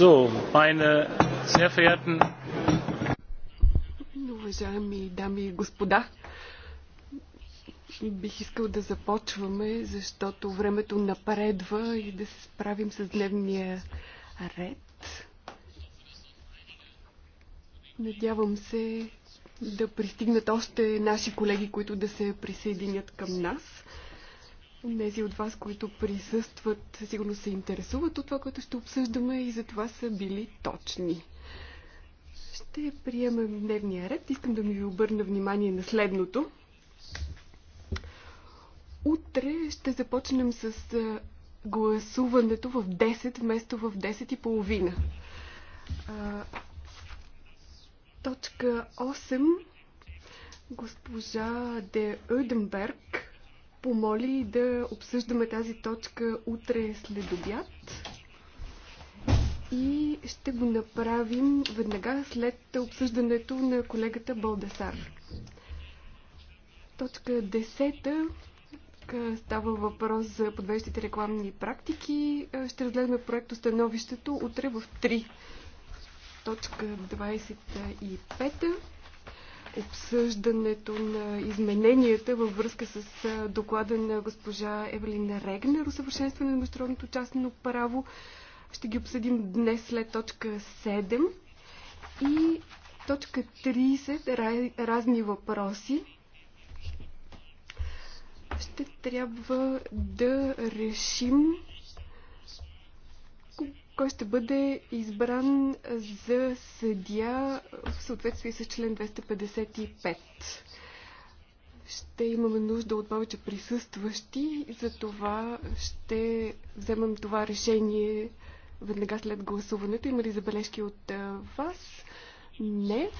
So, meine sehr verehrten Уважаеми дами и господа, бих искал да започваме, защото времето напредва и да се справим с дневния ред. Надявам се да пристигнат още наши колеги, които да се присъединят към нас. Нези от вас, които присъстват, сигурно се интересуват от това, което ще обсъждаме и за това са били точни. Ще приемем дневния ред. Искам да ми ви обърна внимание на следното. Утре ще започнем с гласуването в 10 вместо в 10 и половина. Точка 8. Госпожа Де Уденберг помоли да обсъждаме тази точка утре след обяд. И ще го направим веднага след обсъждането на колегата Балдасар. Точка 10. Става въпрос за подвеждите рекламни практики. Ще разгледаме проекто становището утре в 3 точка 25 обсъждането на измененията във връзка с доклада на госпожа Евелина Регнер, усъвършенстване на международното частно право. Ще ги обсъдим днес след точка 7 и точка 30 разни въпроси. Ще трябва да решим кой ще бъде избран за съдия в съответствие с член 255. Ще имаме нужда от повече присъстващи, за това ще вземам това решение веднага след гласуването. Има ли забележки от вас? Не.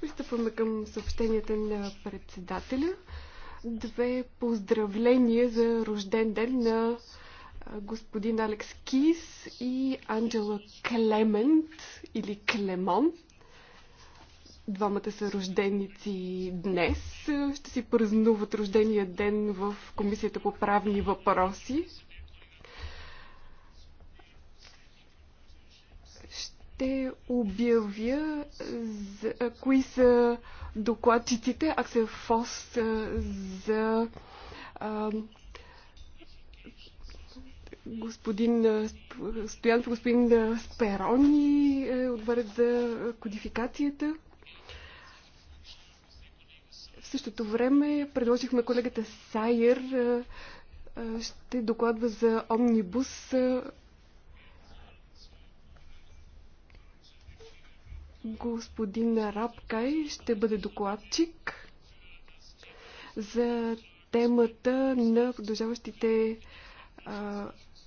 Пристъпваме към съобщенията на председателя. Две поздравления за рожден ден на господин Алекс Кис и Анджела Клемент или Клемон. Двамата са рожденици днес. Ще си празнуват рождения ден в Комисията по правни въпроси. ще обявя за, кои са докладчиците Аксел Фос за а, господин Стоянов, господин Сперони е отварят за кодификацията. В същото време предложихме колегата Сайер ще докладва за Омнибус. Господин Рабкай ще бъде докладчик за темата на продължаващите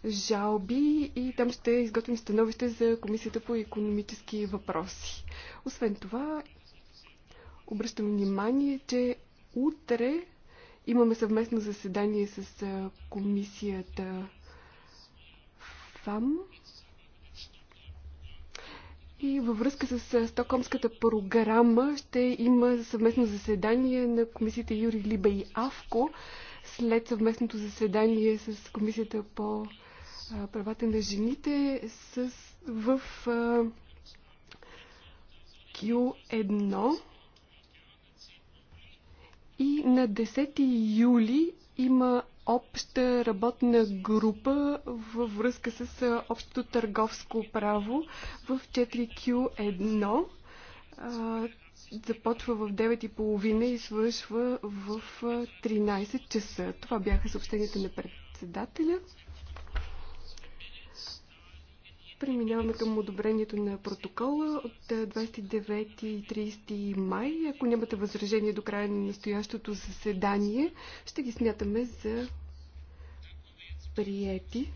жалби и там ще изготвим становище за Комисията по економически въпроси. Освен това, обръщам внимание, че утре имаме съвместно заседание с комисията ФАМ и във връзка с Стокомската програма ще има съвместно заседание на комисията Юри Либе и Авко след съвместното заседание с комисията по правата на жените с, в а, Q1 и на 10 юли има обща работна група във връзка с общото търговско право в 4Q1. Започва в 9.30 и свършва в 13 часа. Това бяха съобщенията на председателя. Преминаваме към одобрението на протокола от 29 е, и 30 май. Ако нямате възражение до края на настоящото заседание, ще ги смятаме за приети.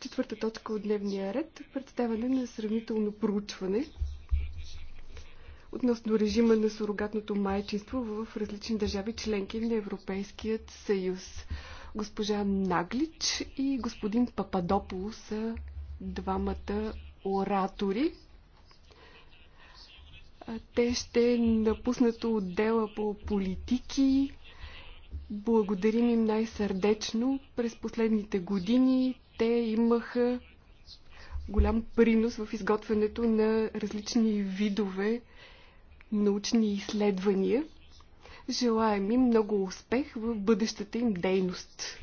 Четвърта точка от дневния ред – представяне на сравнително проучване относно режима на сурогатното майчинство в различни държави членки на Европейският съюз. Госпожа Наглич и господин Пападополо са двамата оратори. Те ще напуснат отдела по политики. Благодарим им най-сърдечно. През последните години те имаха голям принос в изготвянето на различни видове научни изследвания. Желаем им много успех в бъдещата им дейност.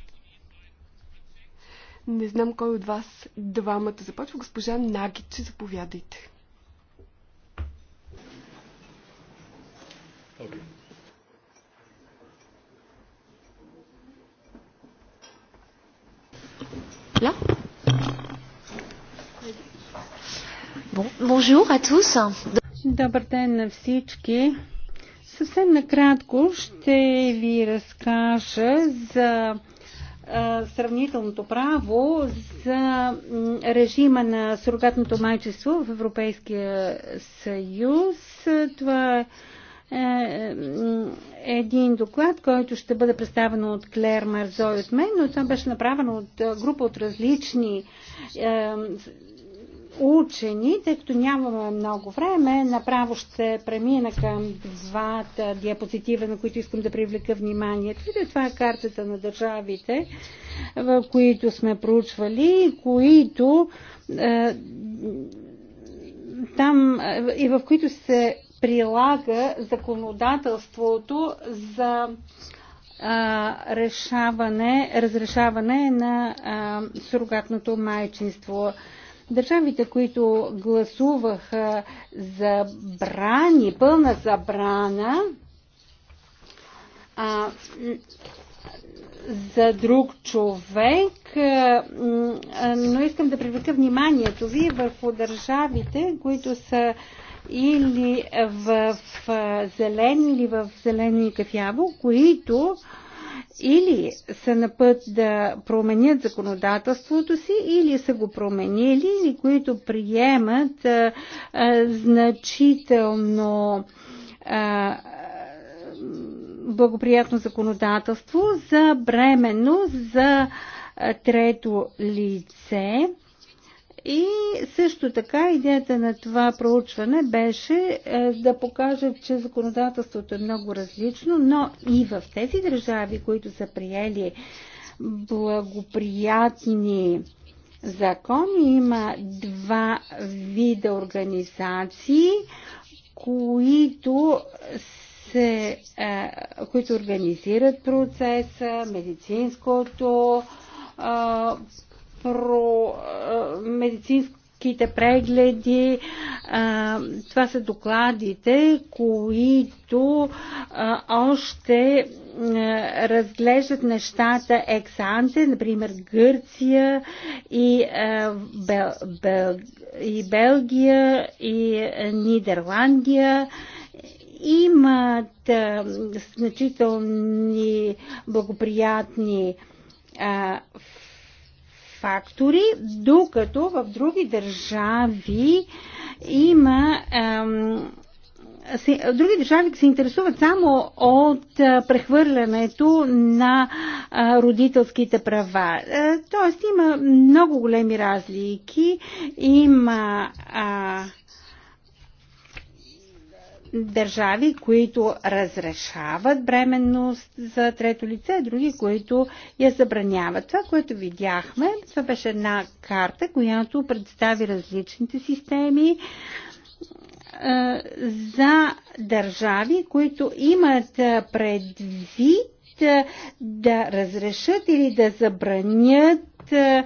Не знам кой от вас двамата започва. Госпожа Нагич, заповядайте. Okay. Là Bonjour à tous. Добър ден на всички. Съвсем накратко ще ви разкажа за сравнителното право за режима на сурогатното майчество в Европейския съюз. Това е, е един доклад, който ще бъде представен от Клер Марзой от мен, но това беше направено от група от различни е, учени, тъй като нямаме много време, направо ще премина към двата диапозитива, на които искам да привлека вниманието. И това е картата на държавите, в които сме проучвали, които е, там е, и в които се прилага законодателството за а, решаване, разрешаване на а, сурогатното майчинство. Държавите, които гласуваха за брани, пълна забрана, а, за друг човек, но искам да привлека вниманието ви върху държавите, които са или в зелен, или в зелен кафяво, които или са на път да променят законодателството си, или са го променили, или които приемат а, а, значително а, благоприятно законодателство за бременно, за трето лице и също така идеята на това проучване беше е, да покаже, че законодателството е много различно, но и в тези държави, които са приели благоприятни закони, има два вида организации, които се, е, които организират процеса, медицинското, е, про медицинските прегледи. Това са докладите, които още разглеждат нещата ексанте, например Гърция и, Бел, Бел, и Белгия и Нидерландия имат а, значителни благоприятни а, фактори, докато в други държави има Ем, се, други държави се интересуват само от а, прехвърлянето на а, родителските права. Тоест има много големи разлики. Има а, държави, които разрешават бременност за трето лице, други, които я забраняват. Това, което видяхме, това беше една карта, която представи различните системи е, за държави, които имат предвид да разрешат или да забранят е,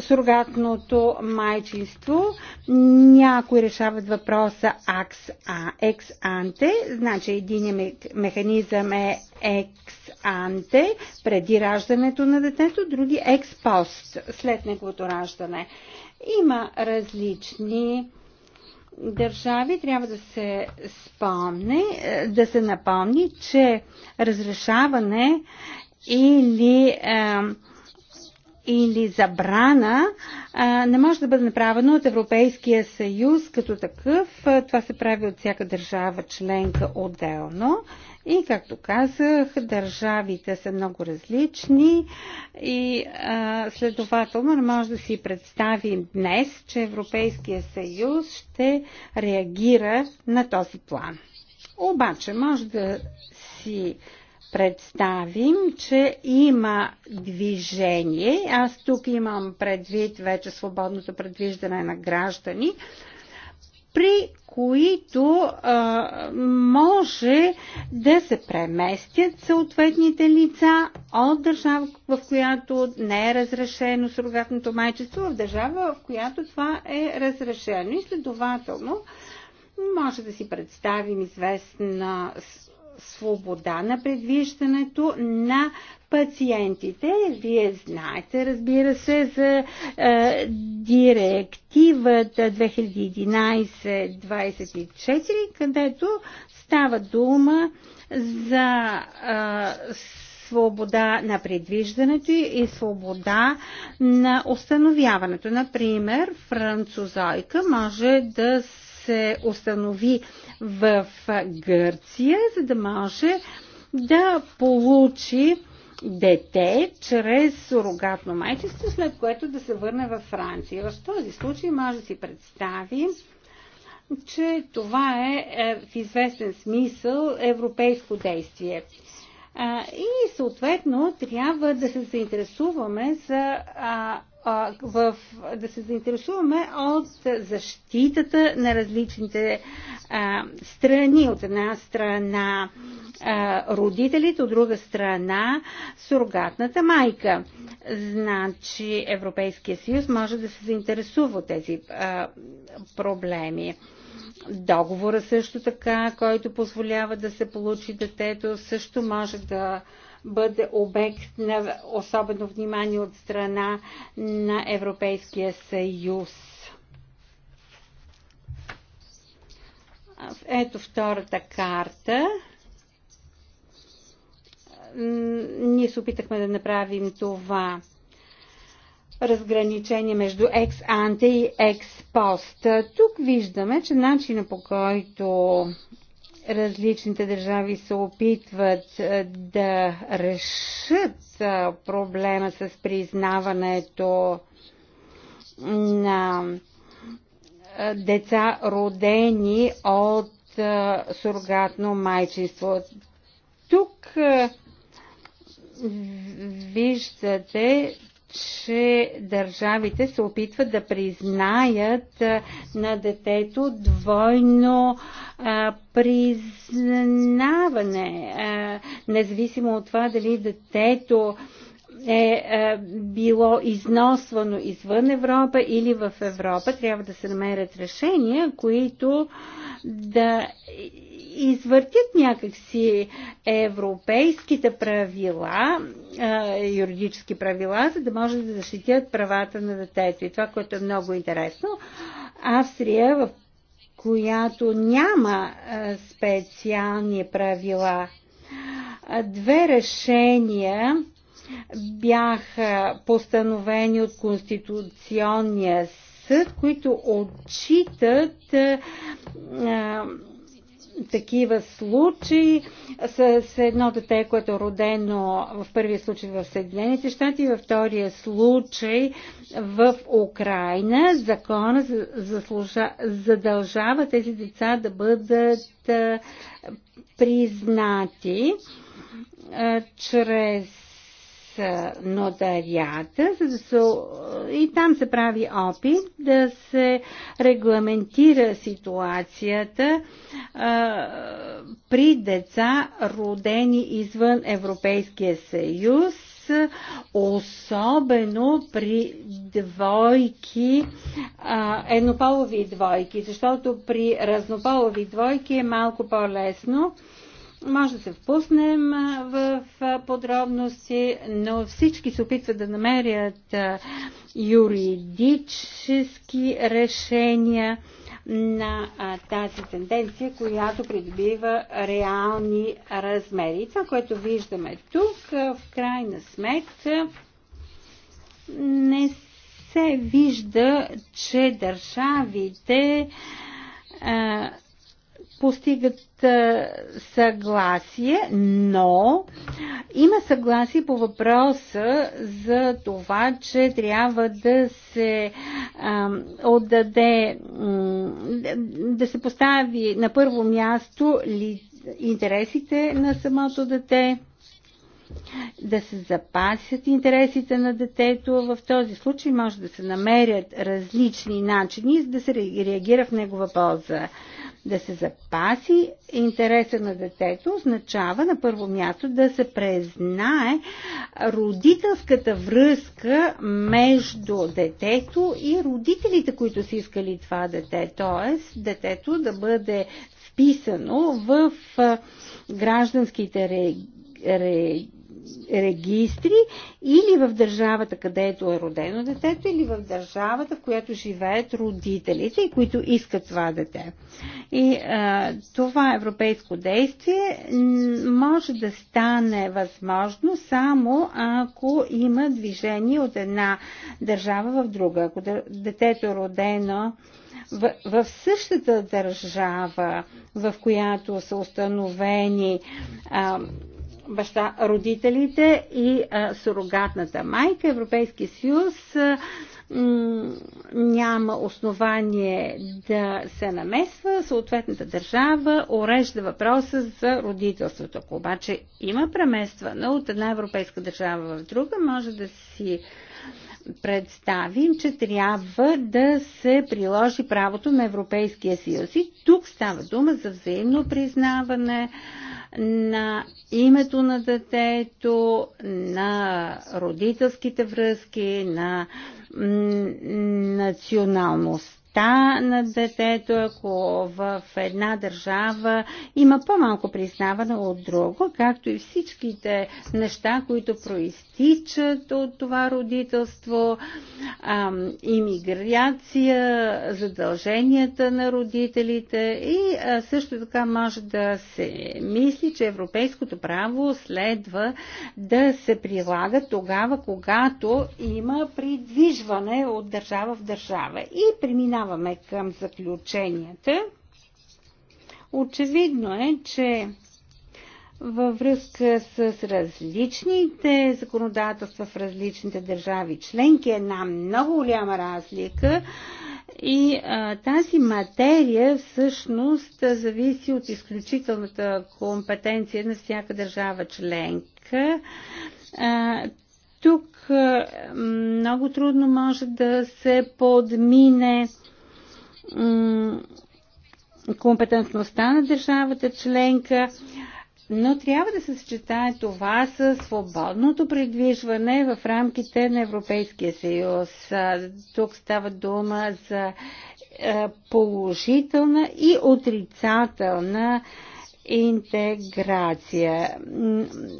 сурогатното майчинство. Някои решават въпроса ex-ante, екс анте, значи един е механизъм е екс анте, преди раждането на детето, други ex-post, след неговото раждане. Има различни държави трябва да се спомне, е, да се напомни, че разрешаване или е, или забрана а, не може да бъде направено от Европейския съюз като такъв. Това се прави от всяка държава членка отделно. И, както казах, държавите са много различни и а, следователно не може да си представим днес, че Европейския съюз ще реагира на този план. Обаче може да си представим, че има движение. Аз тук имам предвид вече свободното предвиждане на граждани, при които а, може да се преместят съответните лица от държава, в която не е разрешено сурогатното майчество, в държава, в която това е разрешено. И следователно, може да си представим известна свобода на предвиждането на пациентите. Вие знаете, разбира се, за е, директивата 2011-24, където става дума за е, свобода на предвиждането и свобода на установяването. Например, французойка може да се установи в Гърция, за да може да получи дете чрез сурогатно майчество, след което да се върне във Франция. В този случай може да си представим, че това е, е, в известен смисъл европейско действие. и съответно трябва да се заинтересуваме за в, да се заинтересуваме от защитата на различните а, страни. От една страна а, родителите, от друга страна сурогатната майка. Значи Европейския съюз може да се заинтересува от тези а, проблеми. Договора също така, който позволява да се получи детето, също може да бъде обект на особено внимание от страна на Европейския съюз. Ето втората карта. Ние се опитахме да направим това разграничение между екс-анте и екс-пост. Тук виждаме, че начина по който различните държави се опитват е, да решат е, проблема с признаването на е, деца родени от сургатно майчество. Тук виждате, че държавите се опитват да признаят на детето двойно признаване, независимо от това дали детето е било износвано извън Европа или в Европа. Трябва да се намерят решения, които да извъртят някакси европейските правила, юридически правила, за да може да защитят правата на детето. И това, което е много интересно, Австрия, в която няма специални правила, две решения бяха постановени от Конституционния съд, които отчитат такива случаи с едно дете, което е родено в първия случай в Съединените щати, във втория случай в Украина. Закона заслужа, задължава тези деца да бъдат признати чрез нотарията, за да се, и там се прави опит да се регламентира ситуацията а, при деца родени извън Европейския съюз особено при двойки, еднополови двойки, защото при разнополови двойки е малко по-лесно. Може да се впуснем в подробности, но всички се опитват да намерят юридически решения на тази тенденция, която придобива реални размери. И това, което виждаме тук, в крайна сметка не се вижда, че държавите а, постигат съгласие, но има съгласие по въпроса за това, че трябва да се а, отдаде, да се постави на първо място ли, интересите на самото дете, да се запасят интересите на детето. В този случай може да се намерят различни начини, за да се реагира в негова полза. Да се запаси интереса на детето означава на първо място да се признае родителската връзка между детето и родителите, които са искали това дете. Тоест, детето да бъде вписано в гражданските регистри регистри или в държавата, където е родено детето, или в държавата, в която живеят родителите, които искат това дете. И а, това европейско действие може да стане възможно само ако има движение от една държава в друга. Ако детето е родено в, в същата държава, в която са установени а, баща, родителите и а, сурогатната майка. Европейски съюз няма основание да се намесва, съответната държава урежда въпроса за родителството. Ако обаче има преместване от една европейска държава в друга, може да си представим, че трябва да се приложи правото на Европейския съюз. И тук става дума за взаимно признаване, на името на детето, на родителските връзки, на националност възрастта на детето, ако в една държава има по-малко признаване от друго, както и всичките неща, които проистичат от това родителство, ам, имиграция, задълженията на родителите и а, също така може да се мисли, че европейското право следва да се прилага тогава, когато има придвижване от държава в държава. И преминава преминаваме към заключенията. Очевидно е, че във връзка с различните законодателства в различните държави членки е една много голяма разлика и а, тази материя всъщност зависи от изключителната компетенция на всяка държава членка. А, тук а, много трудно може да се подмине а, компетентността на държавата членка, но трябва да се съчетае това с свободното придвижване в рамките на Европейския съюз. Тук става дума за положителна и отрицателна а, интеграция.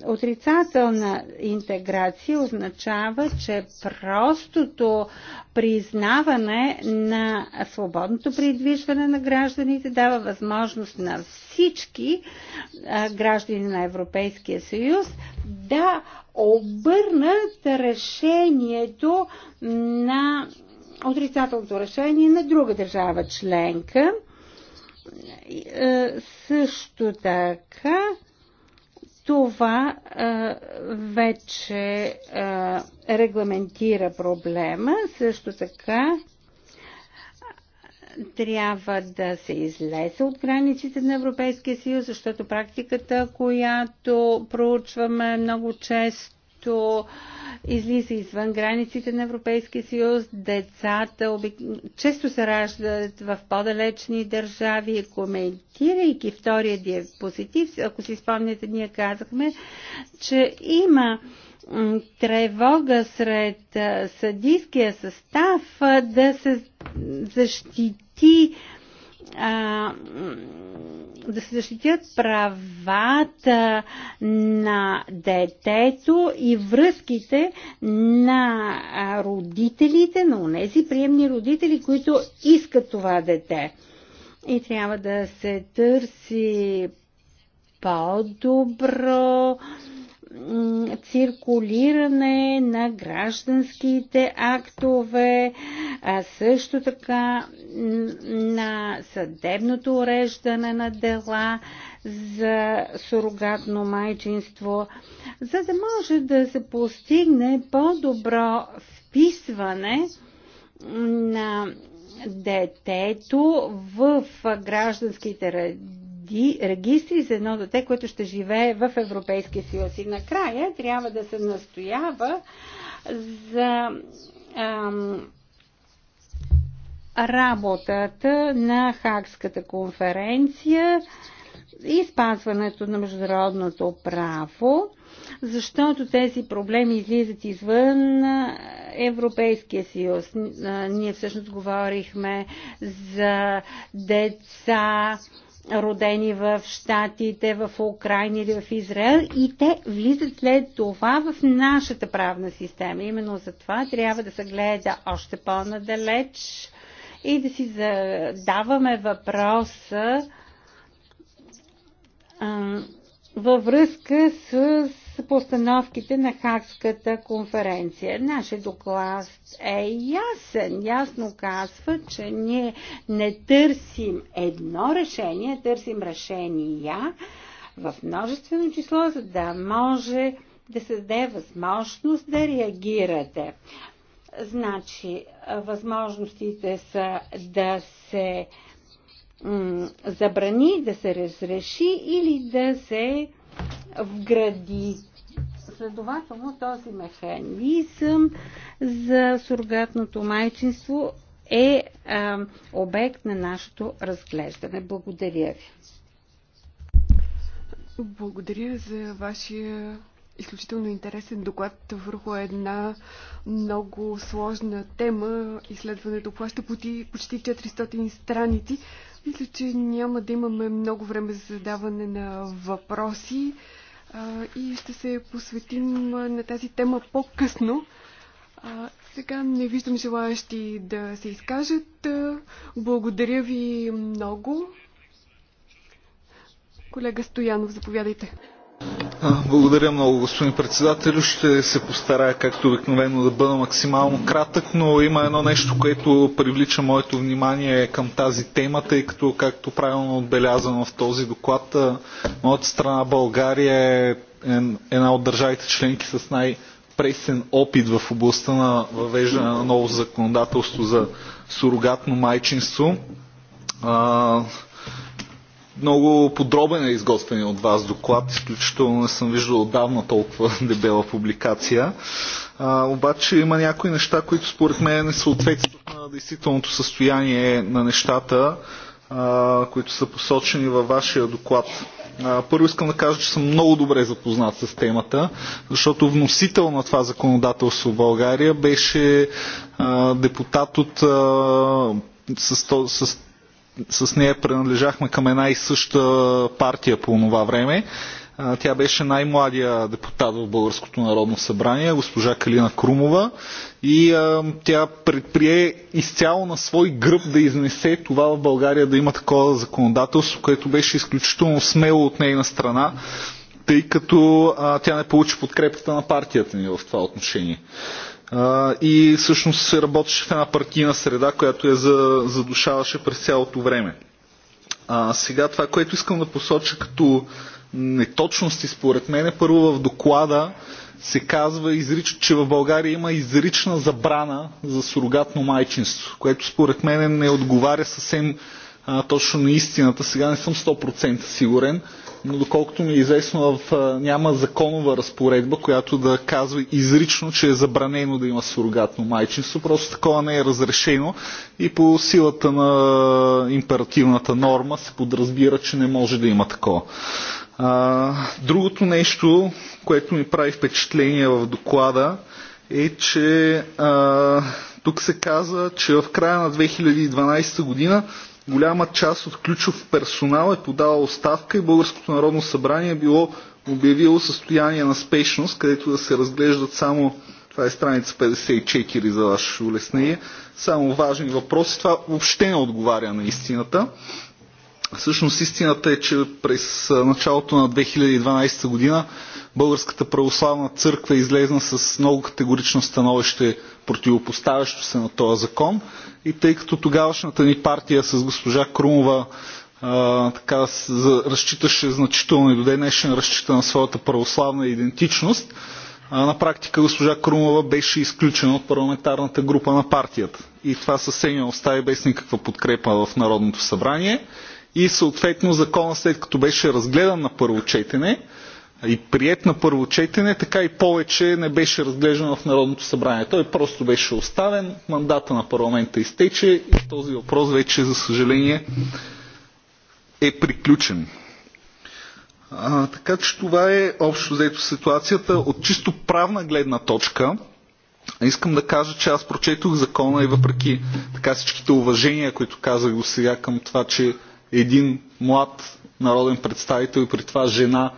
Отрицателна интеграция означава, че простото признаване на свободното придвижване на гражданите дава възможност на всички граждани на Европейския съюз да обърнат решението на отрицателното решение на друга държава членка е, също така това а, е, вече а, е, регламентира проблема. Също така трябва да се излезе от границите на Европейския съюз, защото практиката, която проучваме много често, който излиза извън границите на Европейския съюз. Децата обик... често се раждат в по-далечни държави. Коментирайки втория диапозитив, ако си спомняте, ние казахме, че има тревога сред съдийския състав да се защити а, да се защитят правата на детето и връзките на родителите, на тези приемни родители, които искат това дете. И трябва да се търси по-добро циркулиране на гражданските актове, а също така на съдебното уреждане на дела за сурогатно майчинство, за да може да се постигне по-добро вписване на детето в гражданските Ди регистри за едно дете, което ще живее в Европейския съюз. И накрая трябва да се настоява за ам, работата на Хагската конференция и спазването на международното право, защото тези проблеми излизат извън Европейския съюз. Ние всъщност говорихме за деца, родени в Штатите, в Украина или в Израел и те влизат след това в нашата правна система. Именно за това трябва да се гледа още по-надалеч и да си задаваме въпроса във връзка с постановките на Хакската конференция. Нашия доклад е ясен. Ясно казва, че ние не търсим едно решение, търсим решения в множествено число, за да може да се даде възможност да реагирате. Значи, възможностите са да се забрани, да се разреши или да се вгради. Следователно този механизъм за сургатното майчинство е а, обект на нашето разглеждане. Благодаря ви. Благодаря за вашия изключително интересен доклад върху една много сложна тема. Изследването плаща почти 400 страници. Мисля, че няма да имаме много време за задаване на въпроси и ще се посветим на тази тема по-късно. сега не виждам желаящи да се изкажат. Благодаря ви много. Колега Стоянов, заповядайте. Благодаря много, господин председател. Ще се постарая, както обикновено, да бъда максимално кратък, но има едно нещо, което привлича моето внимание към тази тема, тъй като, както правилно е отбелязано в този доклад, моята страна България е една от държавите членки с най-пресен опит в областта на въвеждане на ново законодателство за сурогатно майчинство. Много подробен е изготвен от вас доклад. Изключително не съм виждал отдавна толкова дебела публикация. А, обаче има някои неща, които според мен не съответстват на действителното състояние на нещата, а, които са посочени във вашия доклад. Първо искам да кажа, че съм много добре запознат с темата, защото вносител на това законодателство в България беше а, депутат от а, с, с с нея принадлежахме към една и съща партия по това време. Тя беше най-младия депутат в Българското народно събрание, госпожа Калина Крумова и а, тя предприе изцяло на свой гръб да изнесе това в България да има такова законодателство, което беше изключително смело от нейна страна, тъй като а, тя не получи подкрепата на партията ни в това отношение и всъщност се работеше в една партийна среда, която я задушаваше през цялото време. А, сега това, което искам да посоча като неточности според мен е първо в доклада се казва, че в България има изрична забрана за сурогатно майчинство, което според мен не отговаря съвсем а, точно на истината. Сега не съм 100% сигурен но доколкото ми е известно, в, няма законова разпоредба, която да казва изрично, че е забранено да има сурогатно майчинство. Просто такова не е разрешено и по силата на императивната норма се подразбира, че не може да има такова. А, другото нещо, което ми прави впечатление в доклада, е, че а, тук се каза, че в края на 2012 година голяма част от ключов персонал е подала оставка и Българското народно събрание е било обявило състояние на спешност, където да се разглеждат само това е страница 54 за ваше улеснение. Само важни въпроси. Това въобще не отговаря на истината. Всъщност истината е, че през началото на 2012 година Българската православна църква е излезна с много категорично становище, противопоставящо се на този закон. И тъй като тогавашната ни партия с госпожа Крумова а, така разчиташе значително и до ден днешен разчита на своята православна идентичност, а, на практика госпожа Крумова беше изключена от парламентарната група на партията. И това съвсем я остави без никаква подкрепа в Народното събрание. И съответно закона след като беше разгледан на първо четене, и прият на първо четене, така и повече не беше разглеждан в Народното събрание. Той просто беше оставен, мандата на парламента изтече и този въпрос вече, за съжаление, е приключен. А, така че това е общо взето ситуацията от чисто правна гледна точка. Искам да кажа, че аз прочетох закона и въпреки така всичките уважения, които казах до сега към това, че един млад народен представител и при това жена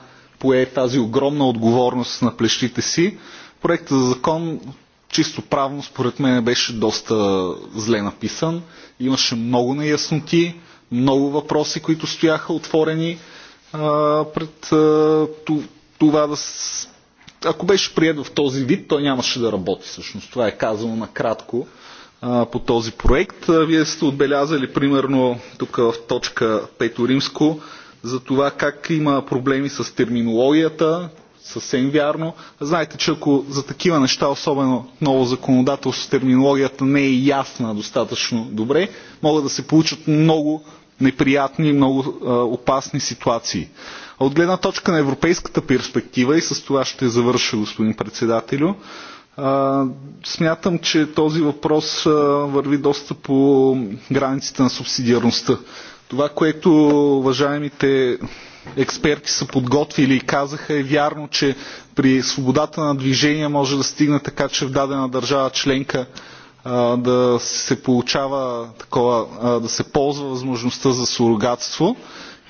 пое тази огромна отговорност на плещите си. Проектът за закон чисто правно според мен беше доста зле написан. Имаше много неясноти, много въпроси, които стояха отворени а, пред а, това да с... ако беше прият в този вид, той нямаше да работи всъщност. Това е казано накратко а, по този проект. вие сте отбелязали примерно тук в точка 5 римско за това как има проблеми с терминологията, съвсем вярно. Знаете, че ако за такива неща, особено ново законодателство, терминологията не е ясна достатъчно добре, могат да се получат много неприятни и много а, опасни ситуации. А от гледна точка на европейската перспектива, и с това ще завърша, господин председателю, а, смятам, че този въпрос а, върви доста по границите на субсидиарността. Това, което уважаемите експерти са подготвили и казаха е вярно, че при свободата на движение може да стигне така, че в дадена държава членка да се получава такова, да се ползва възможността за сурогатство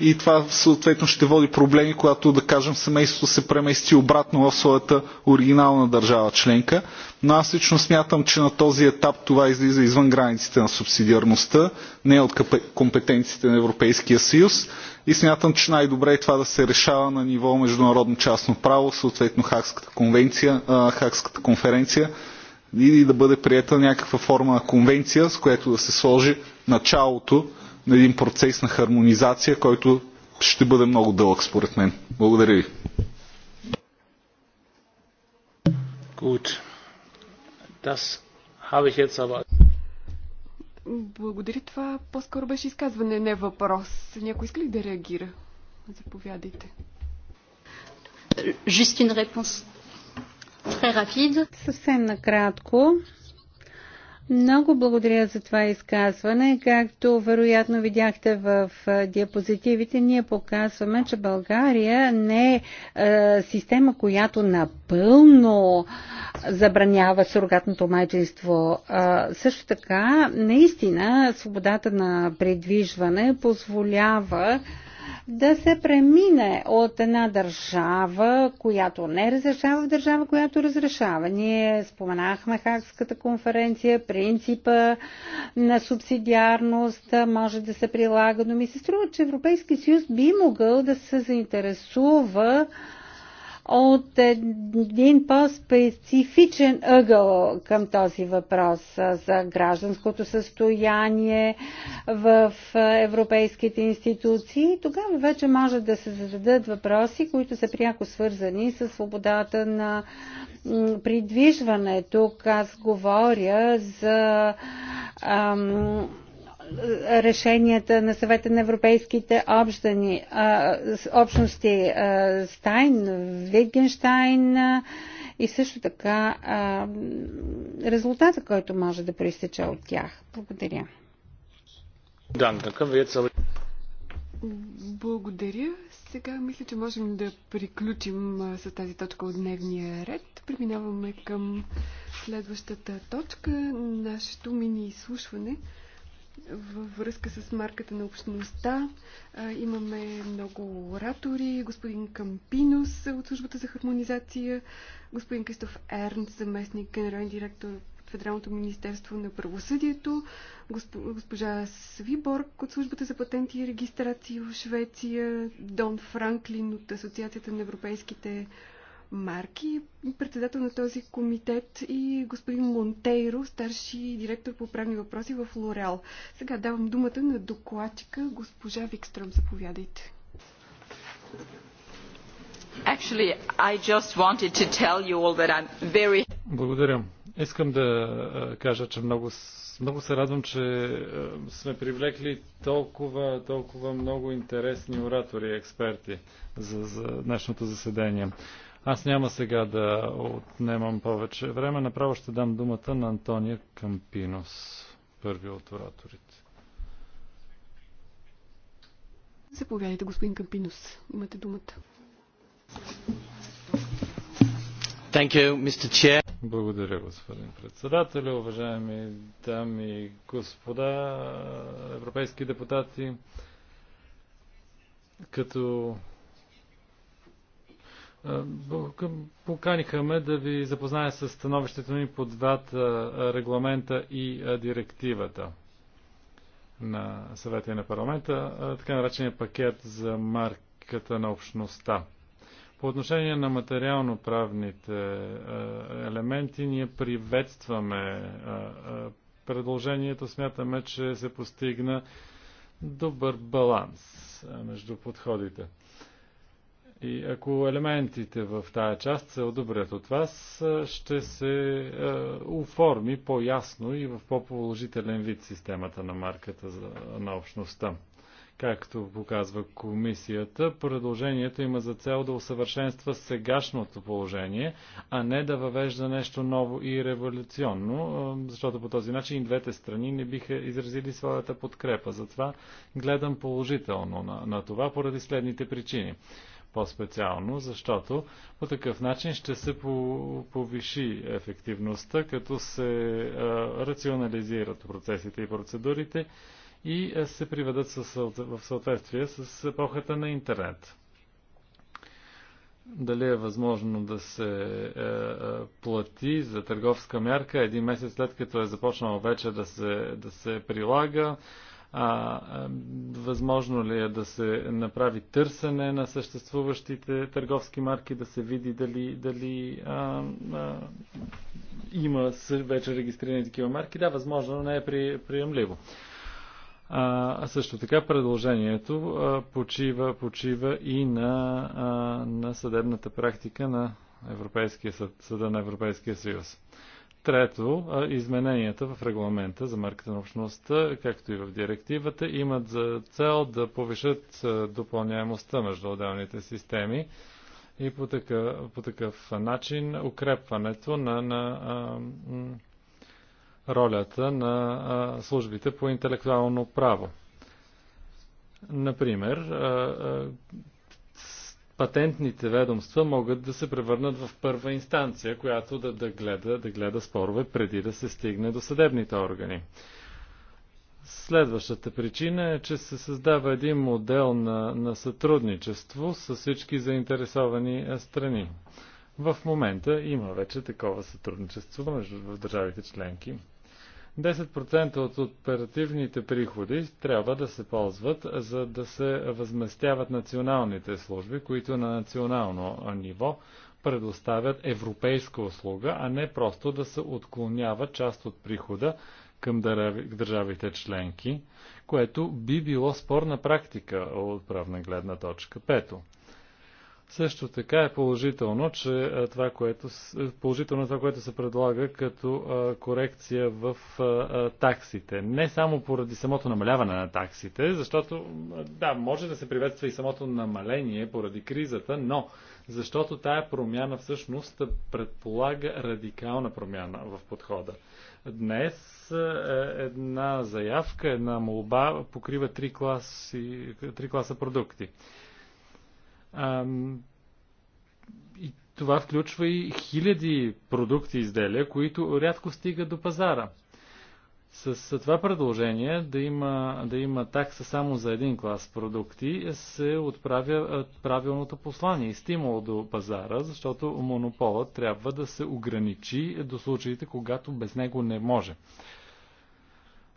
и това съответно ще води проблеми, когато да кажем семейството се премести обратно в своята оригинална държава членка. Но аз лично смятам, че на този етап това излиза извън границите на субсидиарността, не от компетенциите на Европейския съюз и смятам, че най-добре е това да се решава на ниво международно частно право, съответно Хакската, конвенция, Хакската конференция или да бъде приета някаква форма на конвенция, с която да се сложи началото на един процес на хармонизация, който ще бъде много дълъг според мен. Благодаря ви. Das habe ich jetzt aber... Благодаря. Това по-скоро беше изказване, не въпрос. Някой иска ли да реагира? Заповядайте. Juste réponse très rapide. Съвсем накратко. Много благодаря за това изказване. Както вероятно видяхте в диапозитивите, ние показваме, че България не е, система, която напълно забранява сурогатното майчинство. също така, наистина, свободата на предвижване позволява да се премине от една държава, която не разрешава, в държава, която разрешава. Ние споменахме Хакската конференция, принципа на субсидиарност може да се прилага, но ми се струва, че Европейски съюз би могъл да се заинтересува от един по-специфичен ъгъл към този въпрос за гражданското състояние в европейските институции. Тогава вече може да се зададат въпроси, които са пряко свързани с свободата на придвижването, Тук аз говоря за ам, решенията на съвета на европейските общани, а, общности а, Стайн, Витгенштайн а, и също така а, резултата, който може да проистече от тях. Благодаря. Благодаря. Сега мисля, че можем да приключим с тази точка от дневния ред. Преминаваме към следващата точка, нашето мини изслушване във връзка с марката на общността. Имаме много оратори. Господин Кампинус от службата за хармонизация, господин Кристоф Ерн, заместник генерален директор от Федералното министерство на правосъдието, госпожа Свиборг от службата за патенти и регистрации в Швеция, Дон Франклин от Асоциацията на европейските Марки, председател на този комитет и господин Монтейро, старши директор по правни въпроси в Лореал. Сега давам думата на докладчика госпожа Викстрам. Заповядайте. Actually, I just wanted to tell you all that I'm very... Благодаря. Искам да кажа, че много, много се радвам, че сме привлекли толкова, толкова много интересни оратори и експерти за, за днешното заседание. Аз няма сега да отнемам повече време. Направо ще дам думата на Антония Кампинос, първи от ораторите. Заповядайте, господин Кампинос. Имате думата. You, Благодаря, господин председател. Уважаеми дами и господа европейски депутати, като Поканиха ме да ви запозная с становището ни по двата регламента и директивата на съвета и на парламента, така наречения пакет за марката на общността. По отношение на материално-правните елементи, ние приветстваме предложението. Смятаме, че се постигна добър баланс между подходите. И ако елементите в тая част се одобрят от вас, ще се е, оформи по-ясно и в по-положителен вид системата на марката за, на общността. Както показва комисията, предложението има за цел да усъвършенства сегашното положение, а не да въвежда нещо ново и революционно, защото по този начин двете страни не биха изразили своята подкрепа. Затова гледам положително на, на това поради следните причини по-специално, защото по такъв начин ще се повиши ефективността, като се рационализират процесите и процедурите и е, се приведат в съответствие с епохата на интернет. Дали е възможно да се е, е, плати за търговска мярка един месец след като е започнало вече да се, да се прилага? А, е, възможно ли е да се направи търсене на съществуващите търговски марки, да се види дали, дали е, е, има вече регистрирани такива марки? Да, възможно, но не е при, приемливо. А, също така предложението а, почива, почива и на, а, на съдебната практика на Европейския съд, съда на Европейския съюз. Трето, измененията в регламента за марката на общността, както и в директивата, имат за цел да повишат допълняемостта между отделните системи и по такъв, по такъв начин укрепването на, на, ролята на службите по интелектуално право. Например, патентните ведомства могат да се превърнат в първа инстанция, която да, да, гледа, да гледа спорове преди да се стигне до съдебните органи. Следващата причина е, че се създава един модел на, на сътрудничество с всички заинтересовани страни. В момента има вече такова сътрудничество между в държавите членки. 10% от оперативните приходи трябва да се ползват, за да се възместяват националните служби, които на национално ниво предоставят европейска услуга, а не просто да се отклонява част от прихода към държавите членки, което би било спорна практика от правна гледна точка. Пето, също така е положително, че това, което, е, положително е това, което се предлага като корекция в таксите. Не само поради самото намаляване на таксите, защото да, може да се приветства и самото намаление поради кризата, но защото тая промяна всъщност предполага радикална промяна в подхода. Днес е, една заявка, една молба покрива три, класи, три класа продукти. Ам, и това включва и хиляди продукти изделия, които рядко стигат до пазара. С това предложение да има, да има такса само за един клас продукти се отправя правилното послание и стимул до пазара, защото монополът трябва да се ограничи до случаите, когато без него не може.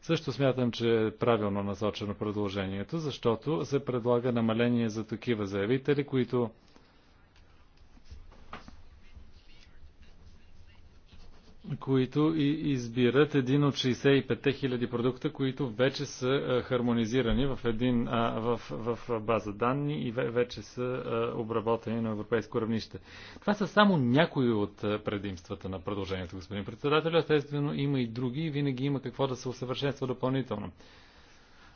Също смятам, че е правилно насочено продължението, защото се предлага намаление за такива заявители, които които избират един от 65 хиляди продукта, които вече са хармонизирани в, един, в, в база данни и вече са обработени на европейско равнище. Това са само някои от предимствата на продължението, господин председател. Естествено, има и други и винаги има какво да се усъвършенства допълнително.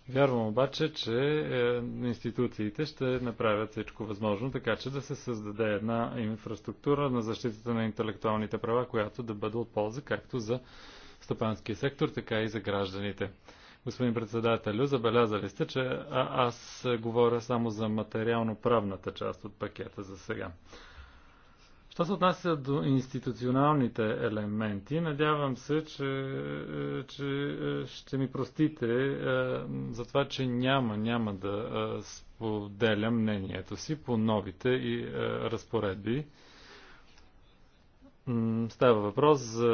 Вярвам обаче, че е, институциите ще направят всичко възможно, така че да се създаде една инфраструктура на защитата на интелектуалните права, която да бъде от полза както за стопанския сектор, така и за гражданите. Господин председателю, забелязали сте, че аз говоря само за материално-правната част от пакета за сега. Що се отнася до институционалните елементи, надявам се, че, е, че е, ще ми простите е, за това, че няма, няма да споделя мнението си по новите и разпоредби. Става въпрос за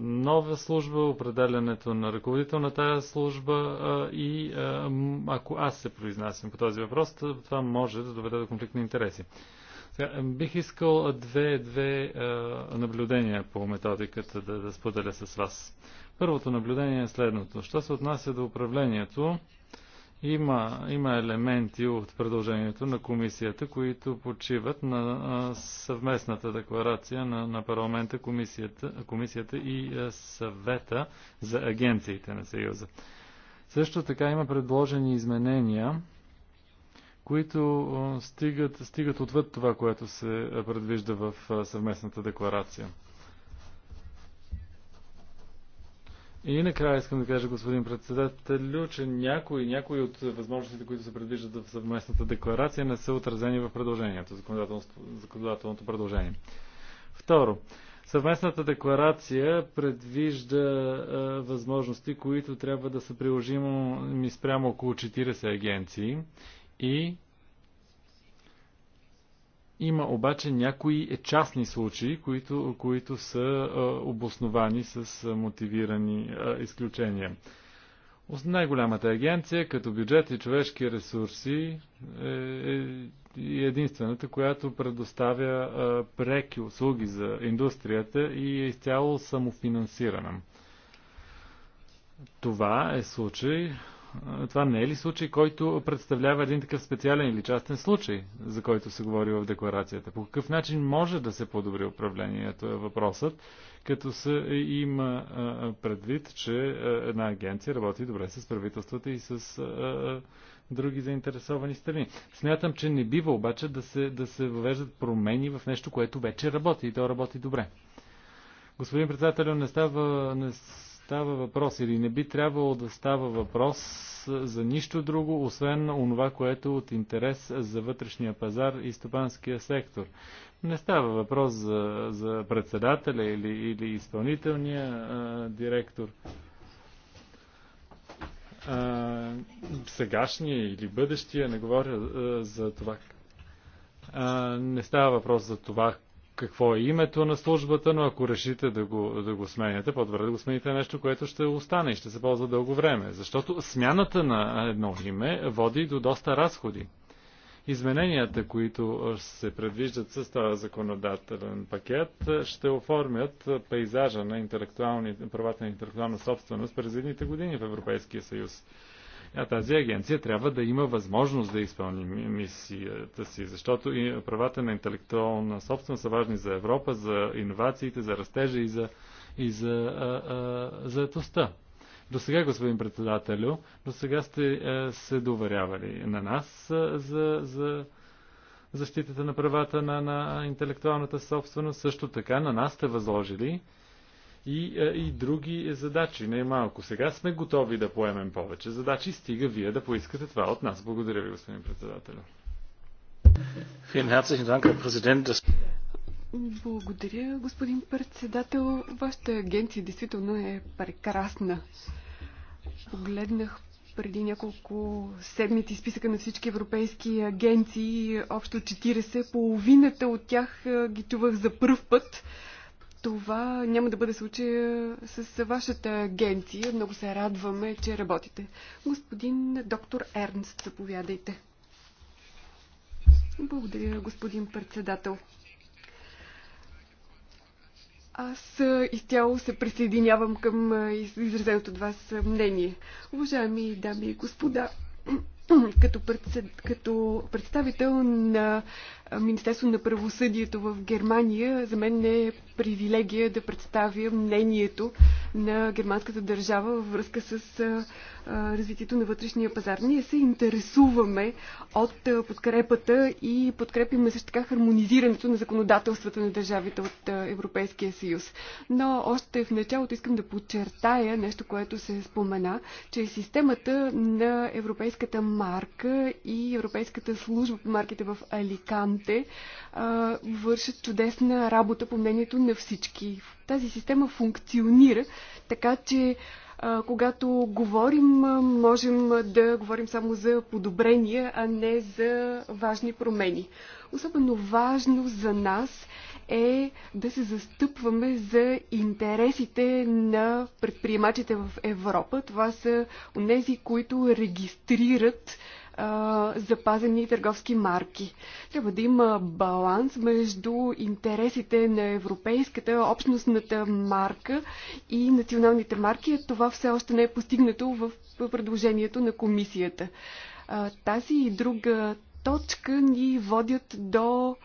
нова служба, определянето на ръководител на тази служба и ако аз се произнасям по този въпрос, това може да доведе до конфликт на интереси. Сега, бих искал две, две а, наблюдения по методиката да, да споделя с вас. Първото наблюдение е следното. Що се отнася до управлението, има, има елементи от предложението на комисията, които почиват на а, съвместната декларация на, на парламента, комисията, комисията и а, съвета за агенциите на Съюза. Също така има предложени изменения които стигат, стигат отвъд това, което се предвижда в съвместната декларация. И накрая искам да кажа, господин председател, че някои, някои от възможностите, които се предвиждат в съвместната декларация, не са отразени в предложението, законодателното предложение. Второ, съвместната декларация предвижда е, възможности, които трябва да са приложими спрямо около 40 агенции и има обаче някои частни случаи, които, които са а, обосновани с мотивирани а, изключения. Най-голямата агенция като бюджет и човешки ресурси е, е единствената, която предоставя преки услуги за индустрията и е изцяло самофинансирана. Това е случай, това не е ли случай, който представлява един такъв специален или частен случай, за който се говори в декларацията? По какъв начин може да се подобри управлението е въпросът, като се има предвид, че една агенция работи добре с правителствата и с други заинтересовани страни. Смятам, че не бива обаче да се, да се въвеждат промени в нещо, което вече работи и то работи добре. Господин председател, не става, не става въпрос или не би трябвало да става въпрос за нищо друго, освен онова, което е от интерес за вътрешния пазар и стопанския сектор. Не става въпрос за, за председателя или, или изпълнителния а, директор. А, сегашния или бъдещия, не говоря а, за това. А, не става въпрос за това какво е името на службата, но ако решите да го, да го сменяте, по-добре да го смените нещо, което ще остане и ще се ползва дълго време. Защото смяната на едно име води до доста разходи. Измененията, които се предвиждат с този законодателен пакет, ще оформят пейзажа на правата на интелектуална собственост през едните години в Европейския съюз. А тази агенция трябва да има възможност да изпълни мисията си, защото и правата на интелектуална собственост са важни за Европа, за иновациите, за растежа и за, и за а, а, заетостта. До сега, господин председателю, до сега сте а, се доверявали на нас а, за, за защитата на правата на, на интелектуалната собственост. Също така на нас сте възложили и, е, и други задачи, не малко. Сега сме готови да поемем повече задачи, стига вие да поискате това от нас. Благодаря ви, господин председател. Благодаря, господин председател. Вашата агенция действително е прекрасна. Погледнах преди няколко седмици списъка на всички европейски агенции, общо 40, половината от тях е, ги чувах за първ път. Това няма да бъде случая с вашата агенция. Много се радваме, че работите. Господин доктор Ернст, заповядайте. Благодаря, господин председател. Аз изцяло се присъединявам към изразеното от вас мнение. Уважаеми дами и господа, като, председ... като представител на Министерство на правосъдието в Германия. За мен е привилегия да представя мнението на германската държава във връзка с развитието на вътрешния пазар. Ние се интересуваме от подкрепата и подкрепиме също така хармонизирането на законодателствата на държавите от Европейския съюз. Но още в началото искам да подчертая нещо, което се спомена, че системата на европейската марка и Европейската служба по марките в Аликан регионите а, вършат чудесна работа по мнението на всички. Тази система функционира, така че а, когато говорим, можем да говорим само за подобрения, а не за важни промени. Особено важно за нас е да се застъпваме за интересите на предприемачите в Европа. Това са тези, които регистрират запазени търговски марки. Трябва да има баланс между интересите на европейската, общностната марка и националните марки. Това все още не е постигнато в предложението на комисията. тази и друга точка ни водят до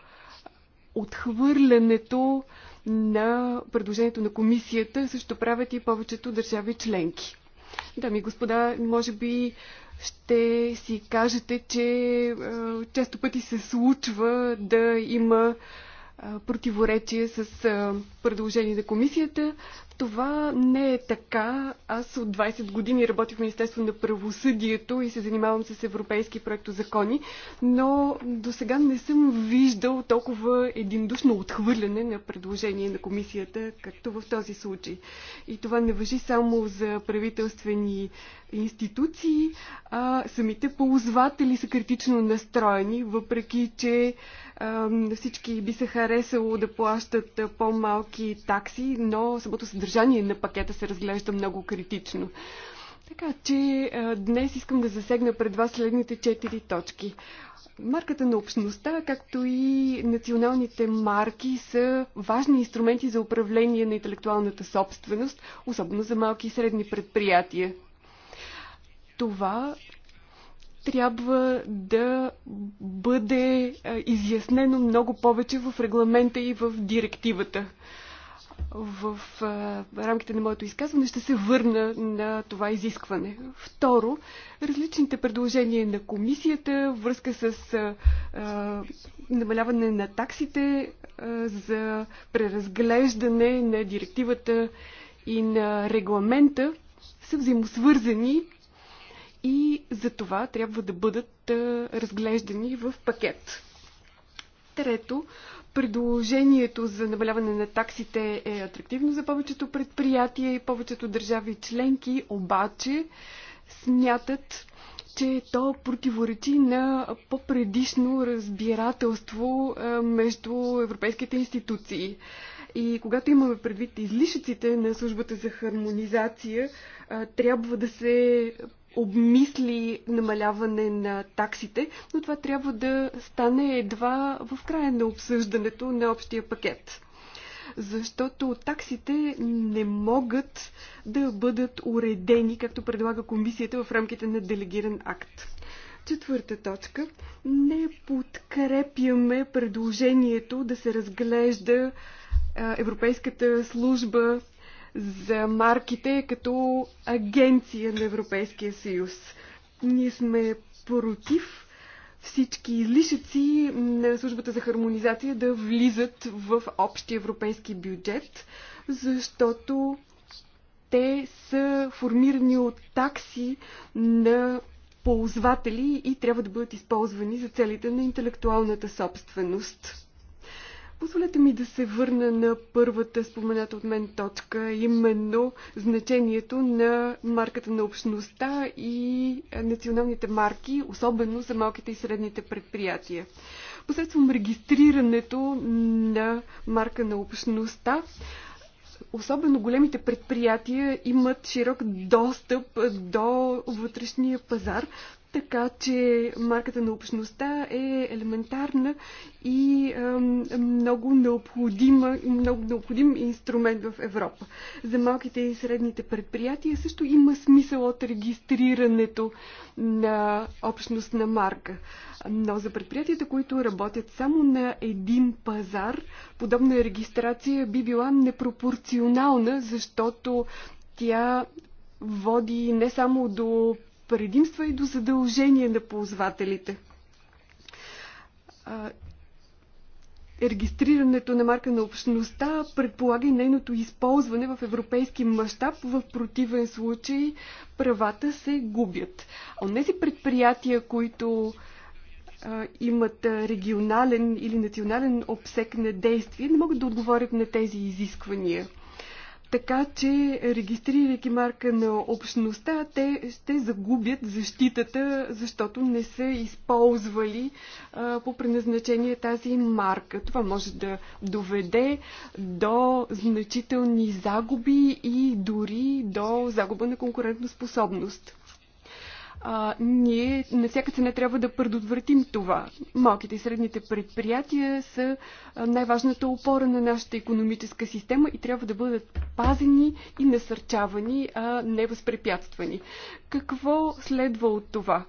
отхвърлянето на предложението на комисията също правят и повечето държави членки. Дами и господа, може би ще си кажете, че често пъти се случва да има противоречие с предложение на комисията. Това не е така. Аз от 20 години работя в Министерство на правосъдието и се занимавам с европейски проектозакони, но до сега не съм виждал толкова единдушно отхвърляне на предложение на комисията, както в този случай. И това не въжи само за правителствени институции, а самите ползватели са критично настроени, въпреки че всички би се харесало да плащат по-малки такси, но самото съдържание на пакета се разглежда много критично. Така че днес искам да засегна пред вас следните четири точки. Марката на общността, както и националните марки са важни инструменти за управление на интелектуалната собственост, особено за малки и средни предприятия. Това трябва да бъде изяснено много повече в регламента и в директивата. В рамките на моето изказване ще се върна на това изискване. Второ, различните предложения на комисията, връзка с намаляване на таксите за преразглеждане на директивата и на регламента са взаимосвързани и за това трябва да бъдат разглеждани в пакет. Трето, предложението за намаляване на таксите е атрактивно за повечето предприятия и повечето държави членки, обаче смятат, че то противоречи на по-предишно разбирателство между европейските институции. И когато имаме предвид излишъците на службата за хармонизация, трябва да се обмисли намаляване на таксите, но това трябва да стане едва в края на обсъждането на общия пакет. Защото таксите не могат да бъдат уредени, както предлага комисията в рамките на делегиран акт. Четвърта точка. Не подкрепяме предложението да се разглежда Европейската служба за марките като агенция на Европейския съюз. Ние сме против всички лишици на службата за хармонизация да влизат в общия европейски бюджет, защото те са формирани от такси на ползватели и трябва да бъдат използвани за целите на интелектуалната собственост. Позволете ми да се върна на първата спомената от мен точка, именно значението на марката на общността и националните марки, особено за малките и средните предприятия. Посредством регистрирането на марка на общността, особено големите предприятия имат широк достъп до вътрешния пазар, така че марката на общността е елементарна и е, много, необходима, много необходим инструмент в Европа. За малките и средните предприятия също има смисъл от регистрирането на общност на марка. Но за предприятията, които работят само на един пазар, подобна регистрация би била непропорционална, защото тя води не само до предимства и до задължения на ползвателите. Регистрирането на марка на общността предполага и нейното използване в европейски мащаб. В противен случай правата се губят. А тези предприятия, които а, имат регионален или национален обсек на действие, не могат да отговорят на тези изисквания. Така че, регистрирайки марка на общността, те ще загубят защитата, защото не са използвали а, по предназначение тази марка. Това може да доведе до значителни загуби и дори до загуба на конкурентоспособност а, ние на всяка цена трябва да предотвратим това. Малките и средните предприятия са най-важната опора на нашата економическа система и трябва да бъдат пазени и насърчавани, а не възпрепятствани. Какво следва от това?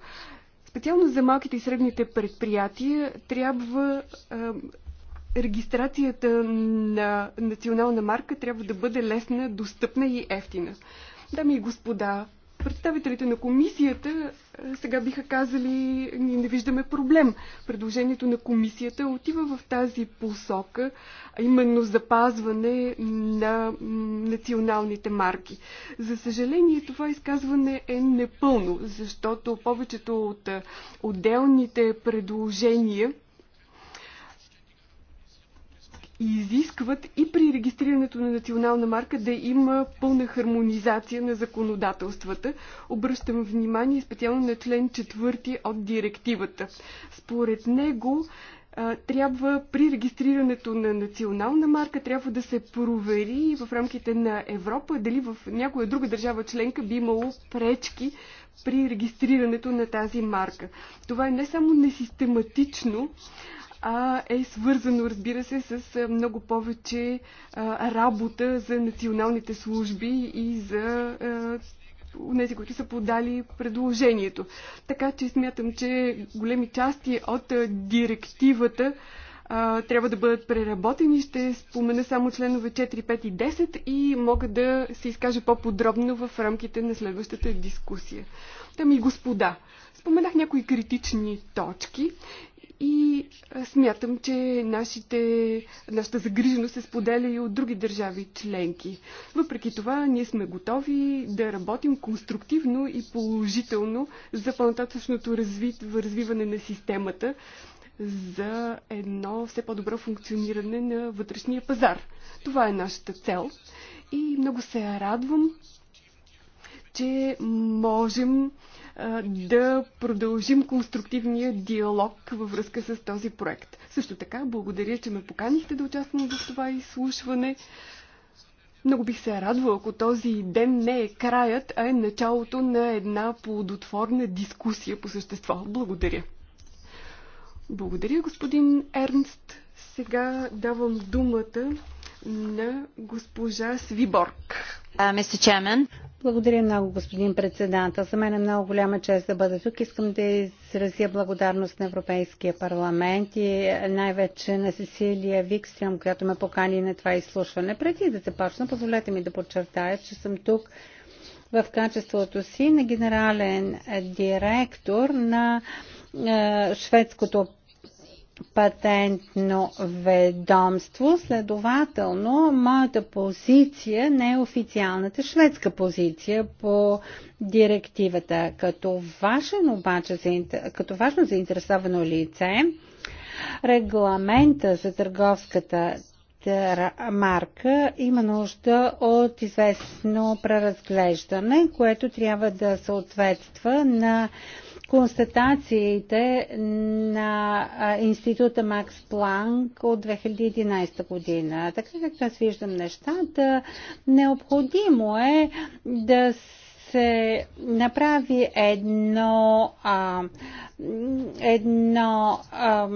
Специално за малките и средните предприятия трябва е, регистрацията на национална марка трябва да бъде лесна, достъпна и ефтина. Дами и господа, Представителите на комисията е, сега биха казали, ние не виждаме проблем. Предложението на комисията отива в тази посока, а именно запазване на националните марки. За съжаление, това изказване е непълно, защото повечето от е, отделните предложения изискват и при регистрирането на национална марка да има пълна хармонизация на законодателствата. Обръщам внимание специално на член 4 от директивата. Според него трябва при регистрирането на национална марка трябва да се провери в рамките на Европа дали в някоя друга държава членка би имало пречки при регистрирането на тази марка. Това е не само несистематично, а е свързано, разбира се, с много повече работа за националните служби и за тези, които са подали предложението. Така че смятам, че големи части от директивата трябва да бъдат преработени. Ще спомена само членове 4, 5 и 10 и мога да се изкажа по-подробно в рамките на следващата дискусия. Там и господа, споменах някои критични точки и смятам, че нашите, нашата загриженост се споделя и от други държави членки. Въпреки това, ние сме готови да работим конструктивно и положително за по-нататъчното развиване на системата за едно все по-добро функциониране на вътрешния пазар. Това е нашата цел. И много се радвам, че можем да продължим конструктивния диалог във връзка с този проект. Също така, благодаря, че ме поканихте да участвам в това изслушване. Много бих се радвала, ако този ден не е краят, а е началото на една плодотворна дискусия по същество. Благодаря. Благодаря, господин Ернст. Сега давам думата на госпожа Свиборг. Благодаря много, господин председател. За мен е много голяма чест да бъда тук. Искам да изразя благодарност на Европейския парламент и най-вече на Сесилия Викстрем, която ме покани на това изслушване. Преди да започна, позволете ми да подчертая, че съм тук в качеството си на генерален директор на е, шведското патентно ведомство. Следователно, моята позиция не е официалната шведска позиция по директивата. Като, важен, обаче, като важно заинтересовано лице, регламента за търговската марка има нужда от известно преразглеждане, което трябва да съответства на констатациите на Института Макс Планк от 2011 година. Така както аз виждам нещата, необходимо е да се направи едно, а, едно а,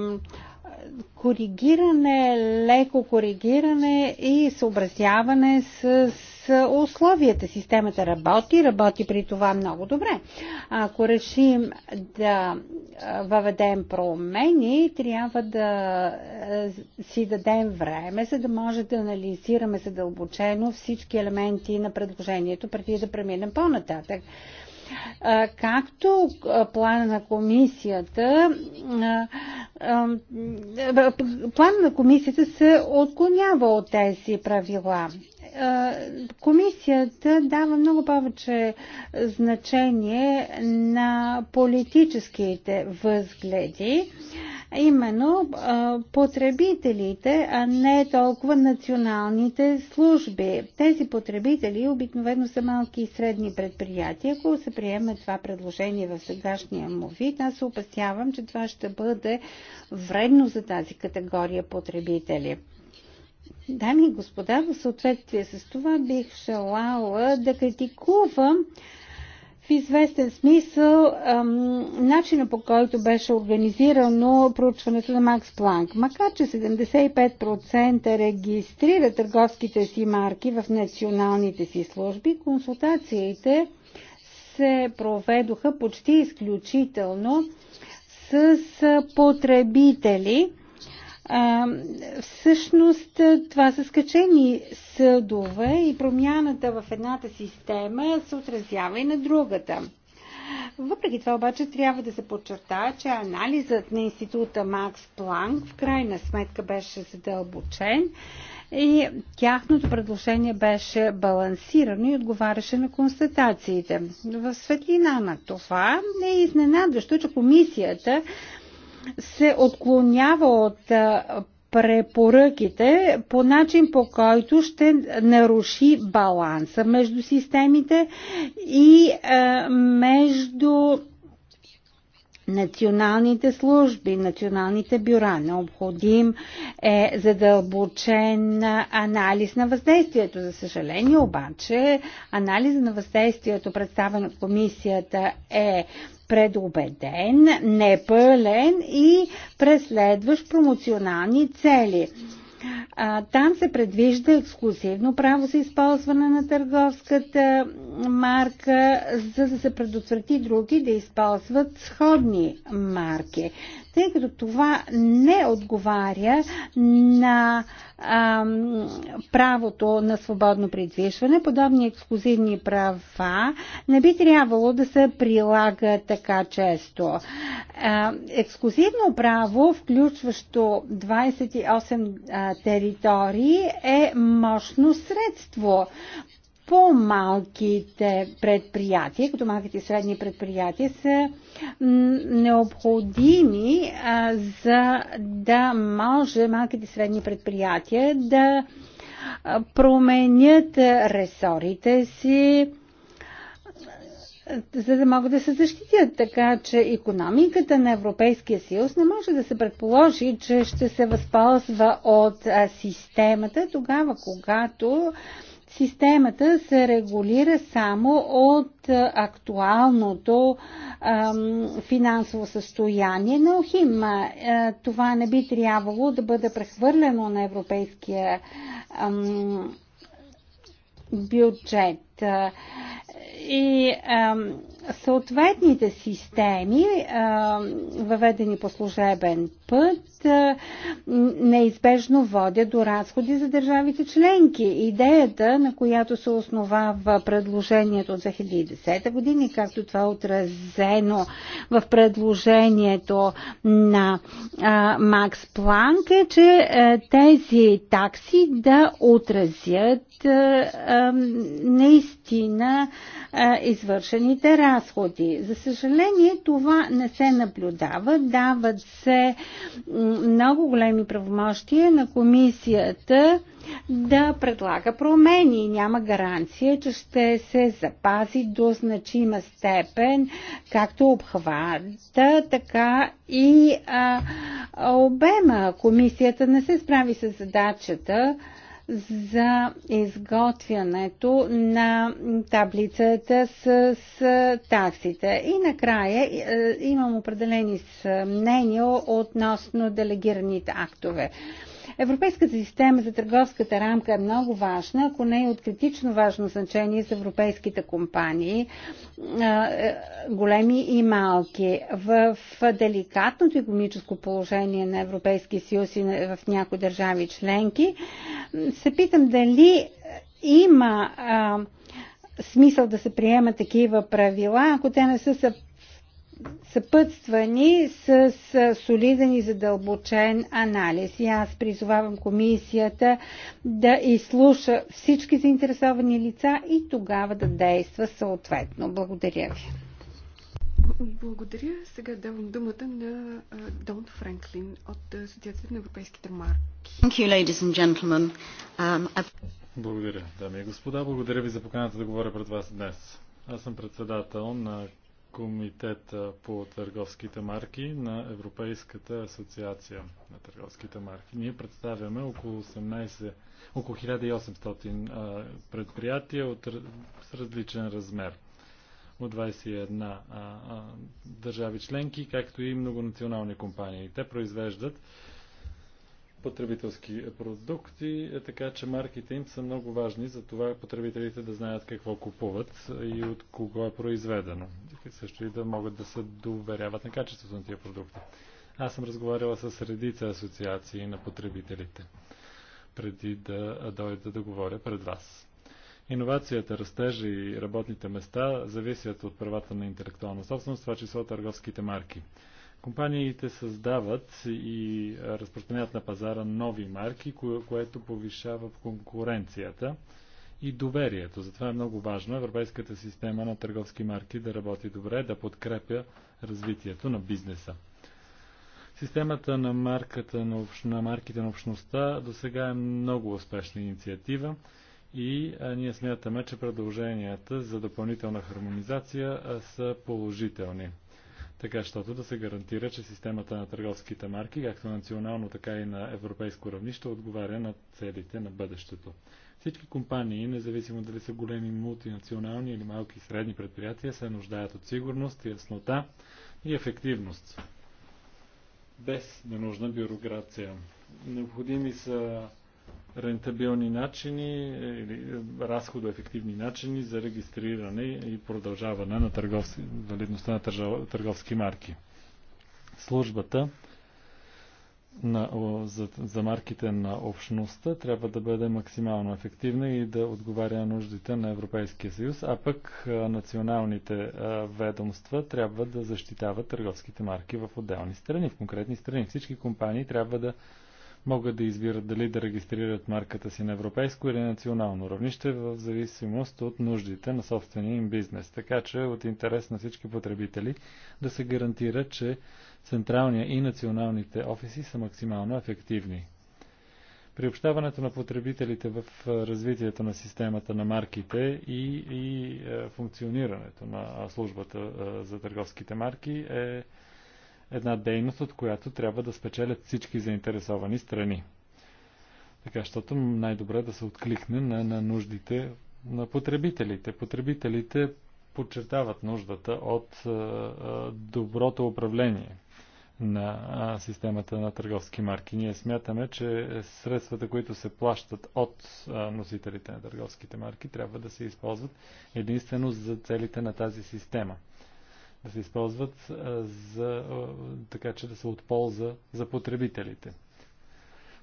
коригиране, леко коригиране и съобразяване с условията. Системата работи, работи при това много добре. Ако решим да въведем промени, трябва да си дадем време, за да може да анализираме задълбочено всички елементи на предложението, преди да преминем по-нататък. Както плана на комисията, плана на комисията се отклонява от тези правила. Е, комисията дава много повече значение на политическите възгледи, именно е, потребителите, а не толкова националните служби. Тези потребители обикновено са малки и средни предприятия. Ако се приеме това предложение в сегашния му вид, аз се опасявам, че това ще бъде вредно за тази категория потребители. Дами и господа, в съответствие с това бих желала да критикувам в известен смисъл ам, начина по който беше организирано проучването на Макс Планк. Макар, че 75% регистрира търговските си марки в националните си служби, консултациите се проведоха почти изключително с потребители – а, всъщност това са скачени съдове и промяната в едната система се отразява и на другата. Въпреки това обаче трябва да се подчертая, че анализът на института Макс Планк в крайна сметка беше задълбочен и тяхното предложение беше балансирано и отговаряше на констатациите. В светлина на това е изненадващо, че комисията се отклонява от препоръките по начин по който ще наруши баланса между системите и между националните служби, националните бюра. Необходим е задълбочен анализ на въздействието. За съжаление обаче, анализ на въздействието, представен от комисията, е предубеден, непълен и преследващ промоционални цели. А, там се предвижда ексклюзивно право за използване на търговската марка, за да се предотврати други да използват сходни марки тъй като това не отговаря на а, правото на свободно придвижване. Подобни ексклюзивни права не би трябвало да се прилага така често. А, ексклюзивно право, включващо 28 а, територии, е мощно средство, по-малките предприятия, като малките и средни предприятия, са необходими а, за да може малките и средни предприятия да променят ресорите си, за да могат да се защитят. Така че економиката на Европейския съюз не може да се предположи, че ще се възползва от системата тогава, когато Системата се регулира само от актуалното ам, финансово състояние на ОХИМ. Това не би трябвало да бъде прехвърлено на европейския ам, бюджет и а, съответните системи, а, въведени по служебен път, а, неизбежно водят до разходи за държавите членки. Идеята, на която се основава предложението от 2010 години, както това е отразено в предложението на а, Макс Планк, е, че а, тези такси да отразят а, а, наистина наистина а, извършените разходи. За съжаление това не се наблюдава, дават се много големи правомощия на комисията да предлага промени. Няма гаранция, че ще се запази до значима степен както обхвата, така и а, обема. Комисията не се справи с задачата за изготвянето на таблицата с, с таксите. И накрая е, имам определени съмнения относно делегираните актове. Европейската система за търговската рамка е много важна, ако не е от критично важно значение за европейските компании, е, големи и малки. В деликатното економическо положение на Европейския съюз и в някои държави членки, се питам дали има смисъл да се приемат такива правила, ако те не са съпътствани с солиден и задълбочен анализ. И аз призовавам комисията да изслуша всички заинтересовани лица и тогава да действа съответно. Благодаря ви. Благодаря. Сега давам думата на Дон Франклин от Асоциацията на европейските марки. Um, Благодаря, дами и господа. Благодаря ви за поканата да говоря пред вас днес. Аз съм председател на Комитета по търговските марки на Европейската асоциация на търговските марки. Ние представяме около 18, около 1800 предприятия от, с различен размер от 21 държави членки, както и многонационални компании. Те произвеждат потребителски продукти, е така че марките им са много важни за това потребителите да знаят какво купуват и от кого е произведено. И също и да могат да се доверяват на качеството на тия продукти. Аз съм разговаряла с редица асоциации на потребителите, преди да дойда да говоря пред вас. Иновацията, растежа и работните места зависят от правата на интелектуална собственост, това число търговските марки. Компаниите създават и разпространяват на пазара нови марки, кое, което повишава конкуренцията и доверието. Затова е много важно европейската система на търговски марки да работи добре, да подкрепя развитието на бизнеса. Системата на, марката, на, общ... на марките на общността до сега е много успешна инициатива и а, ние смятаме, че предложенията за допълнителна хармонизация а, са положителни така щото да се гарантира, че системата на търговските марки, както национално, така и на европейско равнище, отговаря на целите на бъдещето. Всички компании, независимо дали са големи мултинационални или малки и средни предприятия, се нуждаят от сигурност, яснота и ефективност. Без ненужна бюрокрация. Необходими са рентабилни начини е, или е, разходоефективни начини за регистриране и продължаване на търговски, валидността на търговски марки. Службата на, за, за марките на общността трябва да бъде максимално ефективна и да отговаря на нуждите на Европейския съюз, а пък е, националните ведомства трябва да защитават търговските марки в отделни страни, в конкретни страни. Всички компании трябва да могат да избират дали да регистрират марката си на европейско или национално равнище в зависимост от нуждите на собствения им бизнес. Така че е от интерес на всички потребители да се гарантира, че централния и националните офиси са максимално ефективни. Приобщаването на потребителите в развитието на системата на марките и, и функционирането на службата за търговските марки е една дейност, от която трябва да спечелят всички заинтересовани страни. Така, защото най-добре е да се откликне на, на нуждите на потребителите. Потребителите подчертават нуждата от а, доброто управление на а, системата на търговски марки. Ние смятаме, че средствата, които се плащат от а, носителите на търговските марки, трябва да се използват единствено за целите на тази система да се използват за, така, че да се отполза за потребителите.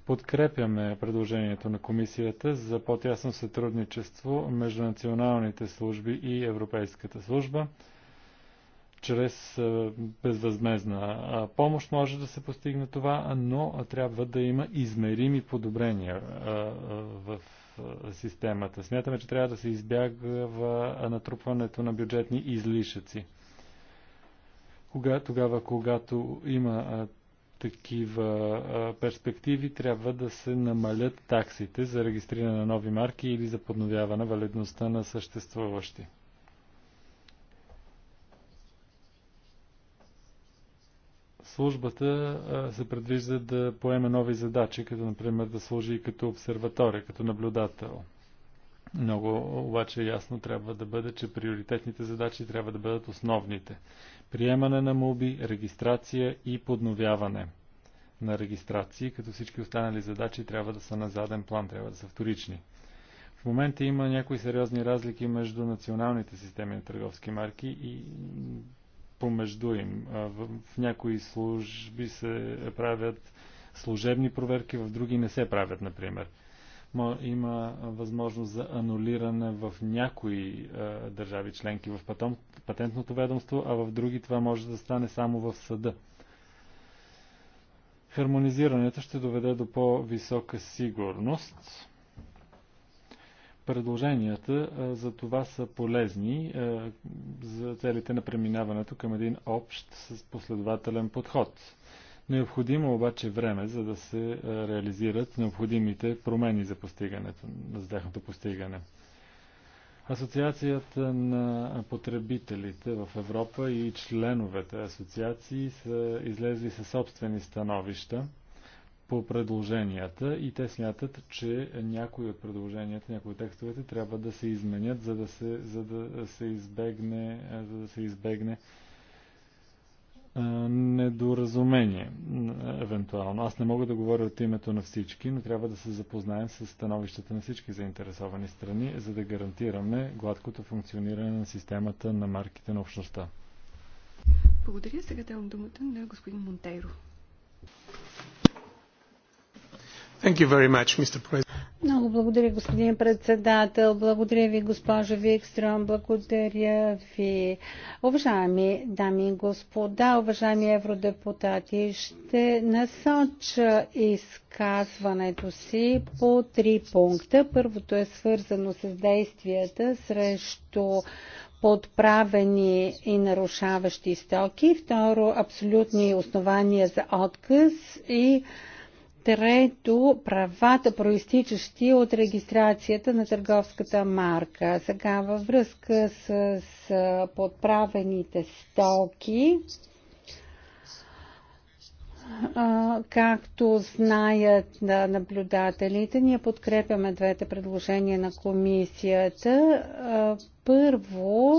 Подкрепяме предложението на комисията за по-тясно сътрудничество между националните служби и Европейската служба. Чрез безвъзмезна помощ може да се постигне това, но трябва да има измерими подобрения в системата. Смятаме, че трябва да се избягва натрупването на бюджетни излишъци. Кога, тогава, когато има а, такива а, перспективи, трябва да се намалят таксите за регистриране на нови марки или за подновяване валидността на съществуващи. службата се предвижда да поеме нови задачи, като например да служи и като обсерватория, като наблюдател. Много обаче ясно трябва да бъде, че приоритетните задачи трябва да бъдат основните приемане на моби, регистрация и подновяване на регистрации, като всички останали задачи трябва да са на заден план, трябва да са вторични. В момента има някои сериозни разлики между националните системи на търговски марки и помежду им. В, в някои служби се правят служебни проверки, в други не се правят, например има възможност за анулиране в някои е, държави членки в патентното ведомство, а в други това може да стане само в съда. Хармонизирането ще доведе до по-висока сигурност. Предложенията е, за това са полезни е, за целите на преминаването към един общ с последователен подход Необходимо обаче време, за да се е, реализират необходимите промени за, постигането, за тяхното постигане. Асоциацията на потребителите в Европа и членовете асоциации са излезли със собствени становища по предложенията и те смятат, че някои от предложенията, някои от текстовете трябва да се изменят, за да се, за да се избегне, за да се избегне недоразумение, евентуално. Аз не мога да говоря от името на всички, но трябва да се запознаем с становищата на всички заинтересовани страни, за да гарантираме гладкото функциониране на системата на марките на общността. Благодаря. Сега давам думата на господин Монтейро. Much, Много благодаря, господин председател. Благодаря ви, госпожо Викстрон. Благодаря ви. Уважаеми дами и господа, уважаеми евродепутати, ще насоча изказването си по три пункта. Първото е свързано с действията срещу подправени и нарушаващи стоки. Второ, абсолютни основания за отказ и Трето, правата, проистичащи от регистрацията на търговската марка. Сега във връзка с, с подправените стоки, Както знаят наблюдателите, ние подкрепяме двете предложения на комисията. Първо,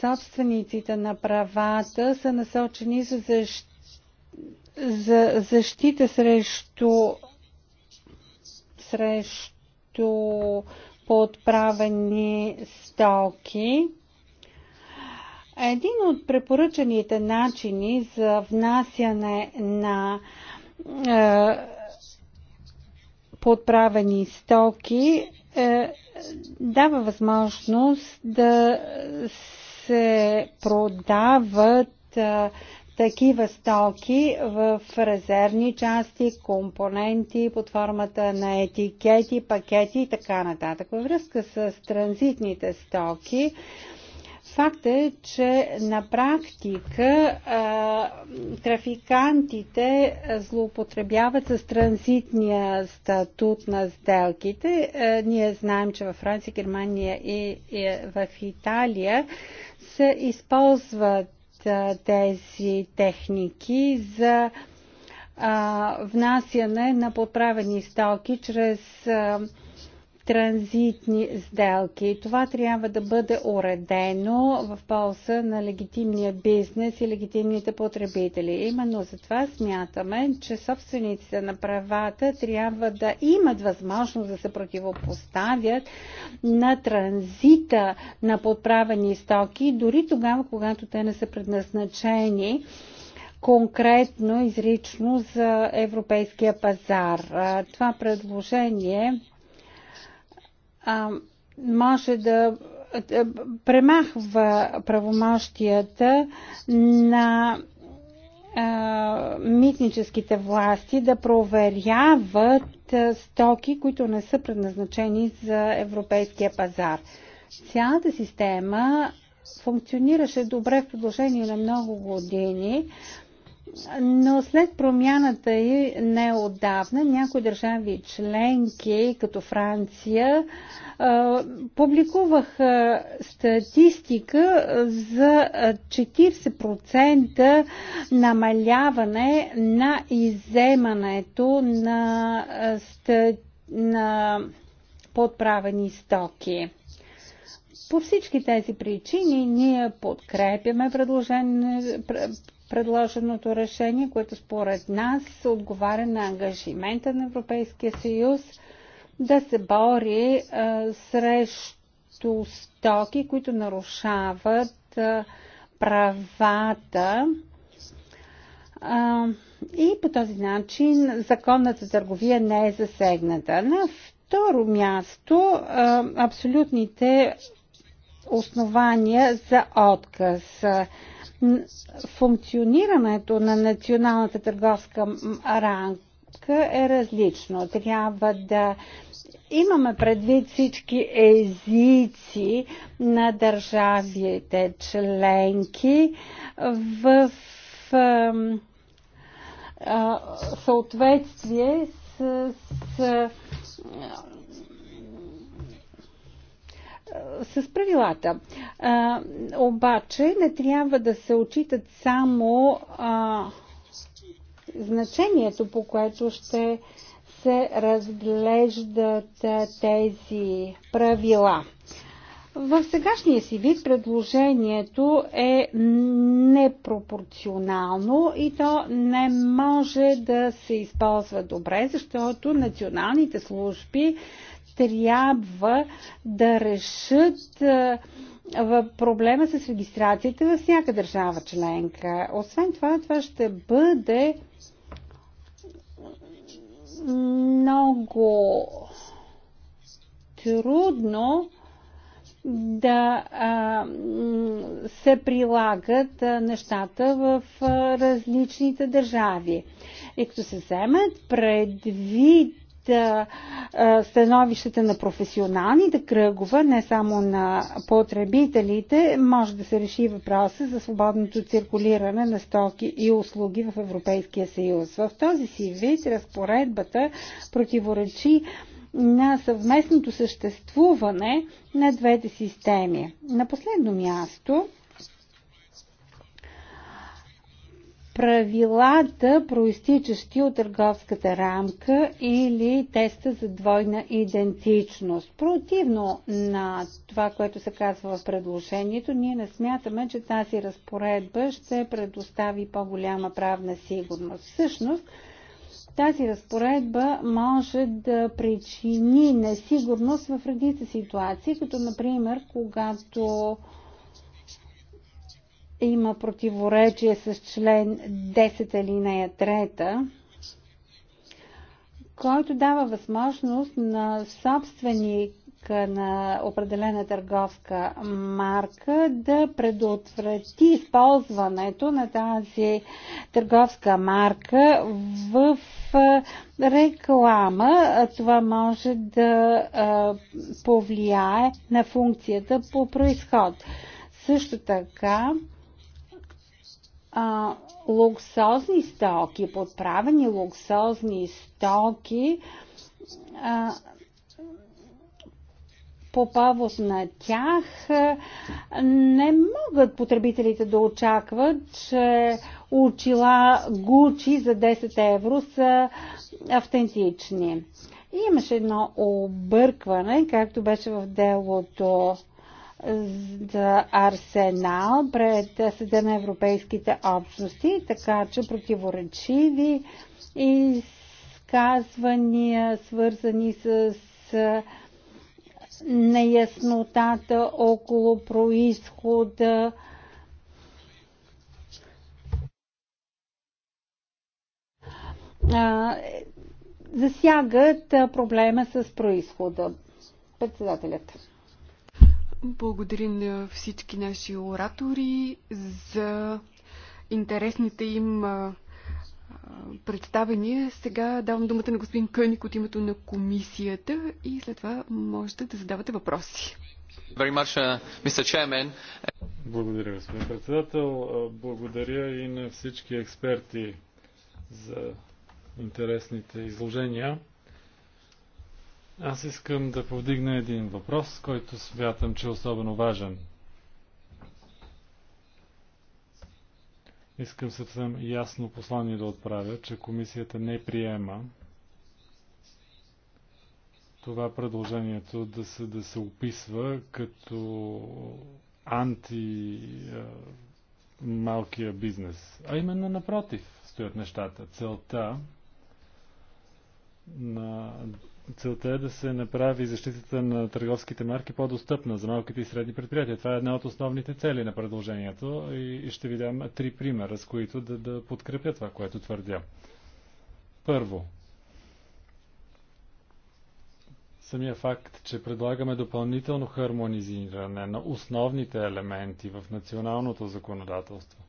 собствениците на правата са насочени за защита за защита срещу, срещу подправени стоки. Един от препоръчаните начини за внасяне на е, подправени стоки е, дава възможност да се продават е, такива стоки в резервни части, компоненти под формата на етикети, пакети и така нататък. Във връзка с транзитните стоки, Факт е, че на практика а, трафикантите злоупотребяват с транзитния статут на сделките. А, ние знаем, че във Франция, Германия и, и в Италия се използват тези техники за внасяне на подправени стоки чрез транзитни сделки. Това трябва да бъде уредено в полза на легитимния бизнес и легитимните потребители. Именно за това смятаме, че собствениците на правата трябва да имат възможност да се противопоставят на транзита на подправени стоки, дори тогава, когато те не са предназначени конкретно, изрично за европейския пазар. Това предложение а, може да премахва правомощията на а, митническите власти да проверяват стоки, които не са предназначени за европейския пазар. Цялата система функционираше добре в продължение на много години, но след промяната и неодавна някои държави членки, като Франция, публикуваха статистика за 40% намаляване на иземането на, на подправени стоки. По всички тези причини ние подкрепяме предложеното решение, което според нас отговаря на ангажимента на Европейския съюз да се бори а, срещу стоки, които нарушават а, правата а, и по този начин законната търговия не е засегната. На второ място а, абсолютните основания за отказ. А, функционирането на националната търговска рамка е различно. Трябва да имаме предвид всички езици на държавите членки в съответствие с, с с правилата. А, обаче не трябва да се очитат само а, значението, по което ще се разглеждат тези правила. В сегашния си вид предложението е непропорционално и то не може да се използва добре, защото националните служби трябва да решат проблема с регистрацията в всяка държава членка. Освен това, това ще бъде много трудно да а, се прилагат а, нещата в а, различните държави. И като се вземат предвид становищата на професионалните кръгове, не само на потребителите, може да се реши въпроса за свободното циркулиране на стоки и услуги в Европейския съюз. В този си вид разпоредбата противоречи на съвместното съществуване на двете системи. На последно място, правилата, проистичащи от търговската рамка или теста за двойна идентичност. Противно на това, което се казва в предложението, ние не смятаме, че тази разпоредба ще предостави по-голяма правна сигурност. Всъщност, тази разпоредба може да причини несигурност в редица ситуации, като например, когато има противоречие с член 10 алинея 3, който дава възможност на собственика на определена търговска марка да предотврати използването на тази търговска марка в реклама. Това може да повлияе на функцията по происход. Също така а, луксозни стоки, подправени луксозни стоки а, по повод на тях не могат потребителите да очакват, че очила Гучи за 10 евро са автентични. И имаше едно объркване, както беше в делото за арсенал пред Съда на Европейските общности, така че противоречиви изказвания, свързани с неяснотата около происхода засягат проблема с происхода. Председателят. Благодарим на всички наши оратори за интересните им представения. Сега давам думата на господин Къник от името на комисията и след това можете да задавате въпроси. Uh, благодаря, господин председател. Благодаря и на всички експерти за интересните изложения. Аз искам да повдигна един въпрос, който смятам, че е особено важен. Искам съвсем ясно послание да отправя, че комисията не приема това предложението да се, да се описва като анти малкия бизнес. А именно напротив стоят нещата. Целта на целта е да се направи защитата на търговските марки по-достъпна за малките и средни предприятия. Това е една от основните цели на предложението и ще ви дам три примера, с които да, да подкрепя това, което твърдя. Първо, самия факт, че предлагаме допълнително хармонизиране на основните елементи в националното законодателство.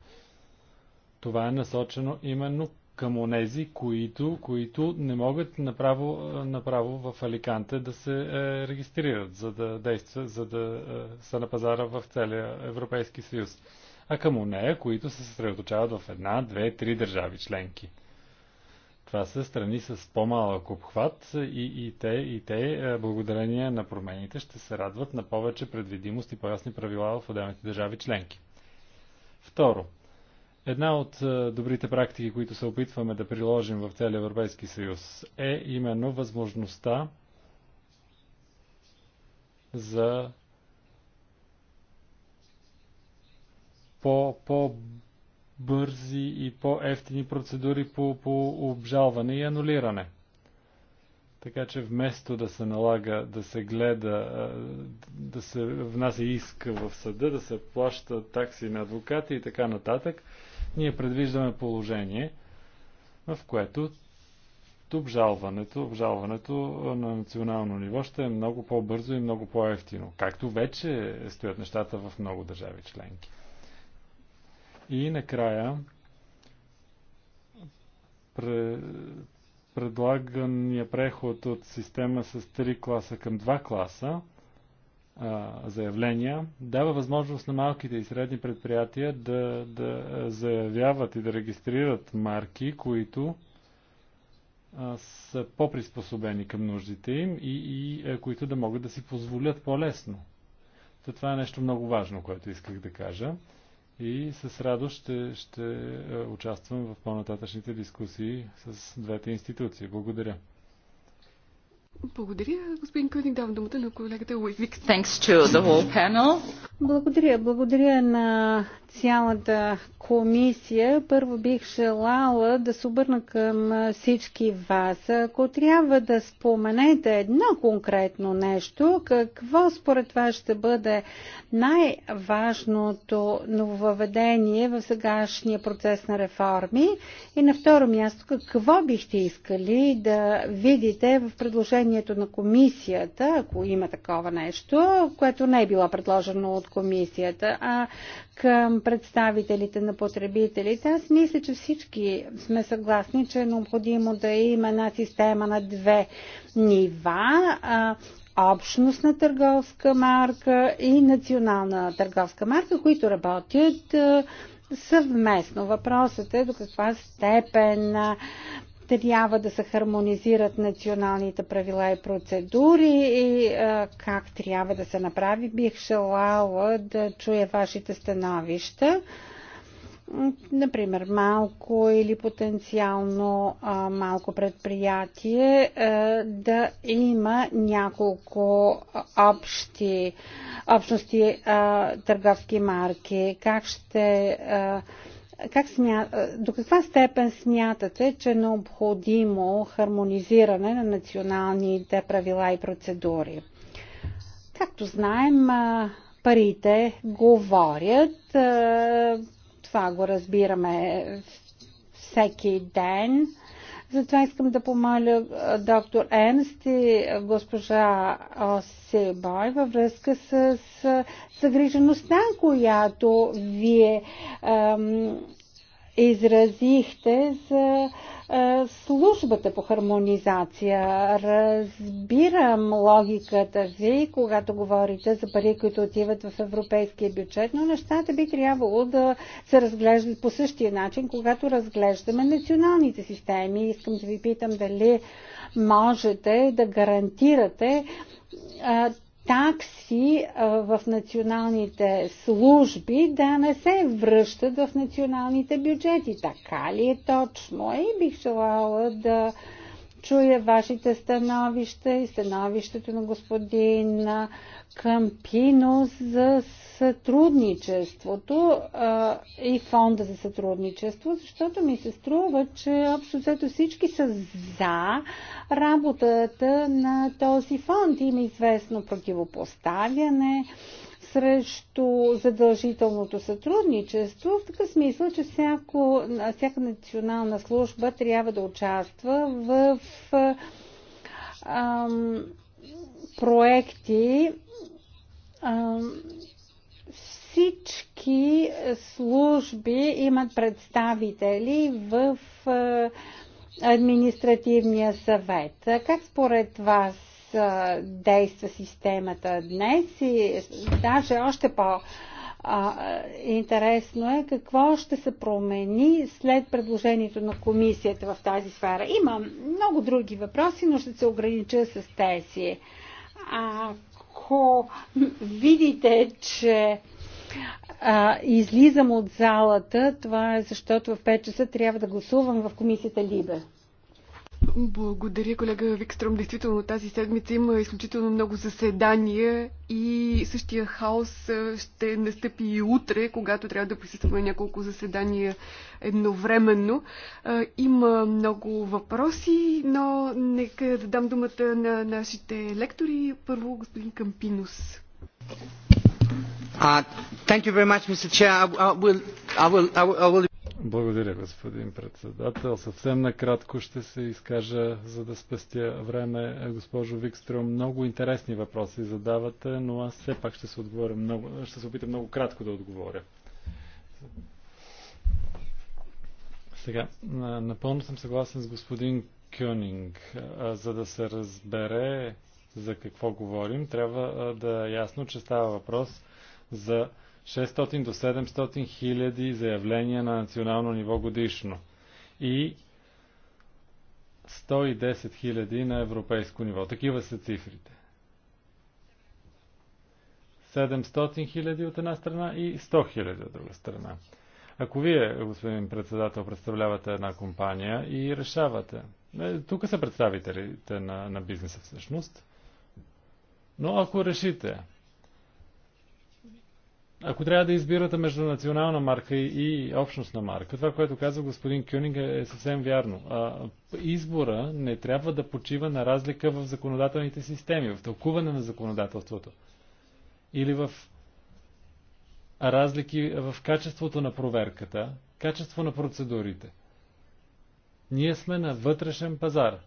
Това е насочено именно към онези, които, които не могат направо, направо в Аликанте да се е, регистрират, за да действат, за да е, са на пазара в целия Европейски съюз, а към онея, които се съсредоточават в една, две, три държави членки. Това са страни с по-малък обхват и, и те, и те, е, благодарение на промените, ще се радват на повече предвидимост и по-ясни правила в отделните държави членки. Второ, Една от е, добрите практики, които се опитваме да приложим в целия Европейски съюз е именно възможността за по, по бързи и по-ефтини процедури по, по обжалване и анулиране. Така че вместо да се налага да се гледа, е, да се внася иска в съда, да се плаща такси на адвокати и така нататък, ние предвиждаме положение, в което обжалването, обжалването на национално ниво ще е много по-бързо и много по-ефтино, както вече стоят нещата в много държави членки. И накрая предлагания преход от система с 3 класа към два класа заявления, дава възможност на малките и средни предприятия да, да заявяват и да регистрират марки, които са по-приспособени към нуждите им и, и които да могат да си позволят по-лесно. То това е нещо много важно, което исках да кажа и с радост ще, ще участвам в по-нататъчните дискусии с двете институции. Благодаря. Благодаря, господин Къдник. Давам думата на колегата Уивик. Благодаря. Благодаря на цялата комисия. Първо бих желала да се обърна към всички вас. Ако трябва да споменете едно конкретно нещо, какво според вас ще бъде най-важното нововъведение в сегашния процес на реформи? И на второ място, какво бихте искали да видите в предложението предложението на комисията, ако има такова нещо, което не е било предложено от комисията, а към представителите на потребителите. Аз мисля, че всички сме съгласни, че е необходимо да има една система на две нива общностна търговска марка и национална търговска марка, които работят съвместно. Въпросът е до каква степен трябва да се хармонизират националните правила и процедури и а, как трябва да се направи. Бих желала да чуя вашите становища. Например, малко или потенциално а, малко предприятие а, да има няколко общи, общности а, търговски марки. Как ще а, как смя... до каква степен смятате, че е необходимо хармонизиране на националните правила и процедури? Както знаем, парите говорят, това го разбираме всеки ден затова искам да помоля доктор Енст и госпожа Себой във връзка с загрижеността, която вие изразихте за службата по хармонизация. Разбирам логиката ви, когато говорите за пари, които отиват в европейския бюджет, но нещата би трябвало да се разглеждат по същия начин, когато разглеждаме националните системи. Искам да ви питам дали можете да гарантирате такси в националните служби да не се връщат в националните бюджети. Така ли е точно? И бих желала да чуя вашите становища и становището на господин Кампинос за сътрудничеството а, и фонда за сътрудничество, защото ми се струва, че общо взето всички са за работата на този фонд. Има известно противопоставяне срещу задължителното сътрудничество, в такъв смисъл, че всяко, всяка национална служба трябва да участва в а, проекти, всички служби имат представители в административния съвет. Как според вас действа системата днес и даже още по- а, интересно е какво ще се промени след предложението на комисията в тази сфера. Има много други въпроси, но ще се огранича с тези. Ако видите, че а, излизам от залата, това е защото в 5 часа трябва да гласувам в комисията Либе. Благодаря, колега Викстром. Действително тази седмица има изключително много заседания и същия хаос ще настъпи и утре, когато трябва да присъстваме няколко заседания едновременно. Има много въпроси, но нека да дам думата на нашите лектори. Първо господин Кампинус. Благодаря, господин председател. Съвсем накратко ще се изкажа, за да спестя време. Госпожо Викстрюм, много интересни въпроси задавате, но аз все пак ще се, отговоря много, ще се опитам много кратко да отговоря. Сега, напълно съм съгласен с господин Кюнинг. За да се разбере за какво говорим, трябва да е ясно, че става въпрос за 600 до 700 хиляди заявления на национално ниво годишно и 110 хиляди на европейско ниво. Такива са цифрите. 700 хиляди от една страна и 100 хиляди от друга страна. Ако вие, господин председател, представлявате една компания и решавате, е, тук са представителите на, на бизнеса всъщност, но ако решите, ако трябва да избирате между национална марка и общностна марка, това, което казва господин Кюнинг е, е съвсем вярно. Избора не трябва да почива на разлика в законодателните системи, в тълкуване на законодателството или в разлики в качеството на проверката, качество на процедурите. Ние сме на вътрешен пазар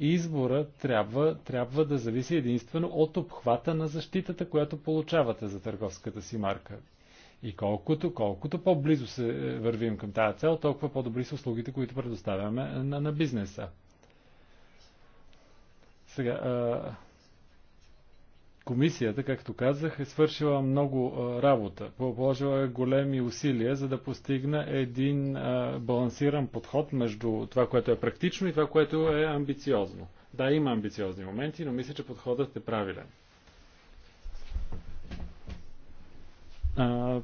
избора трябва, трябва да зависи единствено от обхвата на защитата, която получавате за търговската си марка. И колкото, колкото по-близо се е, вървим към тази цел, толкова по-добри са услугите, които предоставяме на, на бизнеса. Сега, а комисията, както казах, е свършила много работа. Положила е големи усилия, за да постигне един балансиран подход между това, което е практично и това, което е амбициозно. Да, има амбициозни моменти, но мисля, че подходът е правилен.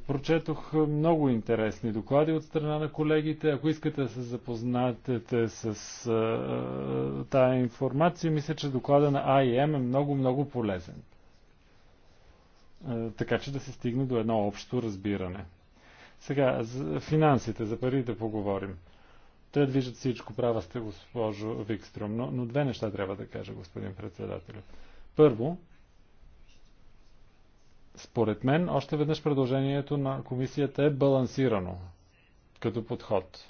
Прочетох много интересни доклади от страна на колегите. Ако искате да се запознатете с а, тая информация, мисля, че доклада на АИМ е много, много полезен. Е, така че да се стигне до едно общо разбиране. Сега, за финансите, за парите поговорим. Те движат всичко, права сте, госпожо Викстрюм, но, но две неща трябва да кажа, господин председател. Първо, според мен, още веднъж предложението на комисията е балансирано като подход.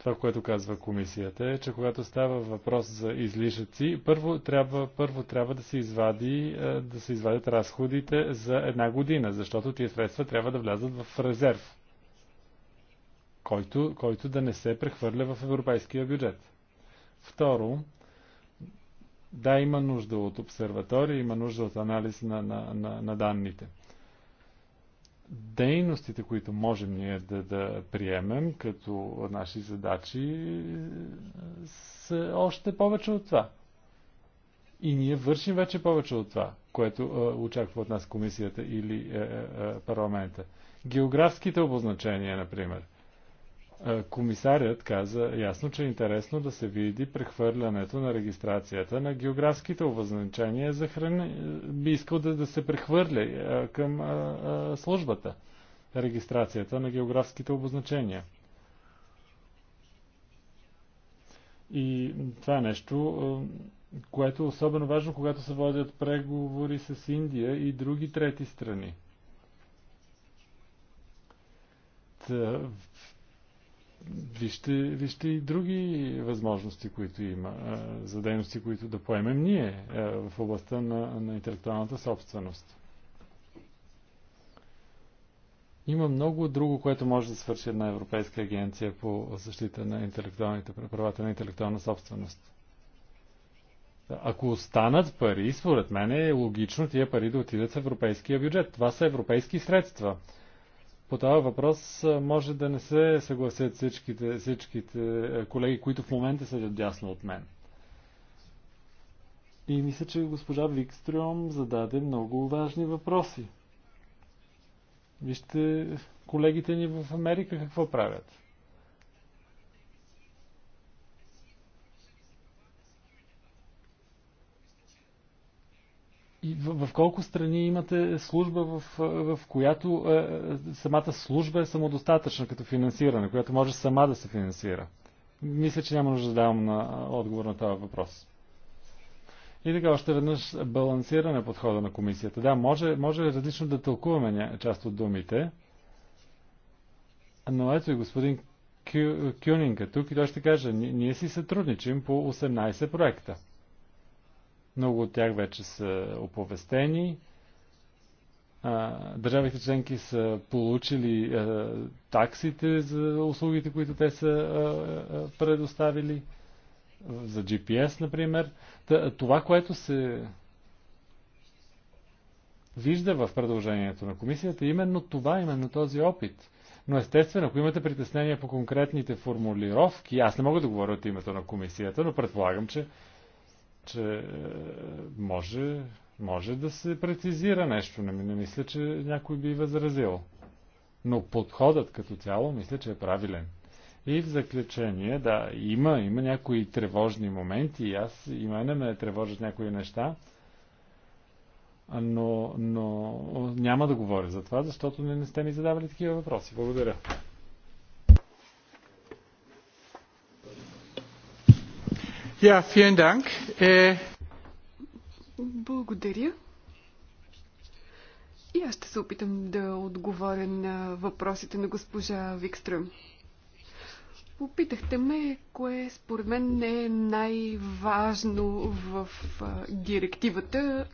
Това, което казва комисията е, че когато става въпрос за излишъци, първо трябва, първо трябва да, се извади, е, да се извадят разходите за една година, защото тия средства трябва да влязат в резерв, който, който да не се прехвърля в европейския бюджет. Второ, да, има нужда от обсерватория, има нужда от анализ на, на, на, на данните дейностите, които можем ние да, да приемем като наши задачи, са още повече от това. И ние вършим вече повече от това, което е, очаква от нас комисията или е, е, е парламента. Географските обозначения, например – е, комисарят каза ясно, че е интересно да се види прехвърлянето на регистрацията на географските обозначения за храни. Би искал да, да се прехвърля е, към а, е, а, службата регистрацията на географските обозначения. И това е нещо, което е особено важно, когато се водят преговори с Индия и други трети страни вижте, вижте и други възможности, които има за дейности, които да поемем ние в областта на, на интелектуалната собственост. Има много друго, което може да свърши една Европейска агенция по защита на интелектуалните правата на интелектуална собственост. Ако останат пари, според мен е логично тия пари да отидат в европейския бюджет. Това са европейски средства по това въпрос може да не се съгласят всичките, всичките колеги, които в момента седят дясно от мен. И мисля, че госпожа Викстрюм зададе много важни въпроси. Вижте колегите ни в Америка какво правят. И в, в колко страни имате служба, в, в която е, самата служба е самодостатъчна като финансиране, която може сама да се финансира? Мисля, че няма нужда да давам на, отговор на този въпрос. И така, още веднъж балансиране подхода на комисията. Да, може, може различно да тълкуваме част от думите, но ето и господин Кю, Кюнинг тук и той ще каже, ние си сътрудничим по 18 проекта. Много от тях вече са оповестени. Държавите членки са получили таксите за услугите, които те са предоставили, за GPS, например. Това, което се вижда в предложението на комисията, е именно това, именно този опит. Но естествено, ако имате притеснения по конкретните формулировки, аз не мога да говоря от името на комисията, но предполагам, че че е, може, може да се прецизира нещо. Не, не мисля, че някой би възразил. Но подходът като цяло мисля, че е правилен. И в заключение, да, има, има някои тревожни моменти и аз и мене ме тревожат някои неща, но, но няма да говоря за това, защото не, не сте ми задавали такива въпроси. Благодаря. Äh, Благодаря. И аз ще се опитам да отговоря на въпросите на госпожа Викстрем. Попитахте ме, кое според мен не е най-важно в директивата.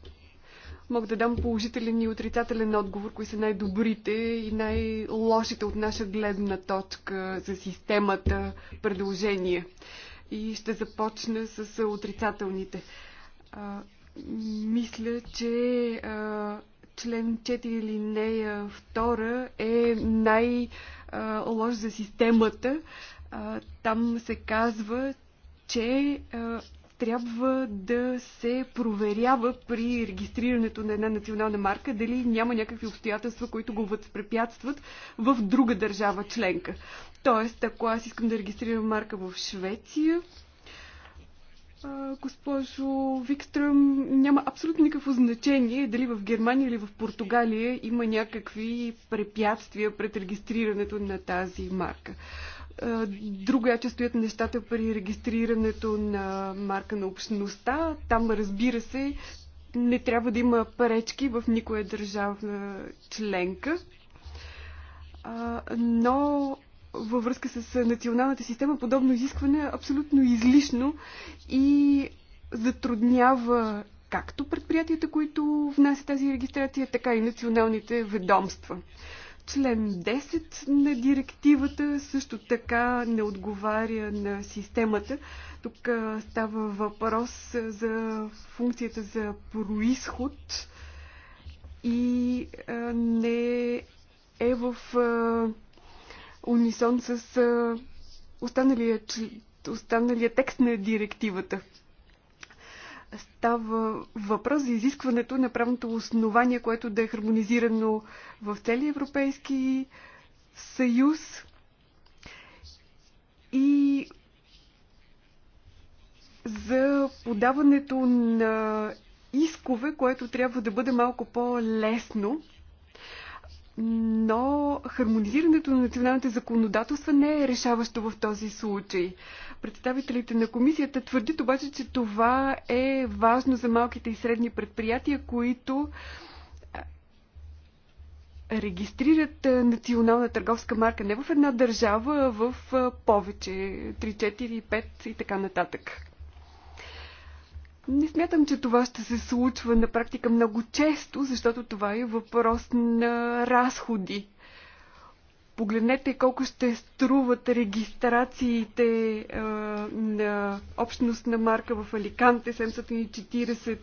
Мога да дам положителен и отрицателен отговор, кои са най-добрите и най-лошите от наша гледна точка за системата предложения и ще започна с отрицателните. А, мисля, че а, член 4 нея 2 е най-лош за системата. А, там се казва, че а, трябва да се проверява при регистрирането на една национална марка дали няма някакви обстоятелства, които го възпрепятстват в друга държава членка. Тоест, ако аз искам да регистрирам марка в Швеция, госпожо Викстръм, няма абсолютно никакво значение дали в Германия или в Португалия има някакви препятствия пред регистрирането на тази марка. Е, Другояче е, стоят нещата при регистрирането на марка на общността. Там, разбира се, не трябва да има пречки в никоя държавна членка. Но във връзка с националната система подобно изискване е абсолютно излишно и затруднява както предприятията, които внасят тази регистрация, така и националните ведомства. Член 10 на директивата също така не отговаря на системата. Тук става въпрос за функцията за происход и не е в унисон с останалия, останалия текст на директивата. Става въпрос за изискването на правното основание, което да е хармонизирано в целия Европейски съюз и за подаването на искове, което трябва да бъде малко по-лесно но хармонизирането на националните законодателства не е решаващо в този случай. Представителите на комисията твърдят обаче, че това е важно за малките и средни предприятия, които регистрират национална търговска марка не в една държава, а в повече 3, 4, 5 и така нататък. Не смятам, че това ще се случва на практика много често, защото това е въпрос на разходи. Погледнете колко ще струват регистрациите е, на общност на марка в Аликанте 740 е,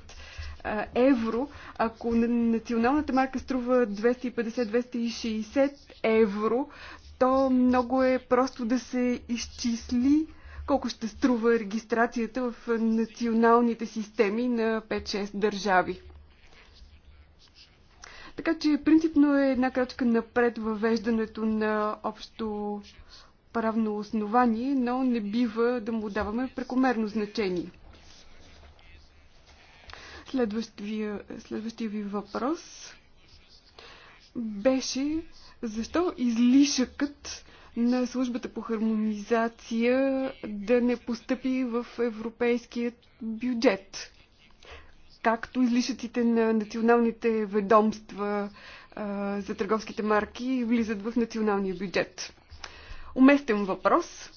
евро. Ако националната марка струва 250-260 евро, то много е просто да се изчисли колко ще струва регистрацията в националните системи на 5-6 държави. Така че принципно е една крачка напред въвеждането на общо правно основание, но не бива да му даваме прекомерно значение. Следващия, следващия ви въпрос беше защо излишъкът на службата по хармонизация да не поступи в европейския бюджет, както излишъците на националните ведомства а, за търговските марки влизат в националния бюджет. Уместен въпрос.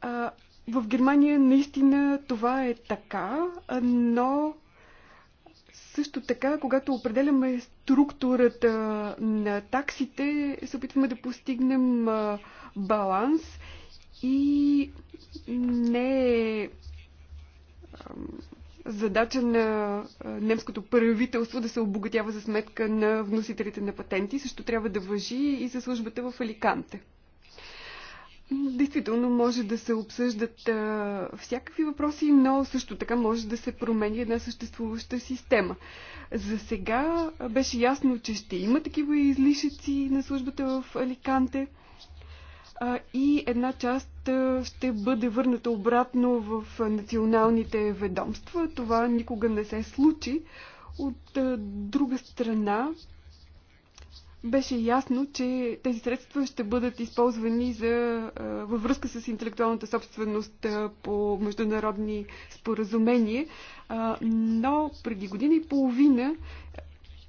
А, в Германия наистина това е така, но също така, когато определяме структурата на таксите, се опитваме да постигнем баланс и не е задача на немското правителство да се обогатява за сметка на вносителите на патенти. Също трябва да въжи и за службата в Аликанте. Действително може да се обсъждат а, всякакви въпроси, но също така може да се промени една съществуваща система. За сега беше ясно, че ще има такива излишъци на службата в Аликанте а, и една част а, ще бъде върната обратно в националните ведомства. Това никога не се случи. От а, друга страна, беше ясно, че тези средства ще бъдат използвани за, във връзка с интелектуалната собственост по международни споразумения. Но преди година и половина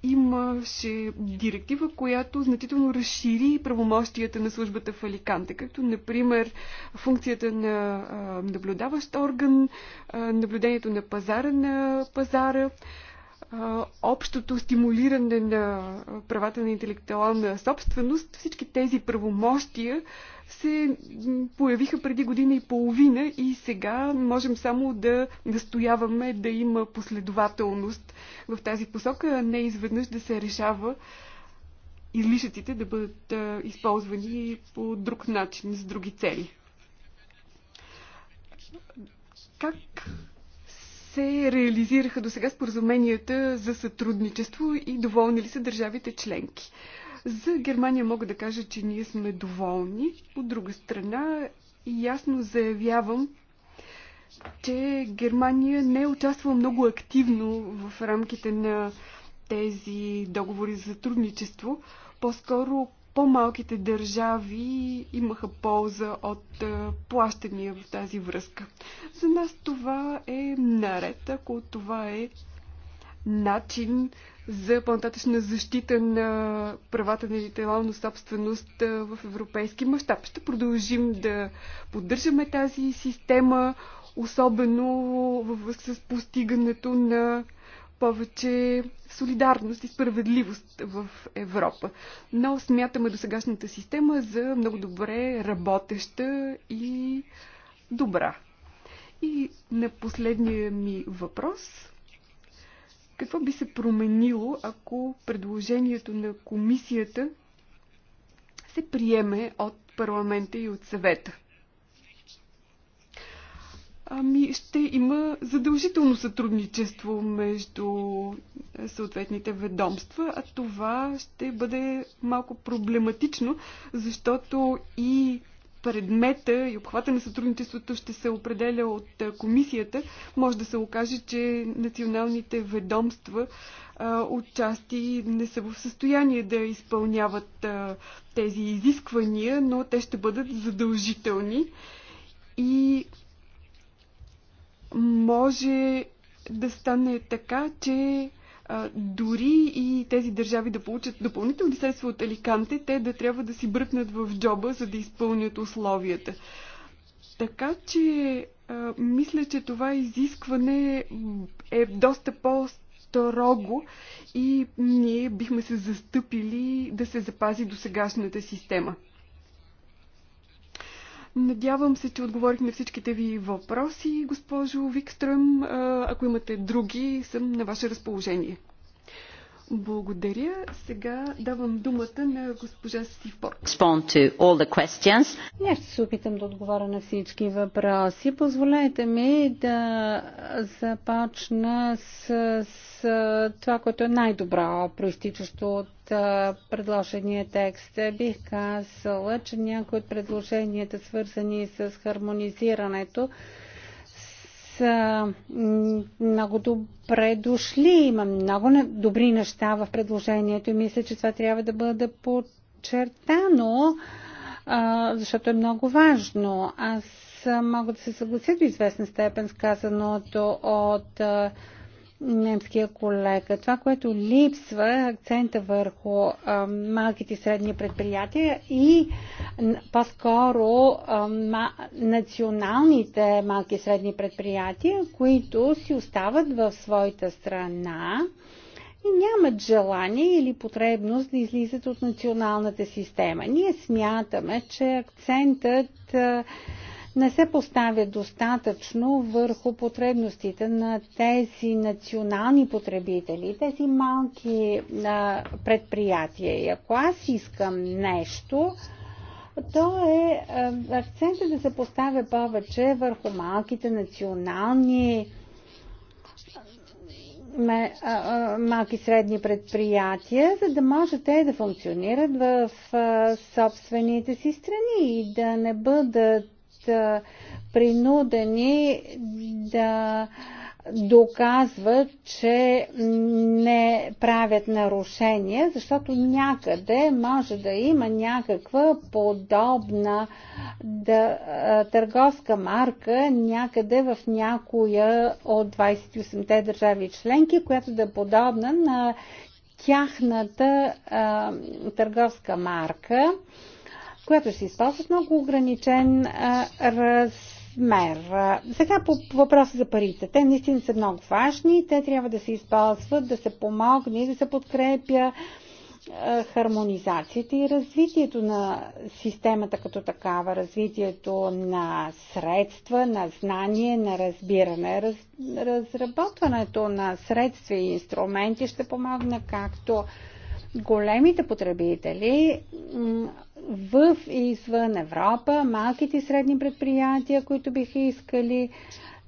имаше директива, която значително разшири правомощията на службата в Аликанте, като например функцията на наблюдаващ орган, наблюдението на пазара на пазара, общото стимулиране на правата на интелектуална собственост, всички тези правомощия се появиха преди година и половина и сега можем само да настояваме да има последователност в тази посока, а не изведнъж да се решава излишъците да бъдат използвани по друг начин, с други цели. Как се реализираха до сега споразуменията за сътрудничество и доволни ли са държавите членки? За Германия мога да кажа, че ние сме доволни. От друга страна, ясно заявявам, че Германия не е участвала много активно в рамките на тези договори за сътрудничество. По-скоро по-малките държави имаха полза от е, плащания в тази връзка. За нас това е наред, ако това е начин за по-нататъчна защита на правата на интелектуална собственост е, в европейски мащаб. Ще продължим да поддържаме тази система, особено във връзка с постигането на повече солидарност и справедливост в Европа. Но смятаме до сегашната система за много добре работеща и добра. И на последния ми въпрос. Какво би се променило, ако предложението на комисията се приеме от парламента и от съвета? Ами ще има задължително сътрудничество между е, съответните ведомства, а това ще бъде малко проблематично, защото и предмета и обхвата на сътрудничеството ще се определя от е, комисията. Може да се окаже, че националните ведомства е, отчасти не са в състояние да изпълняват тези изисквания, но те ще бъдат задължителни и може да стане така, че а, дори и тези държави да получат допълнителни средства от Аликанте, те да трябва да си бръкнат в джоба, за да изпълнят условията. Така че а, мисля, че това изискване е доста по-строго и ние бихме се застъпили да се запази до сегашната система. Надявам се, че отговорих на всичките ви въпроси, госпожо Викстръм. Ако имате други, съм на ваше разположение. Благодаря. Сега давам думата на госпожа Сифор. Не ще се опитам да отговоря на всички въпроси. Позволете ми да започна с, с това, което е най-добро, проистичащо от предложения текст. Бих казала, че някои от предложенията, свързани с хармонизирането, са много добре дошли. Има много добри неща в предложението и мисля, че това трябва да бъде подчертано, защото е много важно. Аз мога да се съглася до известна степен с казаното от немския колега. Това, което липсва е акцента върху а, малките и средни предприятия и по-скоро националните малки и средни предприятия, които си остават в своята страна и нямат желание или потребност да излизат от националната система. Ние смятаме, че акцентът а, не се поставя достатъчно върху потребностите на тези национални потребители, тези малки а, предприятия. И ако аз искам нещо, то е акцентът да се поставя повече върху малките национални малки средни предприятия, за да може те да функционират в собствените си страни и да не бъдат принудени да доказват, че не правят нарушения, защото някъде може да има някаква подобна да, търговска марка някъде в някоя от 28-те държави членки, която да е подобна на тяхната а, търговска марка. А, която се използва с много ограничен а, размер. Сега по въпроса за парите. Те наистина са много важни. Те трябва да се използват, да се помогне и да се подкрепя хармонизацията и развитието на системата като такава, развитието на средства, на знание, на разбиране. Раз, разработването на средства и инструменти ще помогне както големите потребители в и извън Европа, малките и средни предприятия, които биха искали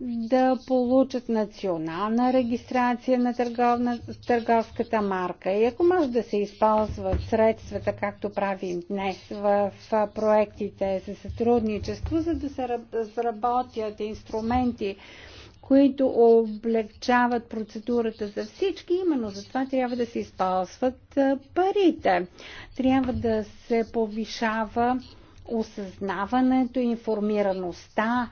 да получат национална регистрация на търговна, търговската марка. И ако може да се използват средствата, както правим днес в проектите за сътрудничество, за да се разработят инструменти които облегчават процедурата за всички. Именно за това трябва да се използват парите. Трябва да се повишава осъзнаването, информираността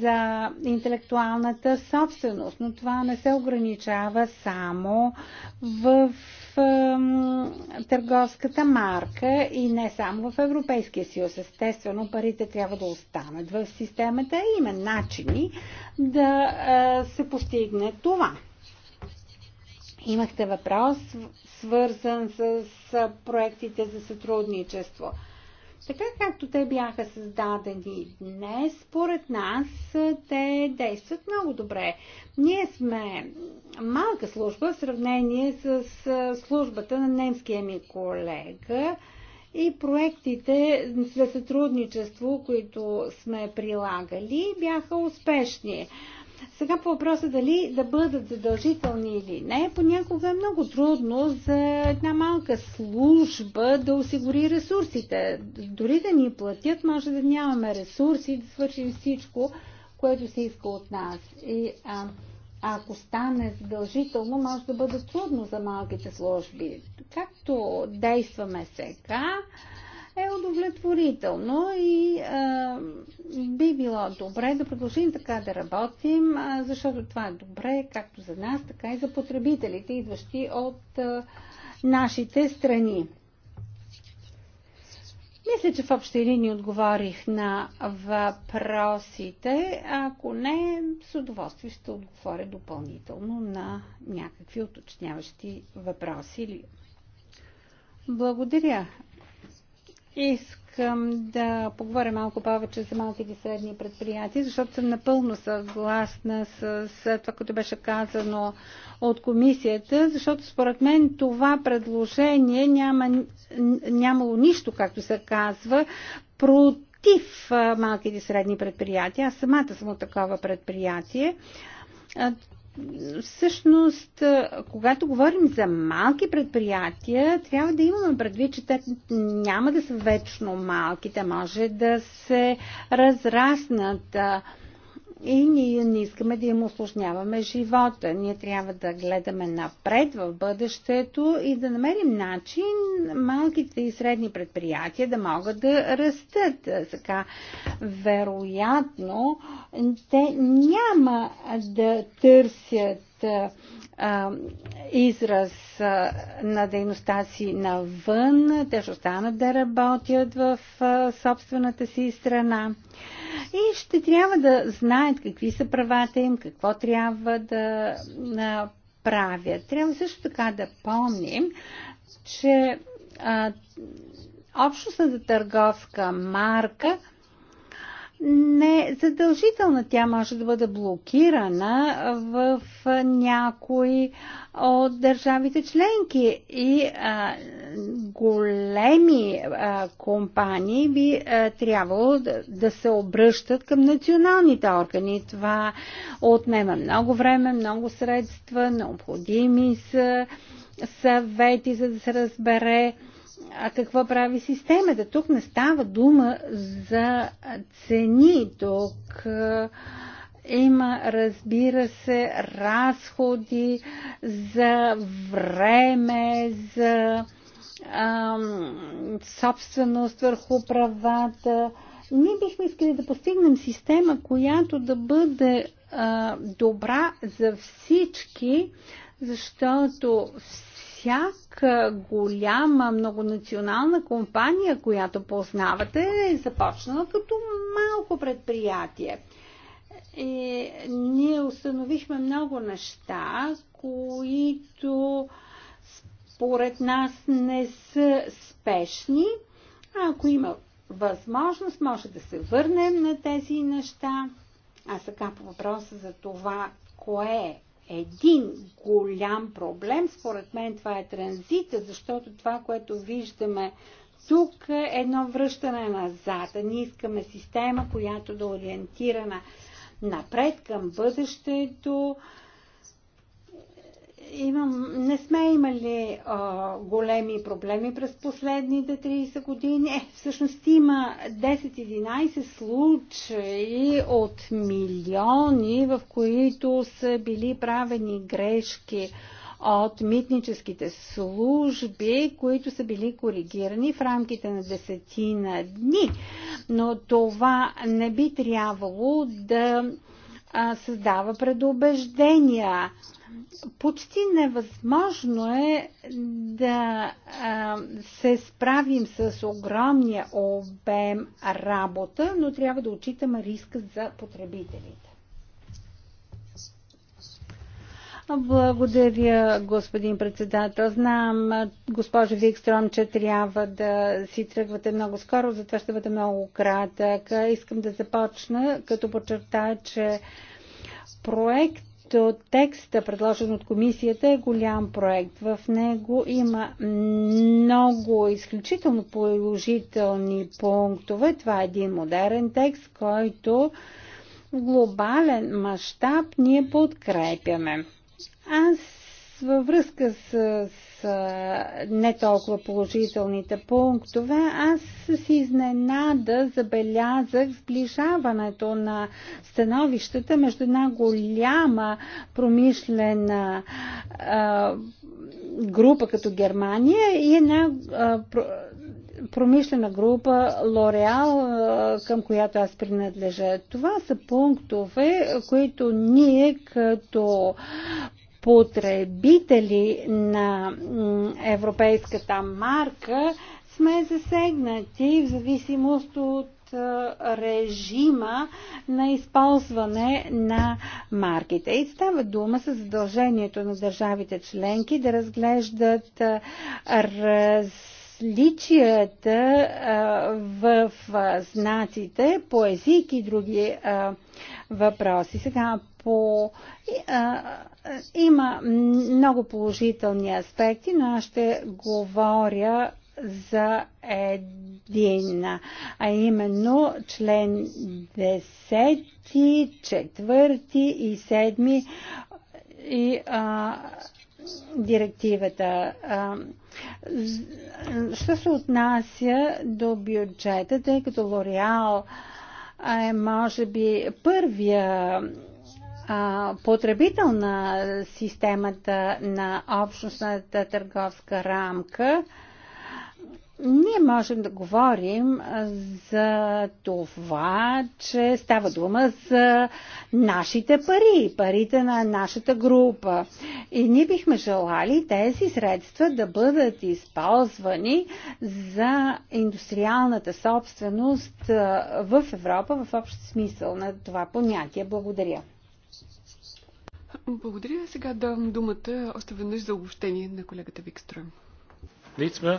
за интелектуалната собственост, но това не се ограничава само в търговската марка и не само в Европейския съюз. Естествено, парите трябва да останат в системата и има начини да е, се постигне това. Имахте въпрос, свързан с проектите за сътрудничество. Така както те бяха създадени днес, според нас те действат много добре. Ние сме малка служба в сравнение с службата на немския ми колега и проектите за сътрудничество, които сме прилагали, бяха успешни. Сега по въпроса дали да бъдат задължителни или не, понякога е много трудно за една малка служба да осигури ресурсите. Дори да ни платят, може да нямаме ресурси да свършим всичко, което се иска от нас. И а, ако стане задължително, може да бъде трудно за малките служби. Както действаме сега, е удовлетворително и а, би било добре да продължим така да работим, а, защото това е добре както за нас, така и за потребителите, идващи от а, нашите страни. Мисля, че в общи линии отговорих на въпросите. Ако не, с удоволствие ще отговоря допълнително на някакви уточняващи въпроси. Благодаря, Искам да поговоря малко повече за малките и средни предприятия, защото съм напълно съгласна с, това, което беше казано от комисията, защото според мен това предложение няма, нямало нищо, както се казва, против малките и средни предприятия. Аз самата съм от такова предприятие всъщност, когато говорим за малки предприятия, трябва да имаме предвид, че те няма да са вечно малки, те може да се разраснат. И ние не искаме да им осложняваме живота. Ние трябва да гледаме напред в бъдещето и да намерим начин малките и средни предприятия да могат да растат. Така, вероятно, те няма да търсят а, израз а, на дейността си навън. Те ще останат да работят в а, собствената си страна и ще трябва да знаят какви са правата им, какво трябва да правят. Трябва също така да помним, че а, общностната търговска марка не е задължителна. Тя може да бъде блокирана в някои от държавите членки и а, големи а, компании би а, трябвало да, да се обръщат към националните органи. Това отнема много време, много средства, необходими са съвети, за да се разбере а, а какво прави системата. Тук не става дума за цени. Тук е, има, разбира се, разходи за време, за ам, собственост върху правата. Ние бихме искали да постигнем система, която да бъде а, добра за всички, защото всяка голяма многонационална компания, която познавате, е започнала като малко предприятие. И ние установихме много неща, които според нас не са спешни. А ако има възможност, може да се върнем на тези неща. А сега по въпроса за това, кое е един голям проблем. Според мен това е транзита, защото това, което виждаме тук е едно връщане назад. Ние искаме система, която да ориентирана напред към бъдещето, имам, не сме имали а, големи проблеми през последните 30 години. Е, всъщност има 10-11 случаи от милиони, в които са били правени грешки от митническите служби, които са били коригирани в рамките на десетина дни. Но това не би трябвало да а, създава предубеждения. Почти невъзможно е да а, се справим с огромния обем работа, но трябва да отчитаме риска за потребителите. Благодаря, господин председател. Знам, госпожо Викстром, че трябва да си тръгвате много скоро, затова ще бъде много кратък. Искам да започна, като подчертая, че проект от текста, предложен от комисията, е голям проект. В него има много изключително положителни пунктове. Това е един модерен текст, който в глобален мащаб ние подкрепяме. Аз във връзка с, с не толкова положителните пунктове, аз с изненада забелязах сближаването на становищата между една голяма промишлена а, група като Германия и една а, промишлена група Лореал, към която аз принадлежа. Това са пунктове, които ние като потребители на европейската марка сме засегнати в зависимост от режима на използване на марките. И става дума с задължението на държавите членки да разглеждат раз различията в знаците по език и други въпроси. Сега по... Има много положителни аспекти, но аз ще говоря за един, а именно член 10, 4 и 7 и а, директивата. Що се отнася до бюджета, тъй като Лореал е, може би, първия потребител на системата на общностната търговска рамка, ние можем да говорим за това, че става дума за нашите пари, парите на нашата група. И ние бихме желали тези средства да бъдат използвани за индустриалната собственост в Европа в общ смисъл на това понятие. Благодаря. Благодаря. Сега давам думата още веднъж за обобщение на колегата Викстрем. Лицме.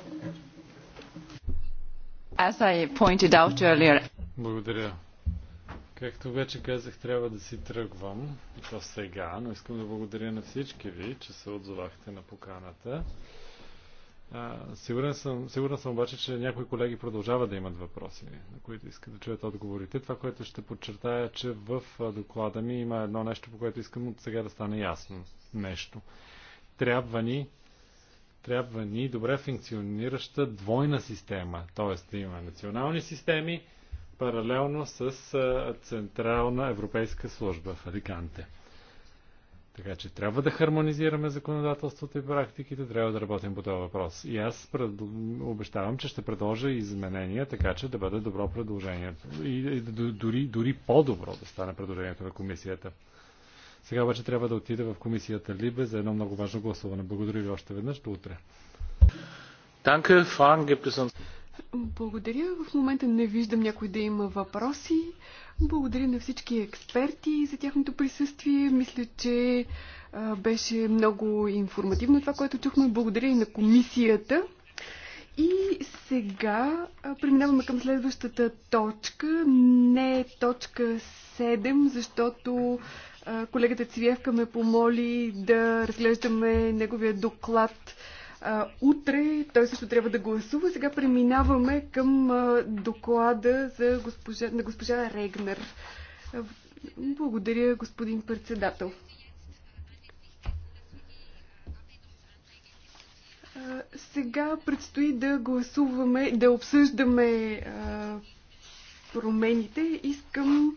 As I pointed out earlier. Благодаря. Както вече казах, трябва да си тръгвам, и то сега, но искам да благодаря на всички ви, че се отзовахте на поканата. А, сигурен, съм, сигурен съм обаче, че някои колеги продължават да имат въпроси, на които искат да чуят отговорите. Това, което ще подчертая, че в доклада ми има едно нещо, по което искам от сега да стане ясно нещо. Трябва ни трябва ни добре функционираща двойна система, т.е. да има национални системи, паралелно с Централна европейска служба в Аликанте. Така че трябва да хармонизираме законодателството и практиките, трябва да работим по този въпрос. И аз пред... обещавам, че ще предложа изменения, така че да бъде добро предложението. И, и дори, дори по-добро да стане предложението на комисията. Сега обаче трябва да отида в комисията Либе за едно много важно гласуване. Благодаря ви още веднъж. До утре. Благодаря. В момента не виждам някой да има въпроси. Благодаря на всички експерти за тяхното присъствие. Мисля, че беше много информативно това, което чухме. Благодаря и на комисията. И сега преминаваме към следващата точка. Не е точка 7, защото Колегата Цвиевка ме помоли да разглеждаме неговия доклад утре. Той също трябва да гласува. Сега преминаваме към доклада за госпожа, на госпожа Регнер. Благодаря, господин председател. Сега предстои да гласуваме, да обсъждаме промените. Искам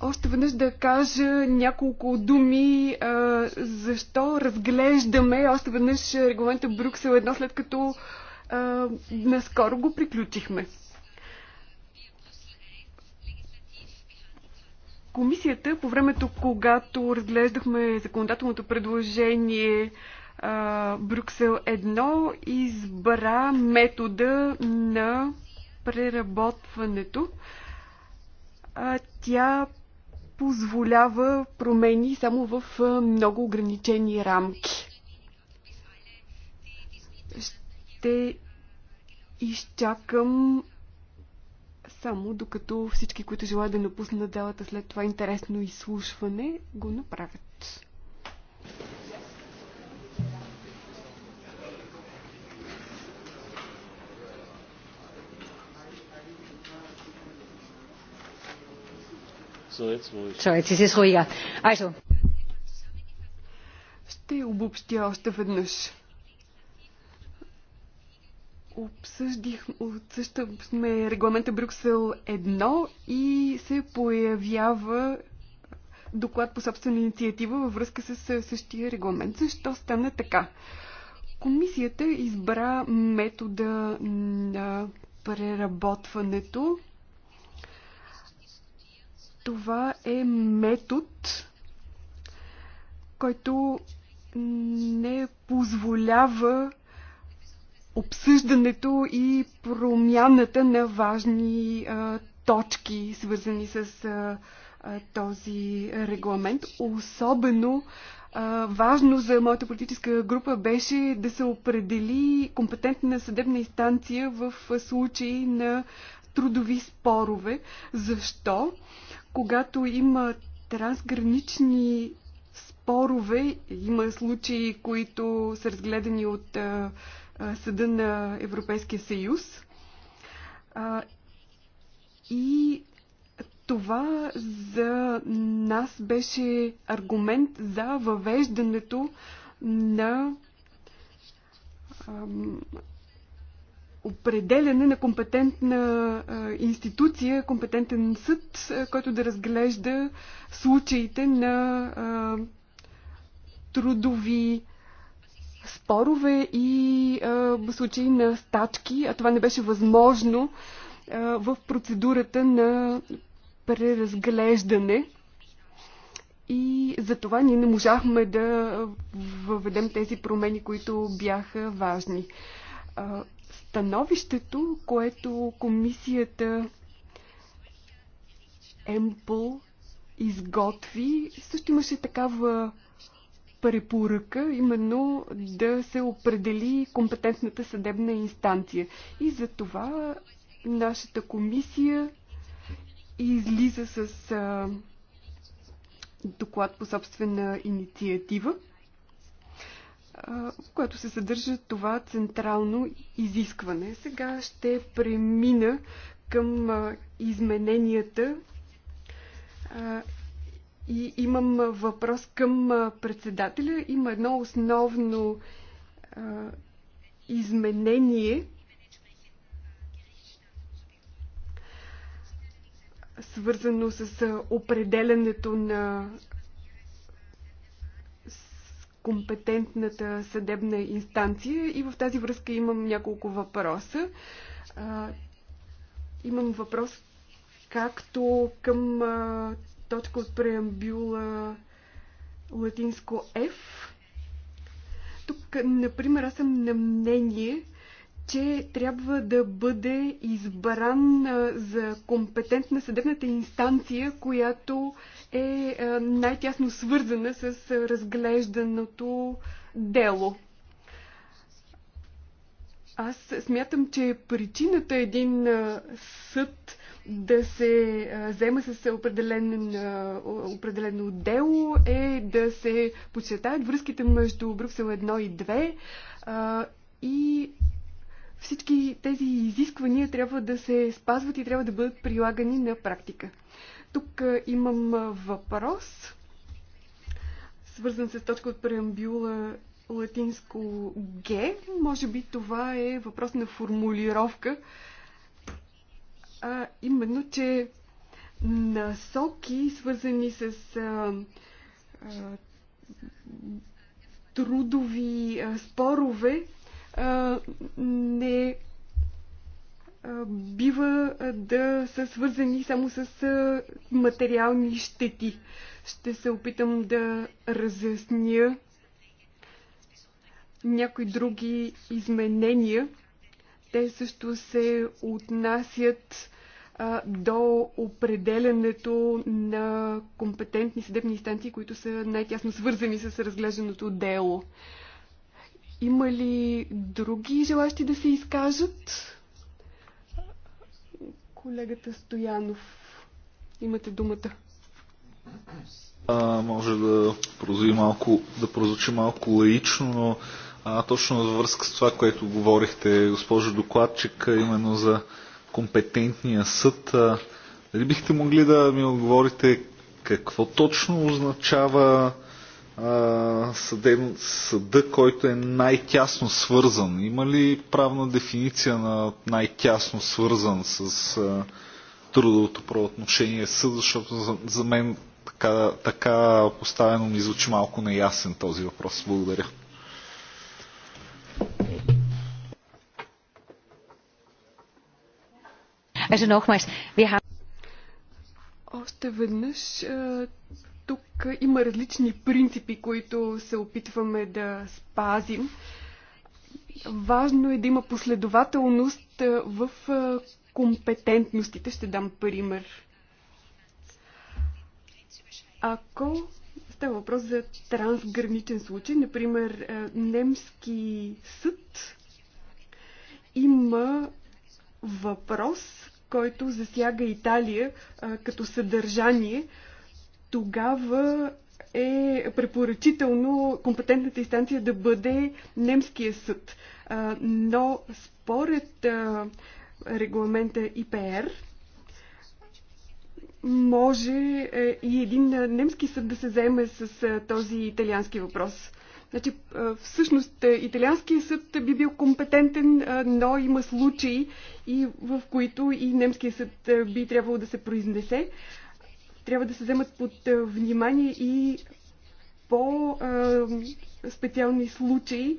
още веднъж да кажа няколко думи а, защо разглеждаме още веднъж регламента Брюксел едно след като а, наскоро го приключихме. Комисията по времето, когато разглеждахме законодателното предложение а, Брюксел 1, избра метода на преработването. А, тя позволява промени само в много ограничени рамки. Ще изчакам само докато всички, които желаят да напуснат залата след това интересно изслушване, го направят. Ще обобщя още веднъж. Обсъждих, обсъждахме регламента Брюксел 1 и се появява доклад по собствена инициатива във връзка с същия регламент. Защо стана така? Комисията избра метода на преработването това е метод, който не позволява обсъждането и промяната на важни а, точки, свързани с а, а, този регламент. Особено а, важно за моята политическа група беше да се определи компетентна съдебна инстанция в случай на трудови спорове. Защо? когато има трансгранични спорове, има случаи, които са разгледани от Съда на Европейския съюз. и това за нас беше аргумент за въвеждането на определяне на компетентна институция, компетентен съд, който да разглежда случаите на трудови спорове и случаи на стачки, а това не беше възможно в процедурата на преразглеждане. И за това ние не можахме да въведем тези промени, които бяха важни становището, което комисията Емпл изготви, също имаше такава препоръка, именно да се определи компетентната съдебна инстанция. И за това нашата комисия излиза с а, доклад по собствена инициатива в което се съдържа това централно изискване. Сега ще премина към измененията и имам въпрос към председателя. Има едно основно изменение, свързано с определенето на компетентната съдебна инстанция и в тази връзка имам няколко въпроса. А, имам въпрос както към а, точка от преамбюла латинско F. Тук, например, аз съм на мнение, че трябва да бъде избран за компетентна съдебната инстанция, която е, е най-тясно свързана с разглежданото дело. Аз смятам, че причината един е, съд да се взема е, с определен, определено дело е да се подчертаят връзките между Брюксел 1 и 2 и всички тези изисквания трябва да се спазват и трябва да бъдат прилагани на практика. Тук имам въпрос, свързан с точка от преамбюла латинско Г. Може би това е въпрос на формулировка. А, именно, че насоки, свързани с а, а, трудови а, спорове, а, не бива да са свързани само с материални щети. Ще се опитам да разясня някои други изменения. Те също се отнасят до определенето на компетентни съдебни инстанции, които са най-тясно свързани с разглежданото дело. Има ли други желащи да се изкажат? Колегата Стоянов, имате думата. А, може да прозвучи малко, да прозвучи малко лаично, но а, точно във връзка с това, което говорихте, госпожо докладчик, именно за компетентния съд. А, дали бихте могли да ми отговорите какво точно означава съден, съда, който е най-тясно свързан. Има ли правна дефиниция на най-тясно свързан с а, трудовото правоотношение съд, защото за, за мен така, така поставено ми звучи малко неясен този въпрос. Благодаря. Още веднъж има различни принципи, които се опитваме да спазим. Важно е да има последователност в компетентностите. Ще дам пример. Ако става въпрос за трансграничен случай, например, немски съд има въпрос, който засяга Италия като съдържание, тогава е препоръчително компетентната инстанция да бъде немския съд. Но според регламента ИПР може е, и един немски съд да се заеме с този италиански въпрос. Значи, всъщност, италианският съд би бил компетентен, но има случаи, и в които и немският съд би трябвало да се произнесе трябва да се вземат под е, внимание и по-специални е, случаи, е,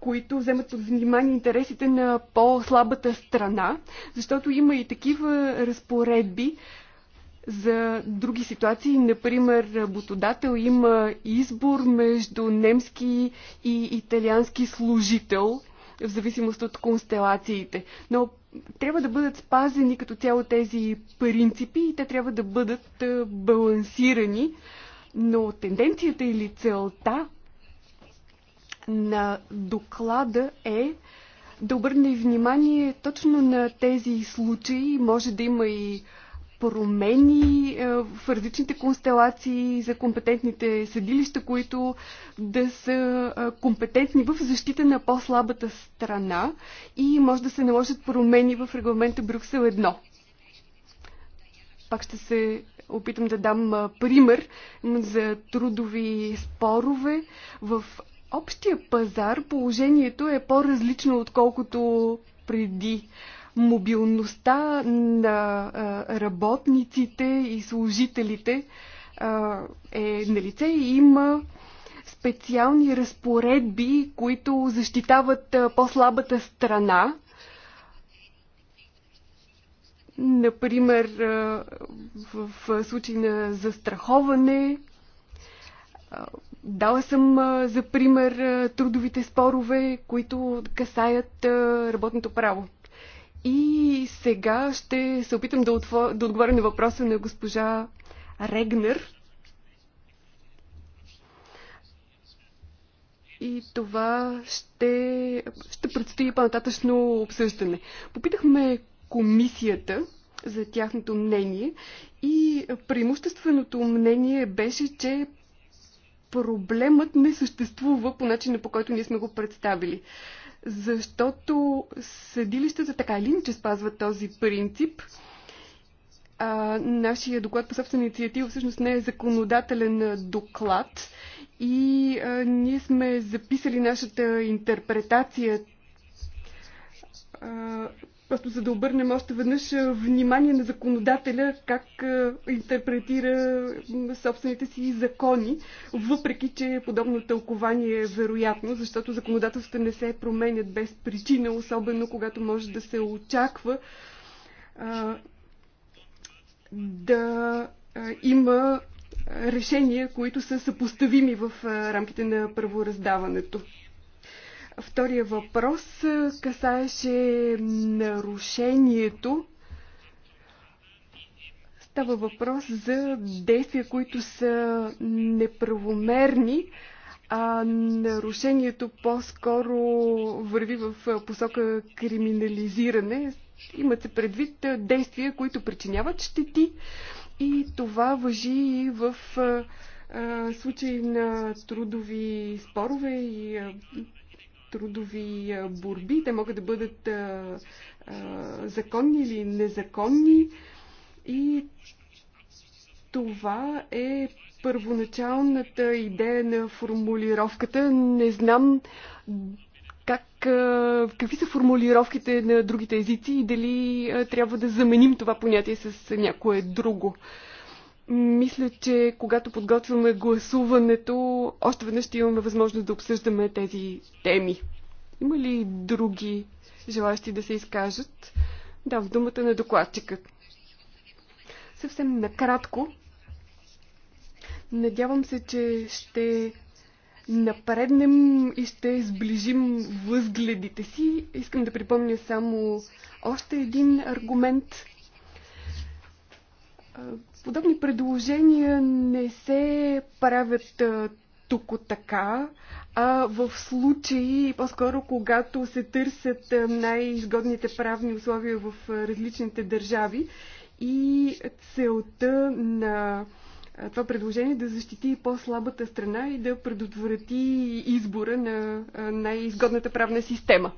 които вземат под внимание интересите на по-слабата страна, защото има и такива разпоредби за други ситуации. Например, работодател има избор между немски и италиански служител – в зависимост от констелациите. Но трябва да бъдат спазени като цяло тези принципи и те трябва да бъдат е, балансирани. Но тенденцията или целта на доклада е да обърне внимание точно на тези случаи. Може да има и промени е, в различните констелации за компетентните съдилища, които да са е, компетентни в защита на по-слабата страна и може да се наложат промени в регламента Брюксел 1. Пак ще се опитам да дам е, пример за трудови спорове. В общия пазар положението е по-различно, отколкото преди мобилността на работниците и служителите е лице и има специални разпоредби, които защитават по-слабата страна. Например, в случай на застраховане, дала съм за пример трудовите спорове, които касаят работното право. И сега ще се опитам да, отво... да отговоря на въпроса на госпожа Регнер. И това ще, ще предстои по-нататъчно обсъждане. Попитахме комисията за тяхното мнение и преимущественото мнение беше, че проблемът не съществува по начина по който ние сме го представили защото съдилищата така или иначе спазват този принцип. А, нашия доклад по собствена инициатива всъщност не е законодателен доклад и а, ние сме записали нашата интерпретация Просто за да обърнем още веднъж внимание на законодателя как интерпретира собствените си закони, въпреки че подобно тълкование е вероятно, защото законодателствата не се променят без причина, особено когато може да се очаква а, да а, има решения, които са съпоставими в а, рамките на правораздаването. Втория въпрос касаеше нарушението. Става въпрос за действия, които са неправомерни, а нарушението по-скоро върви в посока криминализиране. Имат се предвид действия, които причиняват щети и това въжи и в случаи на трудови спорове и трудови борби. Те могат да бъдат законни или незаконни. И това е първоначалната идея на формулировката. Не знам как, какви са формулировките на другите езици и дали трябва да заменим това понятие с някое друго. Мисля, че когато подготвяме гласуването, още веднъж ще имаме възможност да обсъждаме тези теми. Има ли други желащи да се изкажат? Да, в думата на докладчика. Съвсем накратко. Надявам се, че ще напреднем и ще сближим възгледите си. Искам да припомня само още един аргумент Подобни предложения не се правят тук така, а в случаи, по-скоро когато се търсят най-изгодните правни условия в различните държави и целта на това предложение е да защити по-слабата страна и да предотврати избора на най-изгодната правна система.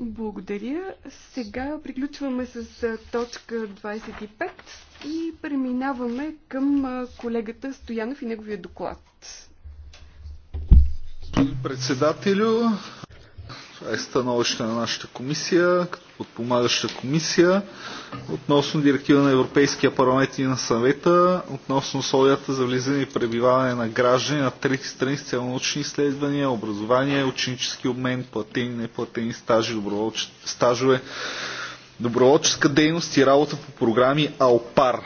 Благодаря. Сега приключваме с точка 25 и преминаваме към колегата Стоянов и неговия доклад. Председателю, е становище на нашата комисия, като подпомагаща комисия, относно директива на Европейския парламент и на съвета, относно условията за влизане и пребиваване на граждани на трети страни с цел научни изследвания, образование, ученически обмен, платени и неплатени стажи, доброволч... стажове, доброволческа дейност и работа по програми АЛПАР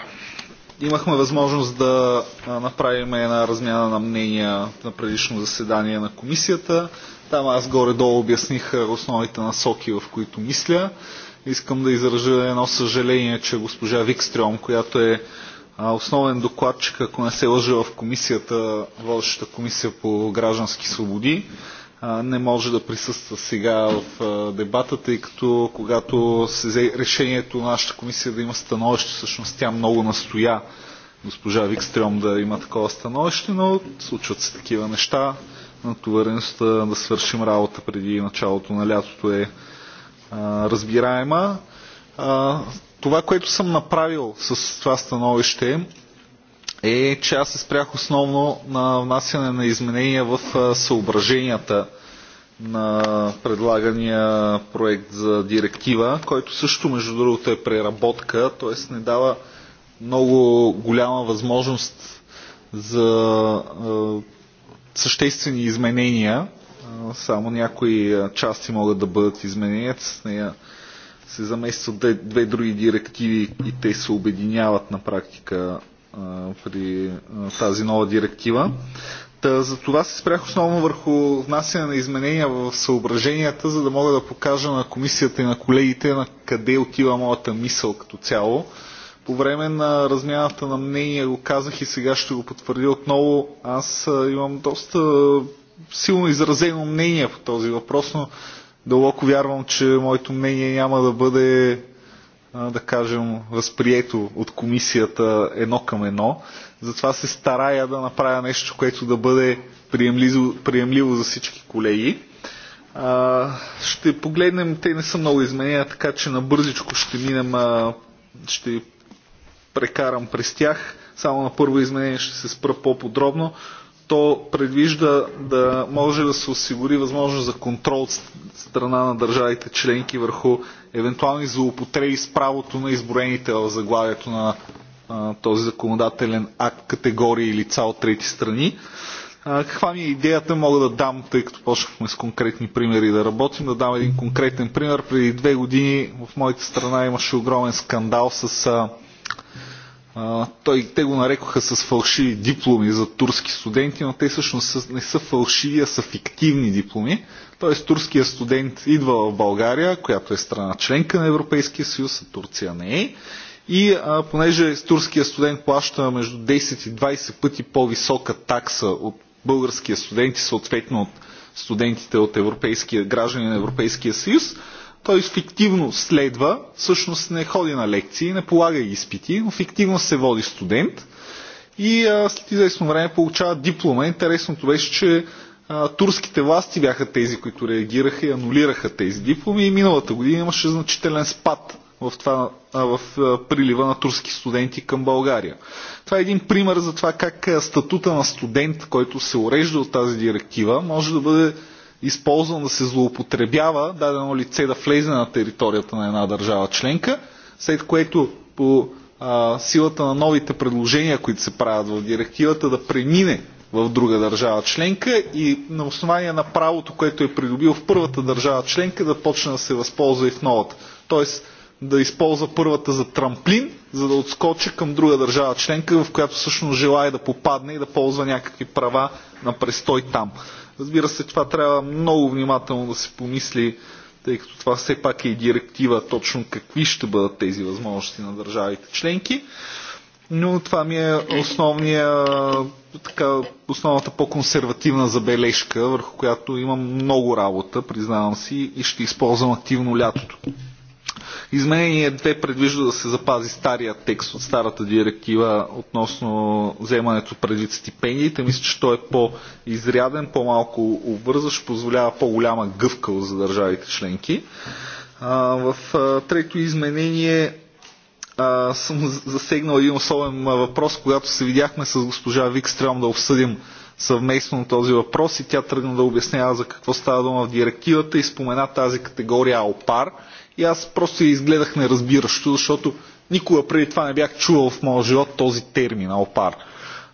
имахме възможност да направим една размяна на мнения на предишно заседание на комисията. Там аз горе-долу обясних е, основните насоки, в които мисля. Искам да изража едно съжаление, че госпожа Викстрем, която е основен докладчик, ако не се лъжа в комисията, водещата комисия по граждански свободи, не може да присъства сега в дебата, тъй като когато се взе решението на нашата комисия да има становище, всъщност тя много настоя госпожа Викстрем да има такова становище, но случват се такива неща натовареността да свършим работа преди началото на лятото е а, разбираема. А, това, което съм направил с това становище е, че аз се спрях основно на внасяне на изменения в съображенията на предлагания проект за директива, който също, между другото, е преработка, т.е. не дава много голяма възможност за съществени изменения. Само някои части могат да бъдат изменени. С нея се заместват две, две други директиви и те се обединяват на практика при тази нова директива. Та, за това се спрях основно върху внасяне на изменения в съображенията, за да мога да покажа на комисията и на колегите на къде отива моята мисъл като цяло по време на размяната на мнения го казах и сега ще го потвърдя отново. Аз имам доста силно изразено мнение по този въпрос, но дълбоко вярвам, че моето мнение няма да бъде, да кажем, възприето от комисията едно към едно. Затова се старая да направя нещо, което да бъде приемливо, приемливо за всички колеги. Ще погледнем, те не са много изменения, така че набързичко ще минем, ще прекарам през тях. Само на първо изменение ще се спра по-подробно. То предвижда да може да се осигури възможност за контрол от страна на държавите членки върху евентуални злоупотреби с правото на изброените в заглавието на а, този законодателен акт категории лица от трети страни. А, каква ми е идеята, мога да дам, тъй като почнахме с конкретни примери да работим, да дам един конкретен пример. Преди две години в моята страна имаше огромен скандал с а, той, те го нарекоха с фалшиви дипломи за турски студенти, но те всъщност не са фалшиви, а са фиктивни дипломи. Тоест турския студент идва в България, която е страна членка на Европейския съюз, а Турция не е. И а, понеже турския студент плаща между 10 и 20 пъти по-висока такса от българския студент и съответно от студентите от европейския граждани на Европейския съюз, той фиктивно следва, всъщност не ходи на лекции, не полага изпити, но фиктивно се води студент и а, след известно време получава диплома. Интересното беше, че а, турските власти бяха тези, които реагираха и анулираха тези дипломи и миналата година имаше значителен спад в, това, а, в а, прилива на турски студенти към България. Това е един пример за това как статута на студент, който се урежда от тази директива, може да бъде използван да се злоупотребява дадено лице да влезе на територията на една държава членка, след което по а, силата на новите предложения, които се правят в директивата, да премине в друга държава членка и на основание на правото, което е придобил в първата държава членка, да почне да се възползва и в новата. Тоест да използва първата за трамплин, за да отскочи към друга държава членка, в която всъщност желая да попадне и да ползва някакви права на престой там. Разбира се, това трябва много внимателно да се помисли, тъй като това все пак е и директива точно какви ще бъдат тези възможности на държавите членки. Но това ми е основния, така, основната по-консервативна забележка, върху която имам много работа, признавам си, и ще използвам активно лятото. Изменение 2 предвижда да се запази стария текст от старата директива относно вземането преди стипендиите. Мисля, че той е по-изряден, по-малко обвързащ, позволява по-голяма гъвкавост за държавите членки. В трето изменение съм засегнал един особен въпрос, когато се видяхме с госпожа Викстрем да обсъдим съвместно на този въпрос и тя тръгна да обяснява за какво става дума в директивата и спомена тази категория АОПАР – и аз просто я изгледах неразбиращо, защото никога преди това не бях чувал в моя живот този термин алпар.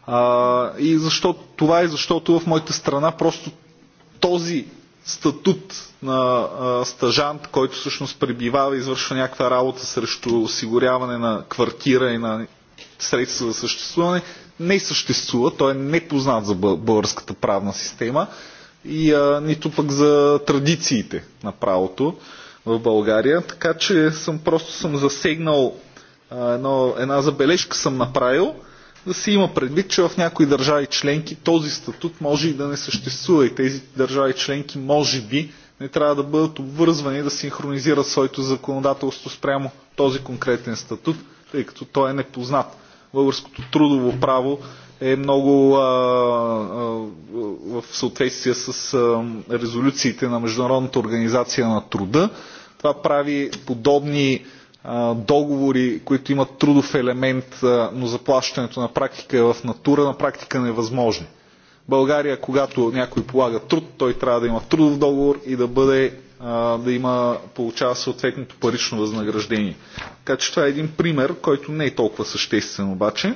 А, и защо, това е защото в моята страна просто този статут на а, стажант, който всъщност пребивава и извършва някаква работа срещу осигуряване на квартира и на средства за съществуване, не съществува. Той е непознат за българската правна система и а, нито пък за традициите на правото в България. Така че съм, просто съм засегнал едно, една забележка съм направил, да си има предвид, че в някои държави членки този статут може и да не съществува и тези държави членки може би не трябва да бъдат обвързвани да синхронизират своето законодателство спрямо този конкретен статут, тъй като той е непознат. Българското трудово право е много а, а, в съответствие с а, резолюциите на Международната организация на труда. Това прави подобни а, договори, които имат трудов елемент, а, но заплащането на практика е в натура, на практика невъзможни. България, когато някой полага труд, той трябва да има трудов договор и да бъде да има, получава съответното парично възнаграждение. Така че това е един пример, който не е толкова съществен обаче.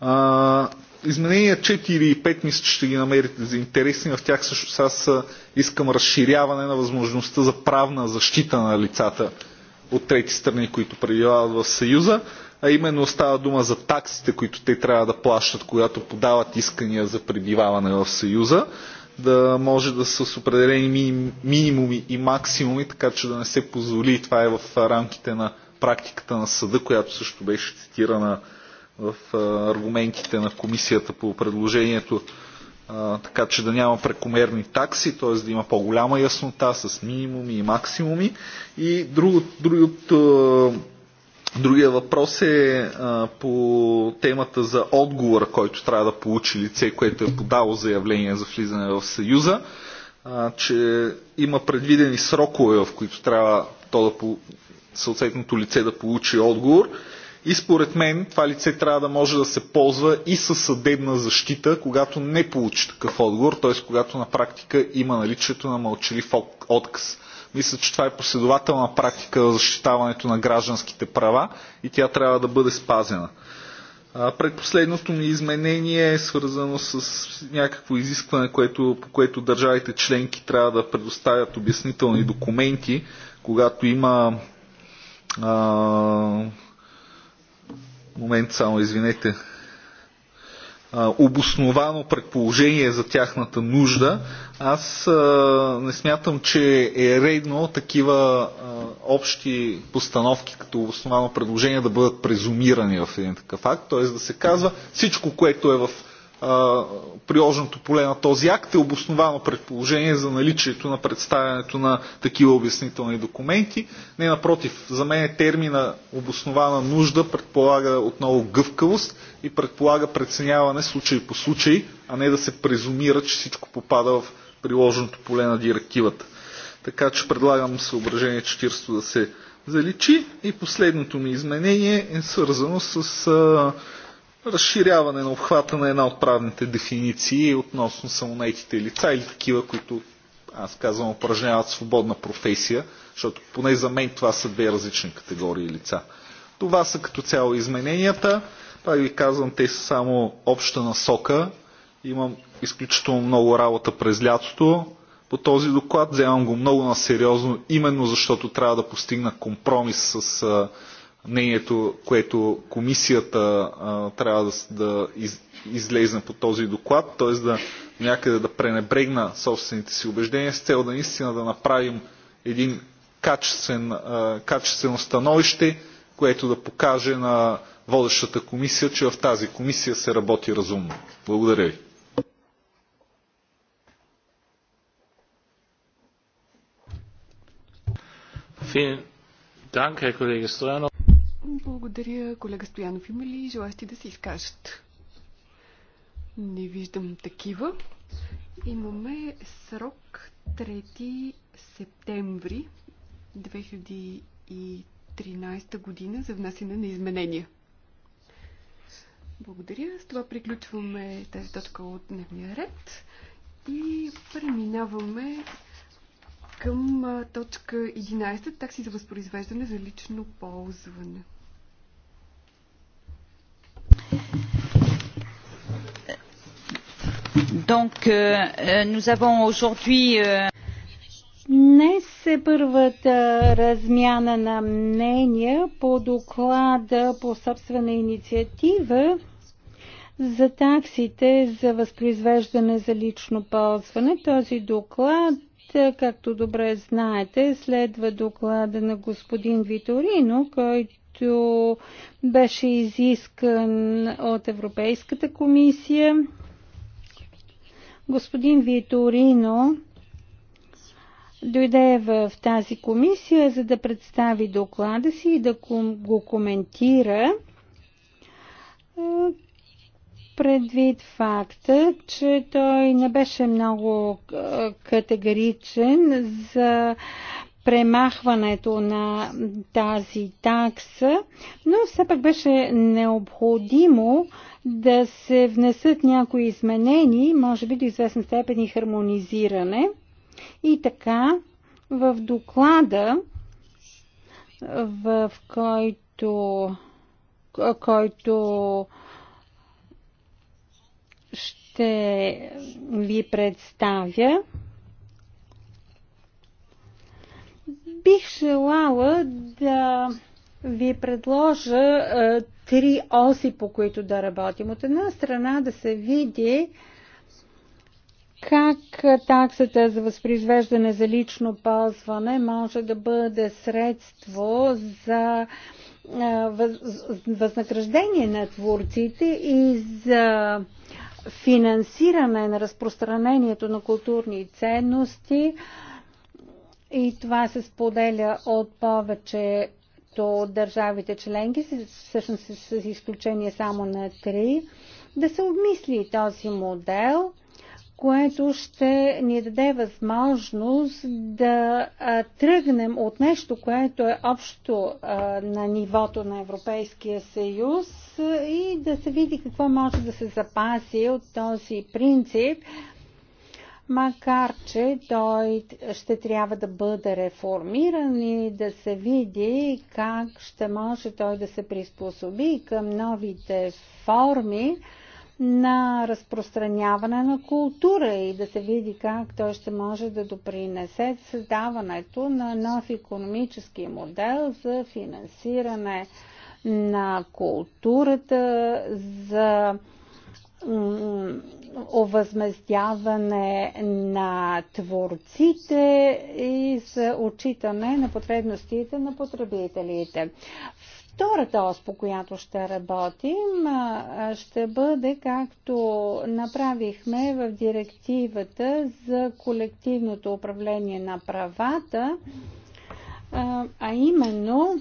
А, изменения 4 и 5 мисля, че ще ги намерите за интересни. В тях също аз искам разширяване на възможността за правна защита на лицата от трети страни, които пребивават в Съюза, а именно става дума за таксите, които те трябва да плащат, когато подават искания за пребиваване в Съюза, да може да са с определени минимуми и максимуми, така че да не се позволи. Това е в рамките на практиката на съда, която също беше цитирана в аргументите на комисията по предложението, така че да няма прекомерни такси, т.е. да има по-голяма яснота с минимуми и максимуми. И друго, другото, другия въпрос е по темата за отговора, който трябва да получи лице, което е подало заявление за влизане в Съюза, че има предвидени срокове, в които трябва то да, съответното лице да получи отговор. И според мен това лице трябва да може да се ползва и със съдебна защита, когато не получи такъв отговор, т.е. когато на практика има наличието на мълчалив отказ. Мисля, че това е последователна практика за защитаването на гражданските права и тя трябва да бъде спазена. Предпоследното ми изменение е свързано с някакво изискване, което, по което държавите членки трябва да предоставят обяснителни документи, когато има а, момент само, извинете, обосновано предположение за тяхната нужда, аз не смятам, че е редно такива общи постановки като обосновано предложение да бъдат презумирани в един такъв акт, т.е. да се казва всичко, което е в приложното поле на този акт е обосновано предположение за наличието на представянето на такива обяснителни документи. Не, напротив, за мен е термина обоснована нужда предполага отново гъвкавост и предполага преценяване случай по случай, а не да се презумира, че всичко попада в приложеното поле на директивата. Така че предлагам съображение 40 да се заличи и последното ми изменение е свързано с разширяване на обхвата на една от правните дефиниции относно самонетите лица или такива, които аз казвам, упражняват свободна професия, защото поне за мен това са две различни категории лица. Това са като цяло измененията. Това ви казвам, те са само обща насока. Имам изключително много работа през лятото по този доклад. Вземам го много на сериозно, именно защото трябва да постигна компромис с мнението, което комисията а, трябва да, да из, по този доклад, т.е. да някъде да пренебрегна собствените си убеждения с цел да наистина да направим един качествен, а, качествено становище, което да покаже на водещата комисия, че в тази комисия се работи разумно. Благодаря ви. Vielen Dank, Herr Kollege Stojanov. Благодаря, колега Стоянов. Има ли желащи да се изкажат? Не виждам такива. Имаме срок 3 септември 2013 година за внасяне на изменения. Благодаря. С това приключваме тази точка от дневния ред и преминаваме към точка 11 такси за възпроизвеждане за лично ползване. Donc, euh, euh, nous avons aujourd'hui. Euh, Днес е първата размяна на мнения по доклада по собствена инициатива за таксите за възпроизвеждане за лично ползване. Този доклад, както добре знаете, следва доклада на господин Виторино, който който беше изискан от Европейската комисия. Господин Виторино дойде в тази комисия, за да представи доклада си и да го коментира предвид факта, че той не беше много категоричен за премахването на тази такса, но все пак беше необходимо да се внесат някои изменения, може би до известна степен и хармонизиране. И така, в доклада, в който, който ще ви представя, Бих желала да ви предложа а, е, три оси, по които да работим. От една страна да се види как е, таксата за възпроизвеждане за лично ползване може да бъде средство за е, възнаграждение на творците и за финансиране на разпространението на културни ценности, и това се споделя от повечето от държавите членки, всъщност с изключение само на три, да се обмисли този модел, което ще ни даде възможност да тръгнем от нещо, което е общо на нивото на Европейския съюз и да се види какво може да се запаси от този принцип макар че той ще трябва да бъде реформиран и да се види как ще може той да се приспособи към новите форми на разпространяване на култура и да се види как той ще може да допринесе създаването на нов економически модел за финансиране на културата, за овъзмездяване на творците и за отчитане на потребностите на потребителите. Втората ос, по която ще работим, ще бъде както направихме в директивата за колективното управление на правата, а именно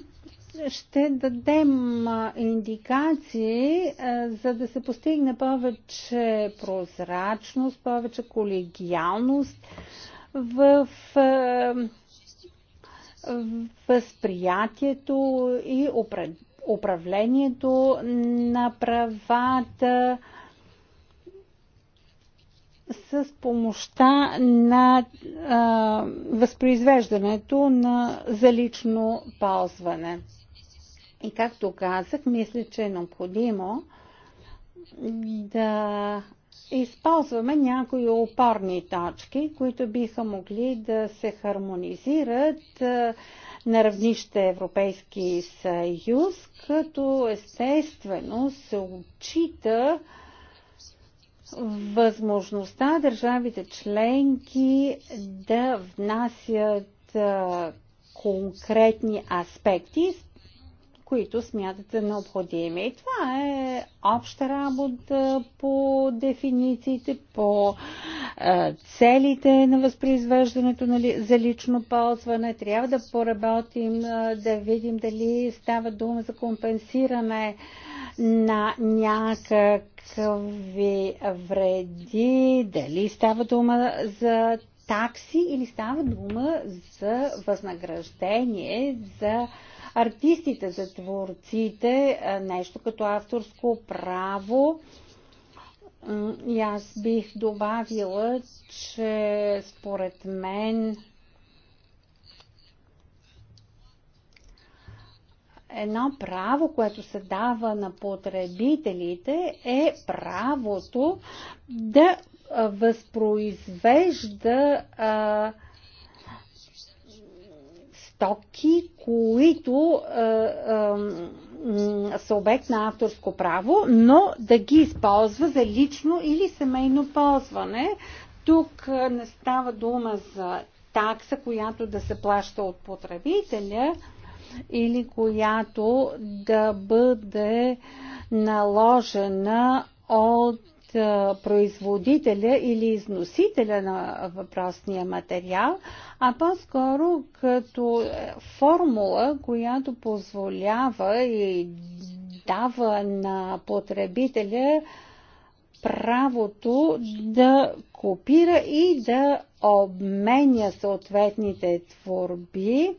ще дадем индикации, за да се постигне повече прозрачност, повече колегиалност в възприятието и управлението на правата с помощта на а, възпроизвеждането на, за лично ползване. И както казах, мисля, че е необходимо да използваме някои опорни точки, които биха могли да се хармонизират на равнище Европейски съюз, като естествено се отчита възможността държавите членки да внасят конкретни аспекти които смятате необходими. И това е обща работа по дефинициите, по е, целите на възпроизвеждането нали, за лично ползване. Трябва да поработим, е, да видим дали става дума за компенсиране на някакви вреди, дали става дума за такси или става дума за възнаграждение за артистите, за творците, е, нещо като авторско право. И аз бих добавила, че според мен едно право, което се дава на потребителите е правото да възпроизвежда а, стоки, които е, е, са обект на авторско право, но да ги използва за лично или семейно ползване. Тук е, не става дума за такса, която да се плаща от потребителя или която да бъде наложена от производителя или износителя на въпросния материал, а по-скоро като формула, която позволява и дава на потребителя правото да копира и да обменя съответните творби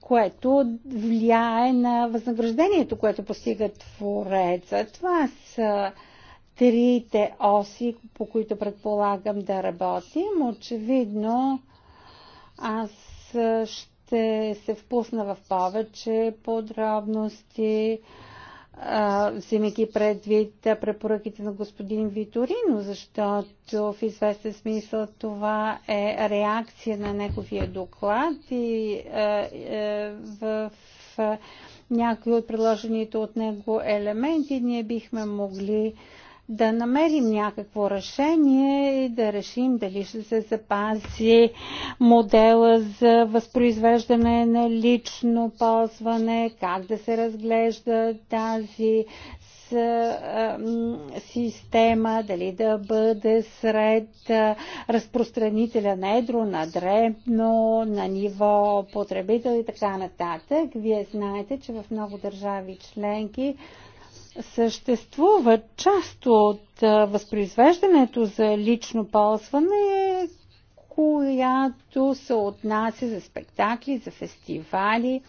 което влияе на възнаграждението, което постига твореца. Това са трите оси, по които предполагам да работим. Очевидно, аз ще се впусна в повече подробности вземайки предвид препоръките на господин Виторино, защото в известен смисъл това е реакция на неговия доклад и е, в някои от предложените от него елементи ние бихме могли да намерим някакво решение и да решим дали ще се запази модела за възпроизвеждане на лично ползване, как да се разглежда тази система, дали да бъде сред разпространителя на едро, на дребно, на ниво потребител и така нататък. Вие знаете, че в много държави членки Съществува част от възпроизвеждането за лично ползване, е която се отнася за спектакли, за фестивали.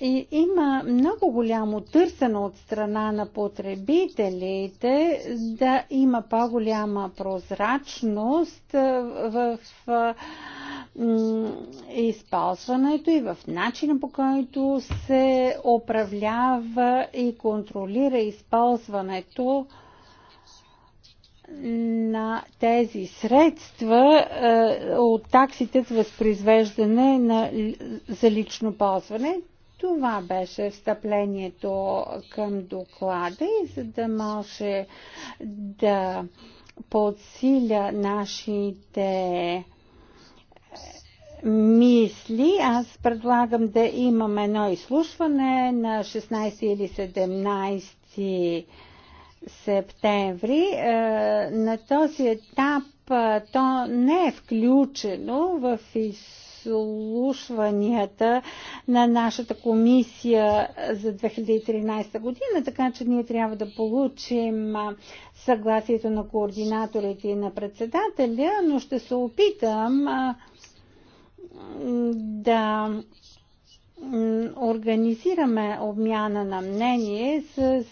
И има много голямо търсене от страна на потребителите да има по-голяма прозрачност в използването и в начина по който се управлява и контролира използването на тези средства е, от таксите с възпроизвеждане на, за лично ползване. Това беше встъплението към доклада и за да може да подсиля нашите мисли, аз предлагам да имам едно изслушване на 16 или 17 септември. Е, на този етап е, то не е включено в изслушванията на нашата комисия за 2013 година, така че ние трябва да получим е, съгласието на координаторите и на председателя, но ще се опитам да организираме обмяна на мнение с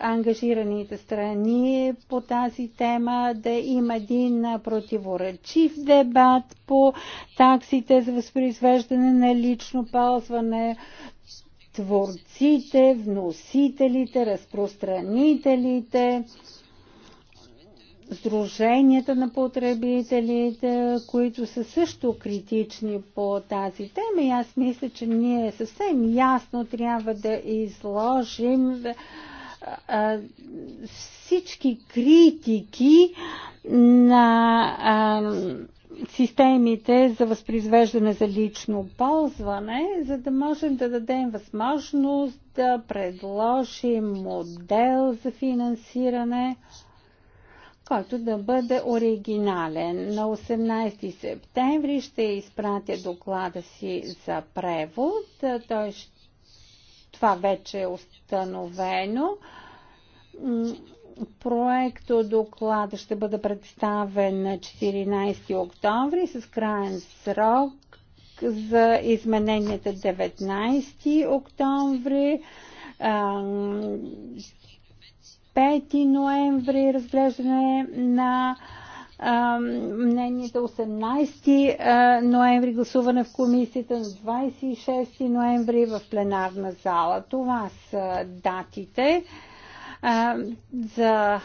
ангажираните страни по тази тема, да има един противоречив дебат по таксите за възпроизвеждане на лично ползване, творците, вносителите, разпространителите, сдруженията на потребителите, които са също критични по тази тема. И аз мисля, че ние съвсем ясно трябва да изложим всички критики на системите за възпроизвеждане за лично ползване, за да можем да дадем възможност да предложим модел за финансиране който да бъде оригинален. На 18 септември ще изпратя доклада си за превод. Той ще... Това вече е установено. Проекто доклада ще бъде представен на 14 октомври с крайен срок за измененията 19 октомври 5 ноември разглеждане на мнението 18 ноември, гласуване в комисията на 26 ноември в пленарна зала. Това са датите, за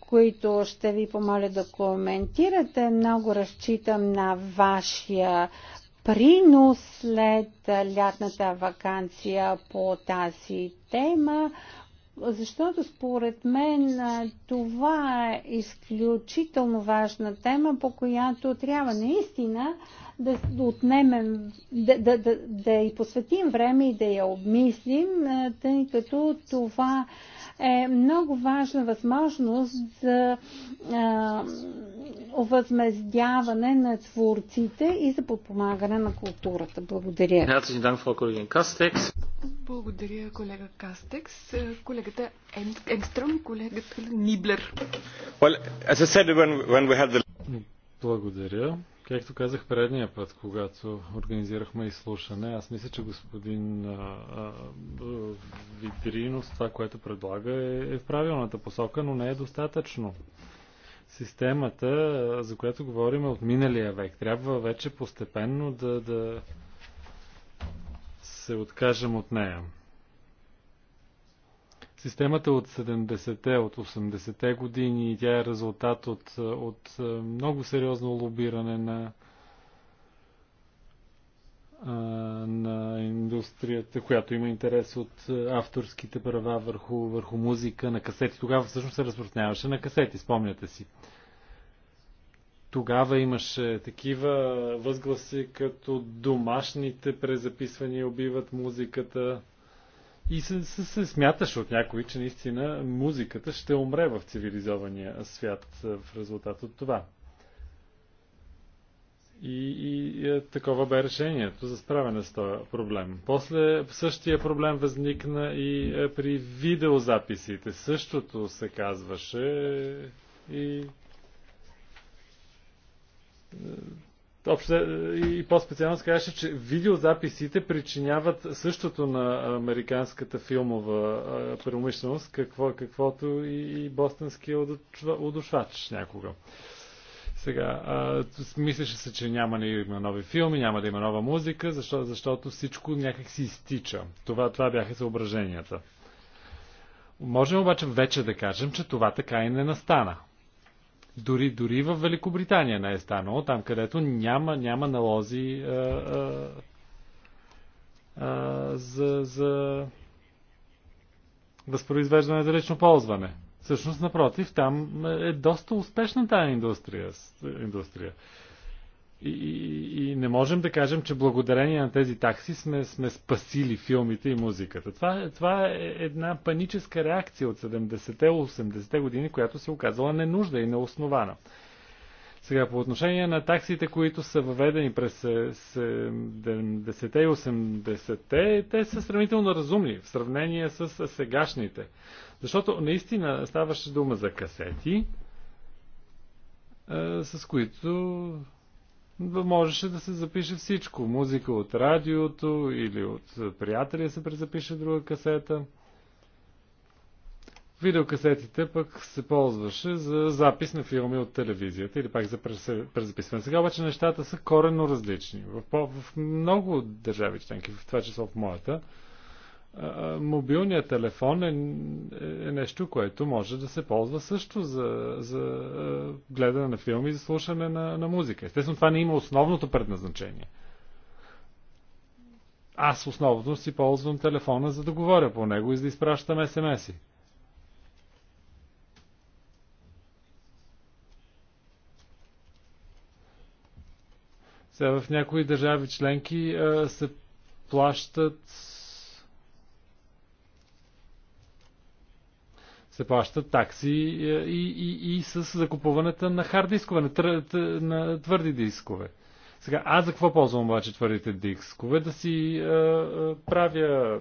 които ще ви помоля да коментирате. Много разчитам на вашия принос след лятната вакансия по тази тема. Защото според мен това е изключително важна тема, по която трябва наистина да отнемем, да, да, да, да и посветим време и да я обмислим, тъй като това е много важна възможност за а, възмездяване на творците и за подпомагане на културата. Благодаря. Благодаря, колега Кастекс. Колегата Енстром, колегата Ниблер. Well, said, when, when the... Благодаря. Както казах предния път, когато организирахме изслушане, аз мисля, че господин а, а, Витринов това, което предлага е, е в правилната посока, но не е достатъчно. Системата, за която говорим е от миналия век, трябва вече постепенно да, да се откажем от нея. Системата от 70-те, от 80-те години, тя е резултат от, от много сериозно лобиране на, на индустрията, която има интерес от авторските права върху, върху музика, на касети. Тогава всъщност се разпространяваше на касети, спомняте си. Тогава имаше такива възгласи, като домашните презаписвания убиват музиката. И се, се, се смяташе от някои, че наистина музиката ще умре в цивилизования свят в резултат от това. И, и, и е, такова бе решението за справяне с този проблем. После същия проблем възникна и е, при видеозаписите. Същото се казваше и е, общо, е, и по-специално казваше, че видеозаписите причиняват същото на американската филмова е, промишленост, какво, каквото и, и бостонския удушвач някога. Сега, а, мислеше се, че няма да има нови филми, няма да има нова музика, защо, защото всичко някак си изтича. Това, това бяха съображенията. Можем обаче вече да кажем, че това така и не настана. Дори, дори в Великобритания не е станало, там където няма, няма налози а, а, а, за, за възпроизвеждане за лично ползване. Всъщност, напротив, там е доста успешна тази индустрия. индустрия. И, и, и не можем да кажем, че благодарение на тези такси сме, сме спасили филмите и музиката. Това, това е една паническа реакция от 70-те, 80-те години, която се оказала ненужда и неоснована. Сега, по отношение на таксите, които са въведени през 70-те и 80-те, те са сравнително разумни в сравнение с сегашните. Защото наистина ставаше дума за касети, с които можеше да се запише всичко. Музика от радиото или от е, приятели се презапише друга касета. Видеокасетите пък се ползваше за запис на филми от телевизията или пак за презаписване. Сега обаче нещата са коренно различни. В, по- в много държави членки, в това число в моята, мобилният телефон е, е нещо, което може да се ползва също за, за гледане на филми и за слушане на, на музика. Естествено, това не има основното предназначение. Аз основно си ползвам телефона, за да говоря по него и за да изпращам смс-и. Сега в някои държави членки се плащат се плащат такси е, и, и, и с закупуването на хард дискове, на, тър, на твърди дискове. Сега, аз за какво ползвам обаче твърдите дискове? Да си а, е, а, е, правя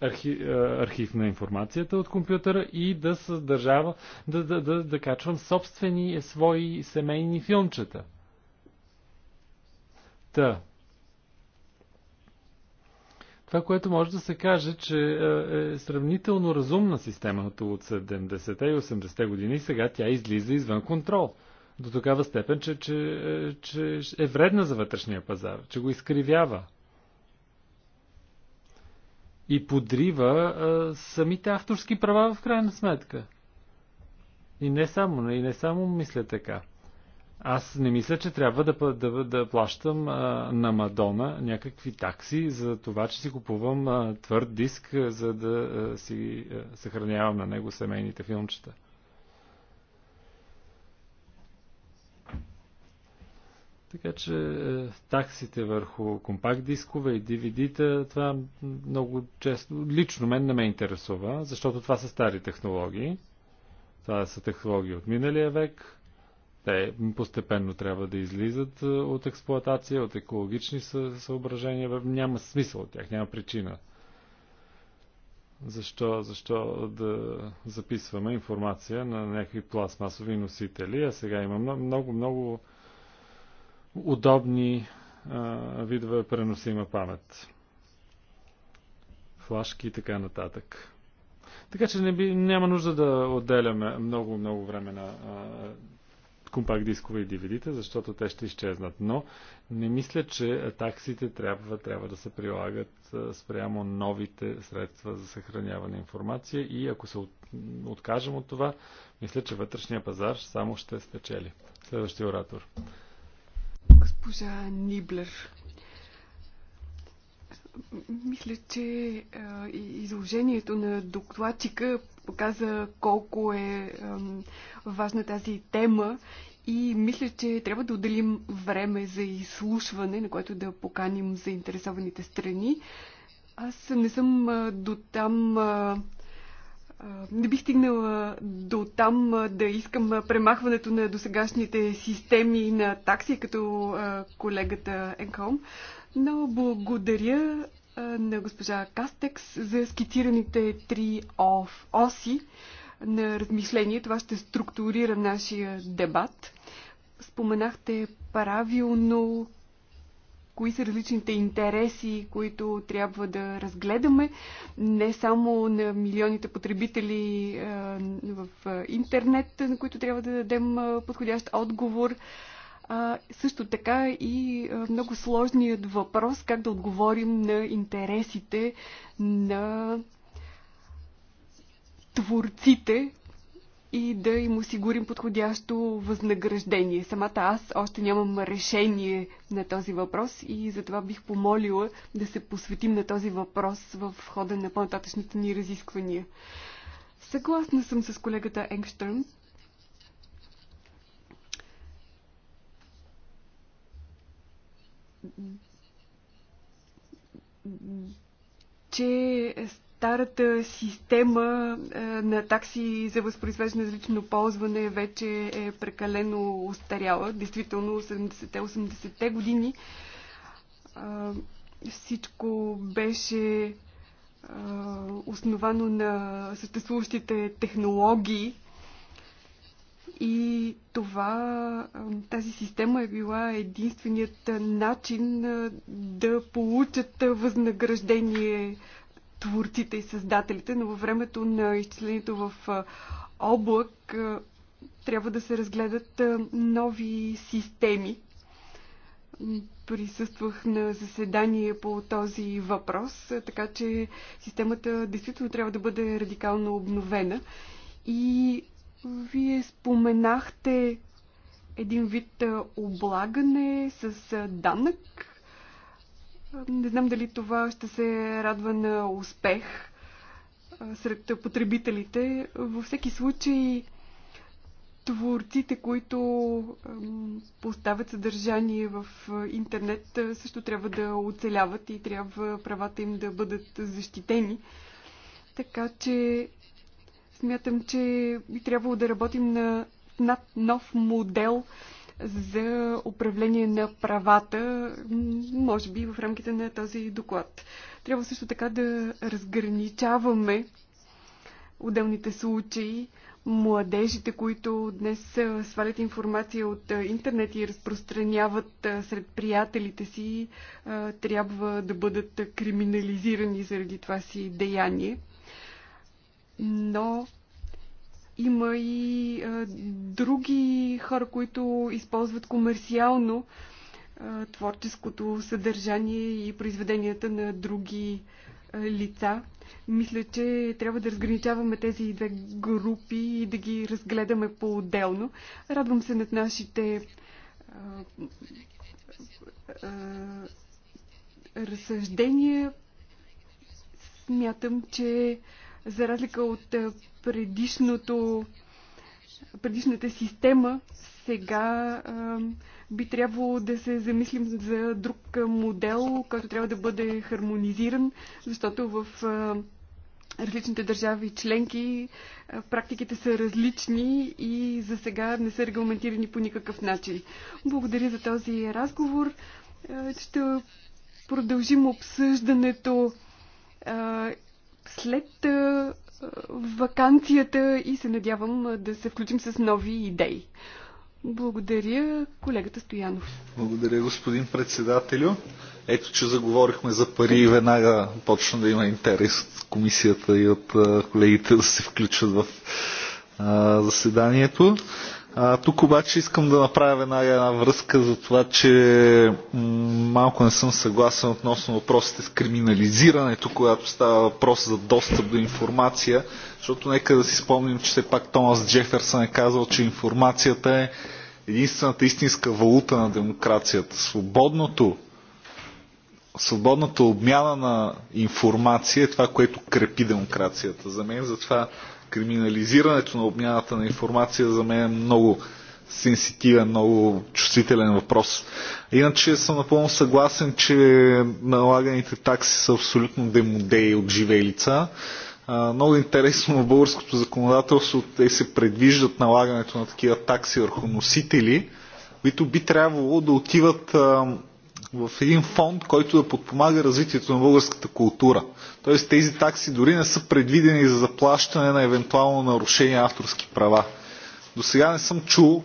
архи, а, архив на информацията от компютъра и да съдържава, да, да, да, да качвам собствени свои семейни филмчета. Та, това, което може да се каже, че е, е сравнително разумна системата от 70-те и 80-те години и сега тя излиза извън контрол. До такава степен, че, че, е, че е вредна за вътрешния пазар, че го изкривява. И подрива е, самите авторски права в крайна сметка. И не само, и не само мисля така. Аз не мисля, че трябва да, да, да плащам а, на Мадона някакви такси за това, че си купувам а, твърд диск, за да а, си а, съхранявам на него семейните филмчета. Така че е, таксите върху компакт дискове и DVD-та, това много често, лично мен не ме интересува, защото това са стари технологии. Това са технологии от миналия век. Те постепенно трябва да излизат е, от експлоатация, от екологични съображения. Няма смисъл от тях, няма причина. Защо, защо да записваме информация на някакви пластмасови носители, а сега има много, много удобни а, видове преносима памет. Флашки и така нататък. Така че не би, няма нужда да отделяме много, много време на а, компакт дискове и DVD-та, защото те ще изчезнат. Но не мисля, че таксите трябва, трябва да се прилагат спрямо новите средства за съхраняване информация и ако се откажем от това, мисля, че вътрешния пазар само ще спечели. Следващия оратор. Госпожа Ниблер. Мисля, че изложението на докладчика показа колко е важна тази тема и мисля, че трябва да отделим време за изслушване, на което да поканим заинтересованите страни. Аз не съм до там. не бих стигнала до там да искам премахването на досегашните системи на такси, като колегата Енхолм. Но благодаря на госпожа Кастекс за скицираните три оси на размишление. Това ще структурира нашия дебат. Споменахте правилно кои са различните интереси, които трябва да разгледаме, не само на милионите потребители в интернет, на които трябва да дадем подходящ отговор, а, също така и много сложният въпрос как да отговорим на интересите на творците и да им осигурим подходящо възнаграждение. Самата аз още нямам решение на този въпрос и затова бих помолила да се посветим на този въпрос в хода на по-нататъчните ни разисквания. Съгласна съм с колегата Енгштърн, че старата система е, на такси за възпроизвеждане за лично ползване вече е прекалено устаряла. Действително, 70-80-те години всичко беше основано на съществуващите технологии и това, тази система е била единственият начин да получат възнаграждение творците и създателите, но във времето на изчислението в облак трябва да се разгледат нови системи. Присъствах на заседание по този въпрос, така че системата действително трябва да бъде радикално обновена и вие споменахте един вид облагане с данък. Не знам дали това ще се радва на успех сред потребителите. Във всеки случай, творците, които поставят съдържание в интернет, също трябва да оцеляват и трябва правата им да бъдат защитени. Така че Смятам, че би трябвало да работим на, над нов модел за управление на правата, може би в рамките на този доклад. Трябва също така да разграничаваме отделните случаи, младежите, които днес свалят информация от интернет и разпространяват сред приятелите си, трябва да бъдат криминализирани заради това си деяние но има и а, други хора, които използват комерциално а, творческото съдържание и произведенията на други а, лица. Мисля, че трябва да разграничаваме тези две групи и да ги разгледаме по-отделно. Радвам се над нашите а, а, разсъждения. Смятам, че а, за разлика от предишното, предишната система, сега а, би трябвало да се замислим за друг модел, който трябва да бъде хармонизиран, защото в а, различните държави членки а, практиките са различни и за сега не са регламентирани по никакъв начин. Благодаря за този разговор. Ще продължим обсъждането след вакансията и се надявам да се включим с нови идеи. Благодаря, колегата Стоянов. Благодаря, господин председателю. Ето, че заговорихме за пари и веднага почна да има интерес от комисията и от колегите да се включат в заседанието. А, тук обаче искам да направя веднага една връзка за това, че малко не съм съгласен относно въпросите с криминализирането, когато става въпрос за достъп до информация, защото нека да си спомним, че все пак Томас Джеферсън е казал, че информацията е единствената истинска валута на демокрацията. Свободното свободната обмяна на информация е това, което крепи демокрацията. За мен затова криминализирането на обмяната на информация за мен е много сенситивен, много чувствителен въпрос. Иначе съм напълно съгласен, че налаганите такси са абсолютно демодеи от живе лица. Много интересно в българското законодателство те се предвиждат налагането на такива такси върху носители, които би трябвало да отиват в един фонд, който да подпомага развитието на българската култура. Тоест тези такси дори не са предвидени за заплащане на евентуално нарушение авторски права. До сега не съм чул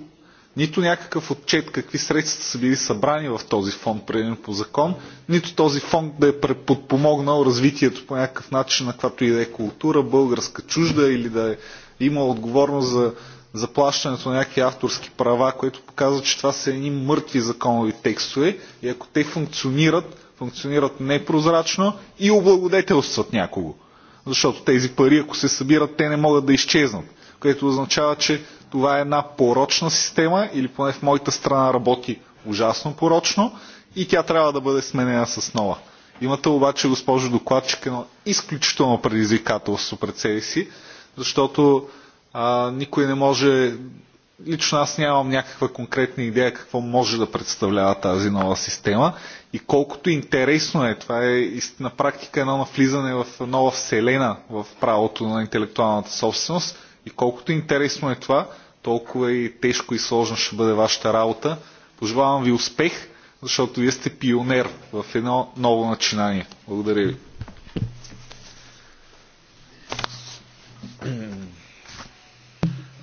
нито някакъв отчет какви средства са били събрани в този фонд, преден по закон, нито този фонд да е подпомогнал развитието по някакъв начин на каквато и да е култура, българска, чужда или да е има отговорност за заплащането на някакви авторски права, което показва, че това са едни мъртви законови текстове и ако те функционират, функционират непрозрачно и облагодетелстват някого. Защото тези пари, ако се събират, те не могат да изчезнат. Което означава, че това е една порочна система, или поне в моята страна работи ужасно порочно и тя трябва да бъде сменена с нова. Имате обаче, госпожо докладчик, едно изключително предизвикателство пред себе си, защото а, никой не може лично аз нямам някаква конкретна идея какво може да представлява тази нова система. И колкото интересно е, това е на практика едно навлизане в нова вселена в правото на интелектуалната собственост. И колкото интересно е това, толкова и тежко и сложно ще бъде вашата работа. Пожелавам ви успех, защото вие сте пионер в едно ново начинание. Благодаря ви.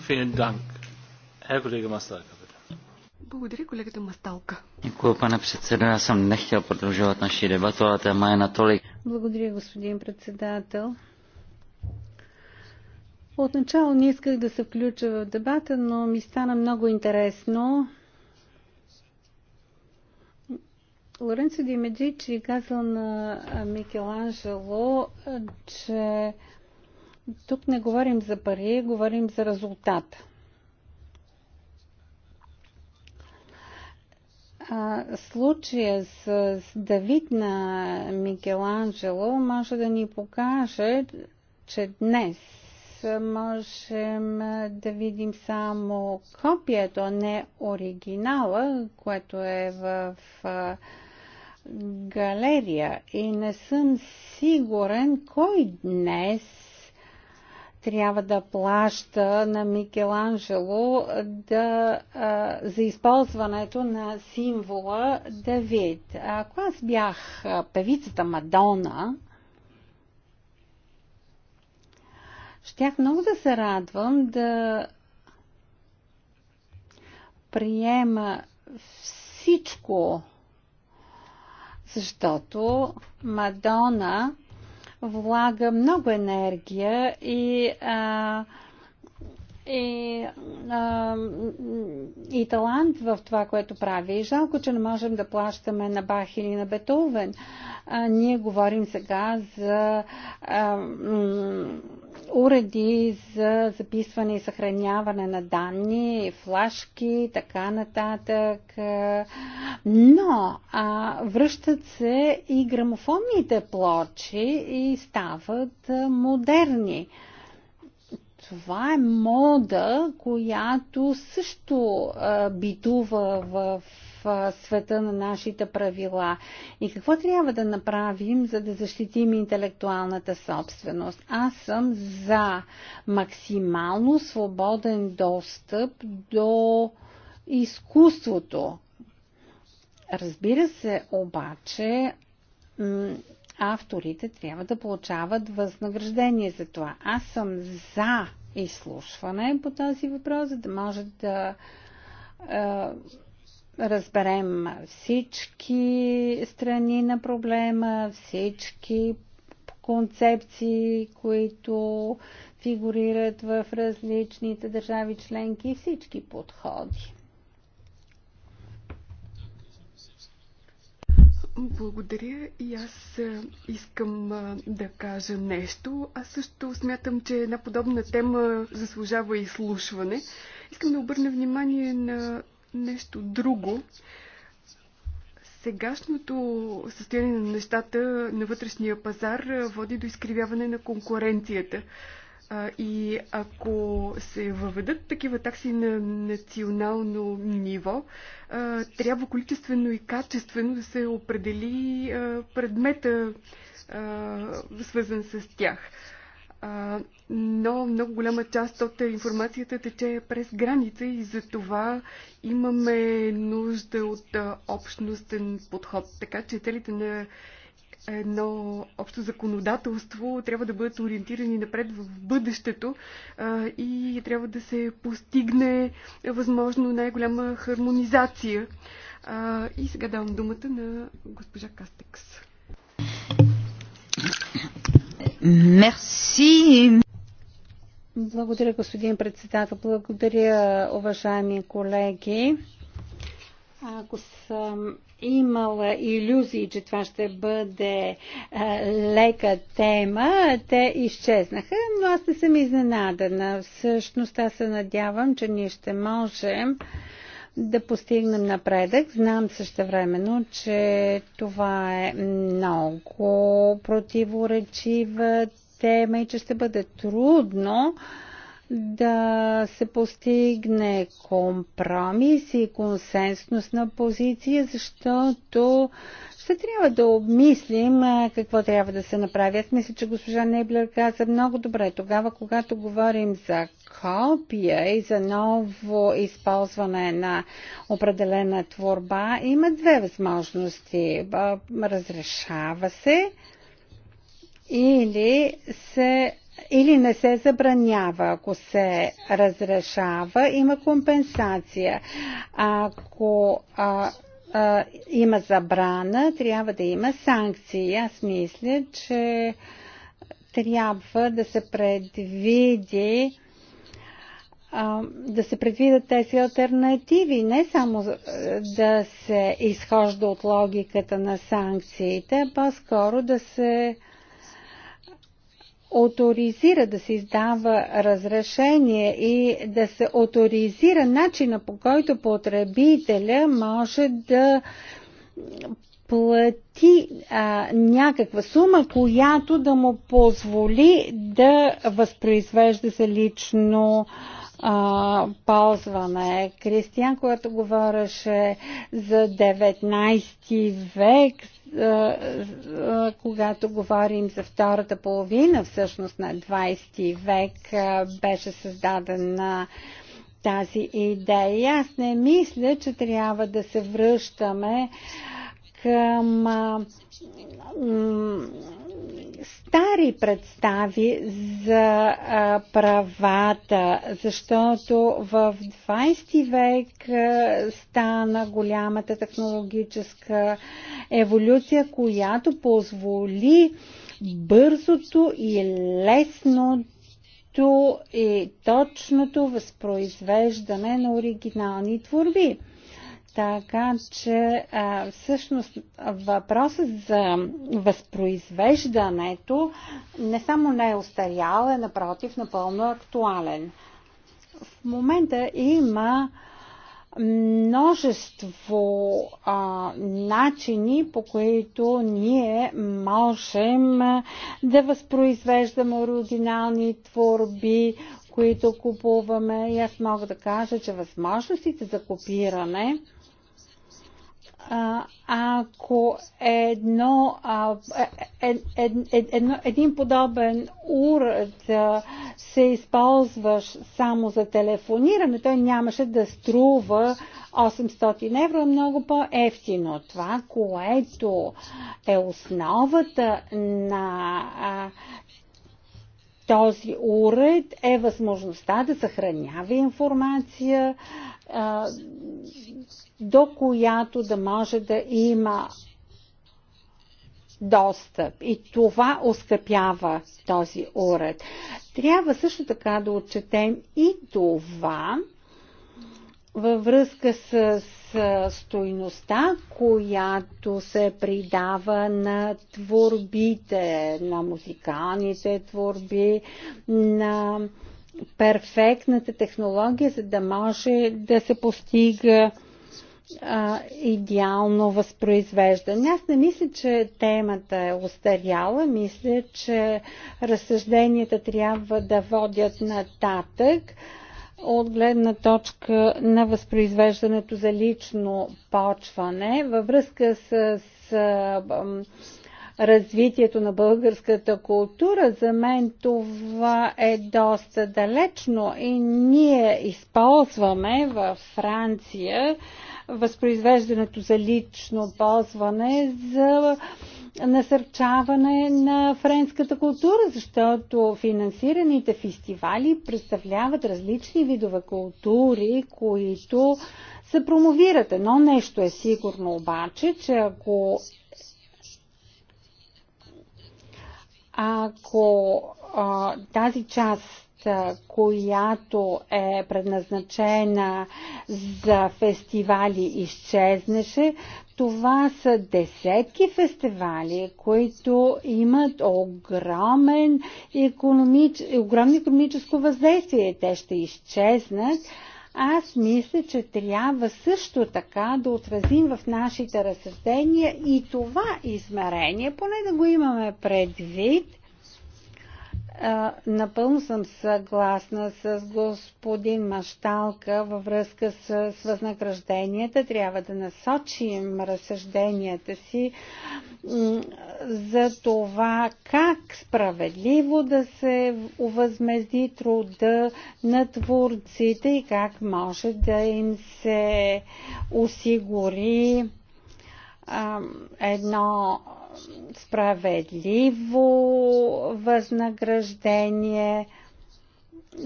Vielen Dank. Е, колега Масталка. Благодаря, колегата Масталка. Děkuji, pane předsedo. Já jsem nechtěl prodlužovat naši debatu, ale téma je natolik. Благодаря, господин председател. Отначало не исках да се включа в дебата, но ми стана много интересно. Лоренцо Димеджичи казал на Микеланджело, че тук не говорим за пари, говорим за резултата. А, случая с, с Давид на Микеланджело може да ни покаже, че днес можем да видим само копието, а не оригинала, което е в а, галерия. И не съм сигурен кой днес трябва да плаща на Микеланджело да, а, за използването на символа Давид. Ако аз бях певицата Мадона, щях много да се радвам да приема всичко, защото Мадона влага много енергия и а, и, а, и талант в това, което прави. И жалко, че не можем да плащаме на Бах или на Бетовен. А, ние говорим сега за а, уреди за записване и съхраняване на данни, флашки, така нататък. Но а, връщат се и грамофонните плочи и стават модерни. Това е мода, която също а, битува в света на нашите правила и какво трябва да направим, за да защитим интелектуалната собственост. Аз съм за максимално свободен достъп до изкуството. Разбира се, обаче, авторите трябва да получават възнаграждение за това. Аз съм за изслушване по този въпрос, за да може да разберем всички страни на проблема, всички концепции, които фигурират в различните държави членки и всички подходи. Благодаря и аз искам да кажа нещо. Аз също смятам, че една подобна тема заслужава изслушване. Искам да обърна внимание на нещо друго. Сегашното състояние на нещата на вътрешния пазар води до изкривяване на конкуренцията. И ако се въведат такива такси на национално ниво, трябва количествено и качествено да се определи предмета, свързан с тях. А, но много голяма част от информацията тече през граница и за това имаме нужда от общностен подход. Така че целите на едно общо законодателство трябва да бъдат ориентирани напред в бъдещето а, и трябва да се постигне възможно най-голяма хармонизация. А, и сега давам думата на госпожа Кастекс. Благодаря, господин председател. Благодаря, уважаеми колеги. Ако съм имала иллюзии, че това ще бъде а, е, лека тема, те изчезнаха, но аз не съм изненадана. Всъщност аз се надявам, че ние ще можем да постигнем напредък. Знам също времено, че това е много противоречива тема и че ще бъде трудно да се постигне компромис и консенсусна позиция, защото ще трябва да обмислим какво трябва да се направи. Аз мисля, че госпожа Неблер каза много добре. Тогава, когато говорим за копия и за ново използване на определена творба, има две възможности. Разрешава се или се или не се забранява. Ако се разрешава, има компенсация. Ако а, а, има забрана, трябва да има санкции. Аз мисля, че трябва да се предвиди да се предвидят тези альтернативи, не само да се изхожда от логиката на санкциите, а по-скоро да се а, оторизира да се издава разрешение и да се авторизира начина по който потребителя може да плати а, някаква сума, която да му позволи да възпроизвежда за лично а, а, ползваме. Кристиян, когато говореше за 19 век, когато говорим за втората половина, всъщност на 20 век, беше създадена тази идея. Аз не мисля, че трябва да се връщаме а, към а, стари представи за а, правата, защото в 20 век а, стана голямата технологическа еволюция, която позволи бързото и лесното и точното възпроизвеждане на оригинални творби. Така че а, всъщност въпросът за възпроизвеждането не само не е устарял, е напротив напълно актуален. В момента има множество а, начини, по които ние можем да възпроизвеждаме оригинални творби, които купуваме. И аз мога да кажа, че възможностите за копиране ако едно, ед, ед, ед, е, е, едно, един подобен уред се използваш само за телефониране, той нямаше да струва 800 евро, е много по-ефтино. Това, което е основата на този уред, е възможността да съхранява информация, до която да може да има достъп. И това оскъпява този уред. Трябва също така да отчетем и това във връзка с стойността, която се придава на творбите, на музикалните творби, на перфектната технология, за да може да се постига а, идеално възпроизвеждане. Аз не мисля, че темата е устаряла, мисля, че разсъжденията трябва да водят нататък от гледна точка на възпроизвеждането за лично почване във връзка с, с развитието на българската култура, за мен това е доста далечно и ние използваме във Франция възпроизвеждането за лично ползване, за насърчаване на френската култура, защото финансираните фестивали представляват различни видове култури, които се промовират. Едно нещо е сигурно обаче, че ако ако а, тази част която е предназначена за фестивали, изчезнеше. Това са десетки фестивали, които имат огромен економич... огромно економическо въздействие. Те ще изчезнат. Аз мисля, че трябва също така да отразим в нашите разсъждения и това измерение, поне да го имаме предвид – Напълно съм съгласна с господин Машталка във връзка с, с възнагражденията. Трябва да насочим разсъжденията си за това как справедливо да се увъзмезди труда на творците и как може да им се осигури едно справедливо възнаграждение,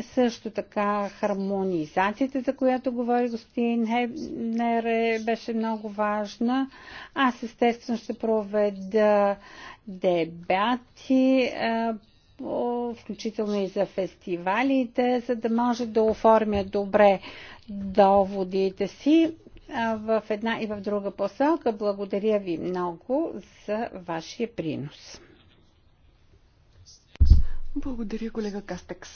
също така хармонизацията, за която говори господин Хебнер, е, беше много важна. Аз естествено ще проведа дебати, включително и за фестивалите, за да може да оформя добре доводите си в една и в друга посока. Благодаря ви много за вашия принос. Благодаря, колега Кастекс.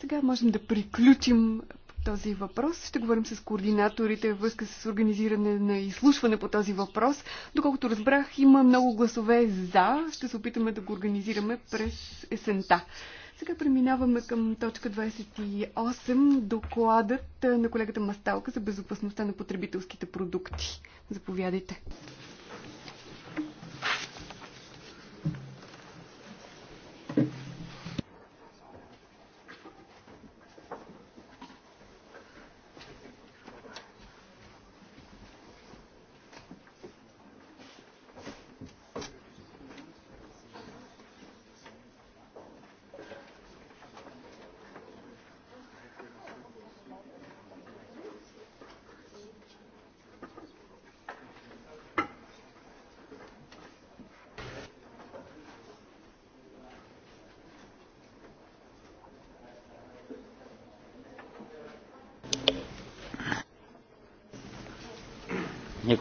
Сега можем да приключим този въпрос. Ще говорим с координаторите във връзка с организиране на изслушване по този въпрос. Доколкото разбрах, има много гласове за. Ще се опитаме да го организираме през есента. Сега преминаваме към точка 28, докладът на колегата Масталка за безопасността на потребителските продукти. Заповядайте.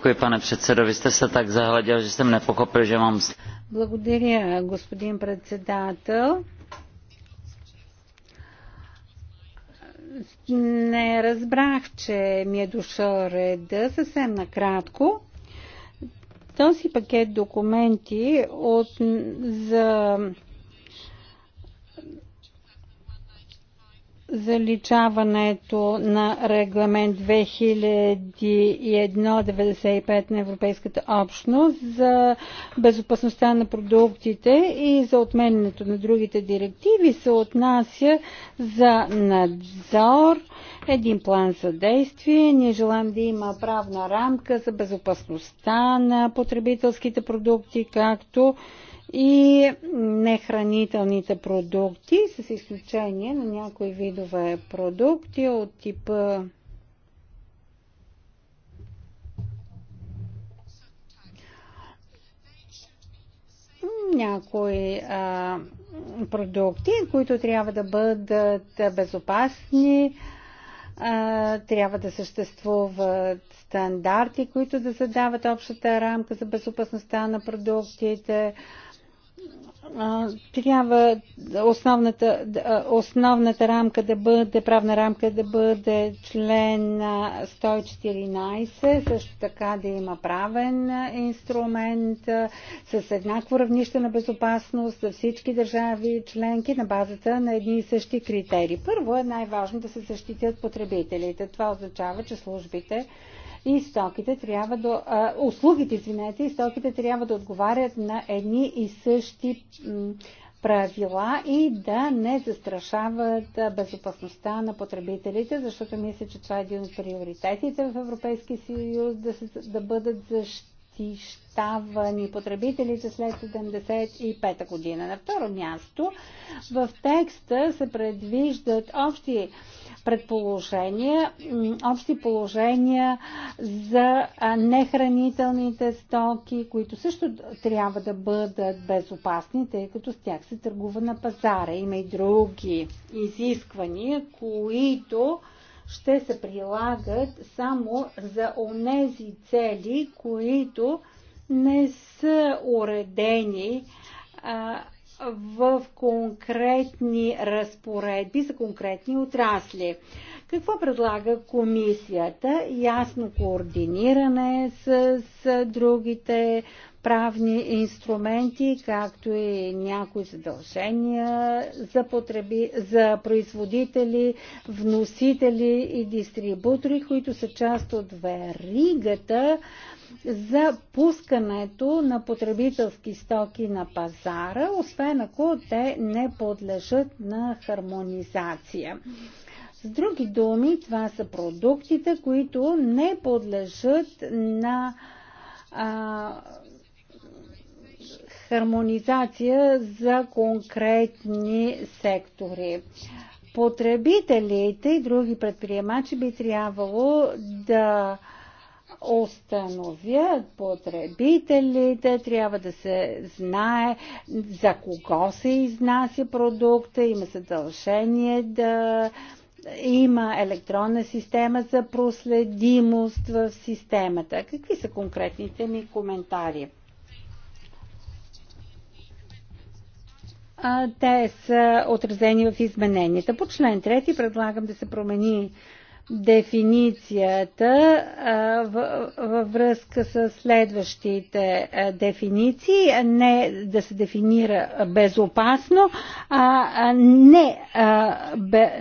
Děkuji, pane předsedo. Vy jste se tak zahleděl, že jsem nepochopil, že mám... Благодаря, господин председател. Не разбрах, че ми е дошъл реда съвсем накратко. Този пакет документи от, за заличаването на регламент 2001-95 на Европейската общност за безопасността на продуктите и за отменянето на другите директиви се отнася за надзор, един план за действие. Ние желаем да има правна рамка за безопасността на потребителските продукти, както и нехранителните продукти, с изключение на някои видове продукти от типа някои а, продукти, които трябва да бъдат безопасни, а, трябва да съществуват стандарти, които да задават общата рамка за безопасността на продуктите. А, трябва основната, основната рамка да бъде, правна рамка да бъде член 114, също така да има правен инструмент с еднакво равнище на безопасност за всички държави членки на базата на едни и същи критерии. Първо е най-важно да се защитят потребителите. Това означава, че службите и стоките трябва да, а, услугите, извинете, и стоките трябва да отговарят на едни и същи правила и да не застрашават безопасността на потребителите, защото мисля, че това е един от приоритетите в Европейския съюз да, се, да бъдат защитени посещавани потребителите след 75 година. На второ място, в текста се предвиждат общи предположения, общи положения за нехранителните стоки, които също трябва да бъдат безопасни, тъй като с тях се търгува на пазара. Има и други изисквания, които ще се прилагат само за онези цели, които не са уредени а, в конкретни разпоредби за конкретни отрасли. Какво предлага комисията? Ясно координиране с, с другите правни инструменти, както и някои задължения за, потреби, за производители, вносители и дистрибутори, които са част от веригата за пускането на потребителски стоки на пазара, освен ако те не подлежат на хармонизация. С други думи, това са продуктите, които не подлежат на а, хармонизация за конкретни сектори. Потребителите и други предприемачи би трябвало да установят потребителите, трябва да се знае за кого се изнася продукта, има задължение да има електронна система за проследимост в системата. Какви са конкретните ми коментари? те са отразени в измененията. По член 3 предлагам да се промени дефиницията във връзка с следващите дефиниции, не да се дефинира безопасно, а не,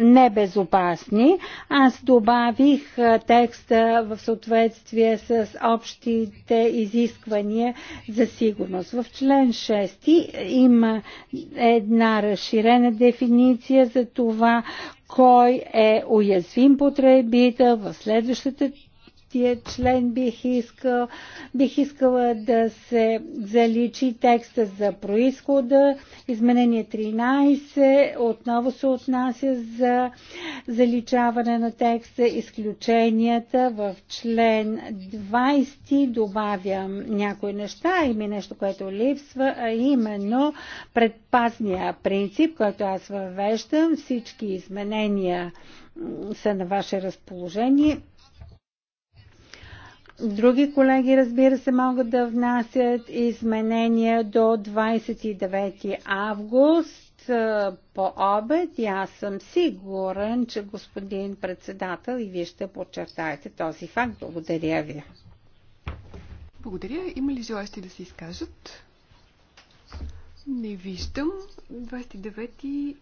не безопасни. Аз добавих текста в съответствие с общите изисквания за сигурност. В член 6 има една разширена дефиниция за това, кой е уязвим потребител в следващата третия член бих, искал, бих искала да се заличи текста за происхода. Изменение 13 отново се отнася за заличаване на текста изключенията. В член 20 добавям някои неща, ими нещо, което липсва, а именно предпазния принцип, който аз въвеждам. Всички изменения са на ваше разположение. Други колеги, разбира се, могат да внасят изменения до 29 август по обед и аз съм сигурен, че господин председател и вие ще подчертаете този факт. Благодаря ви. Благодаря. Има ли желащи да се изкажат? Не виждам. 29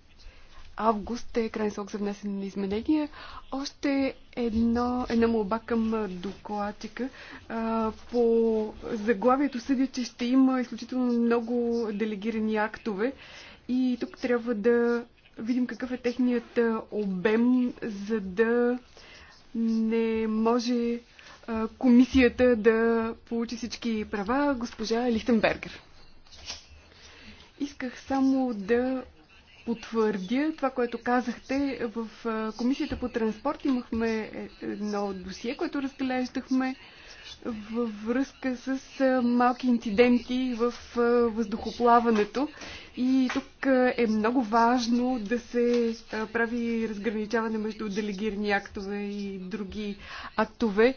август е крайен срок за внесене на изменения. Още едно, една молба към докладчика. А, по заглавието съдя, че ще има изключително много делегирани актове и тук трябва да видим какъв е техният обем, за да не може а, комисията да получи всички права. Госпожа Лихтенбергер. Исках само да потвърдя това, което казахте. В Комисията по транспорт имахме едно досие, което разглеждахме във връзка с малки инциденти в въздухоплаването. И тук е много важно да се прави разграничаване между делегирани актове и други актове.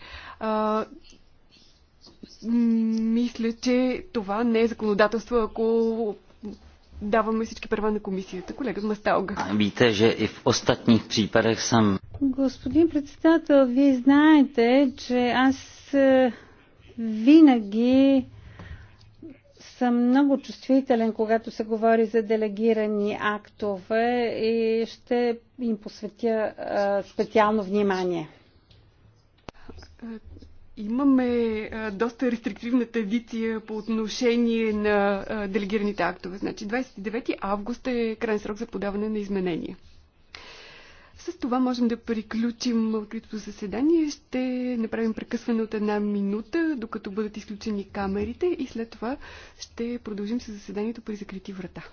Мисля, че това не е законодателство, ако даваме всички права на комисията. Колега Масталга. Вите, че и в остатних případech съм... Господин председател, вие знаете, че аз е, винаги съм много чувствителен, когато се говори за делегирани актове и ще им посветя е, специално внимание. Е, Имаме а, доста рестриктивна традиция по отношение на а, делегираните актове. Значи 29 август е крайен срок за подаване на изменения. С това можем да приключим откритото заседание. Ще направим прекъсване от една минута, докато бъдат изключени камерите и след това ще продължим с заседанието при закрити врата.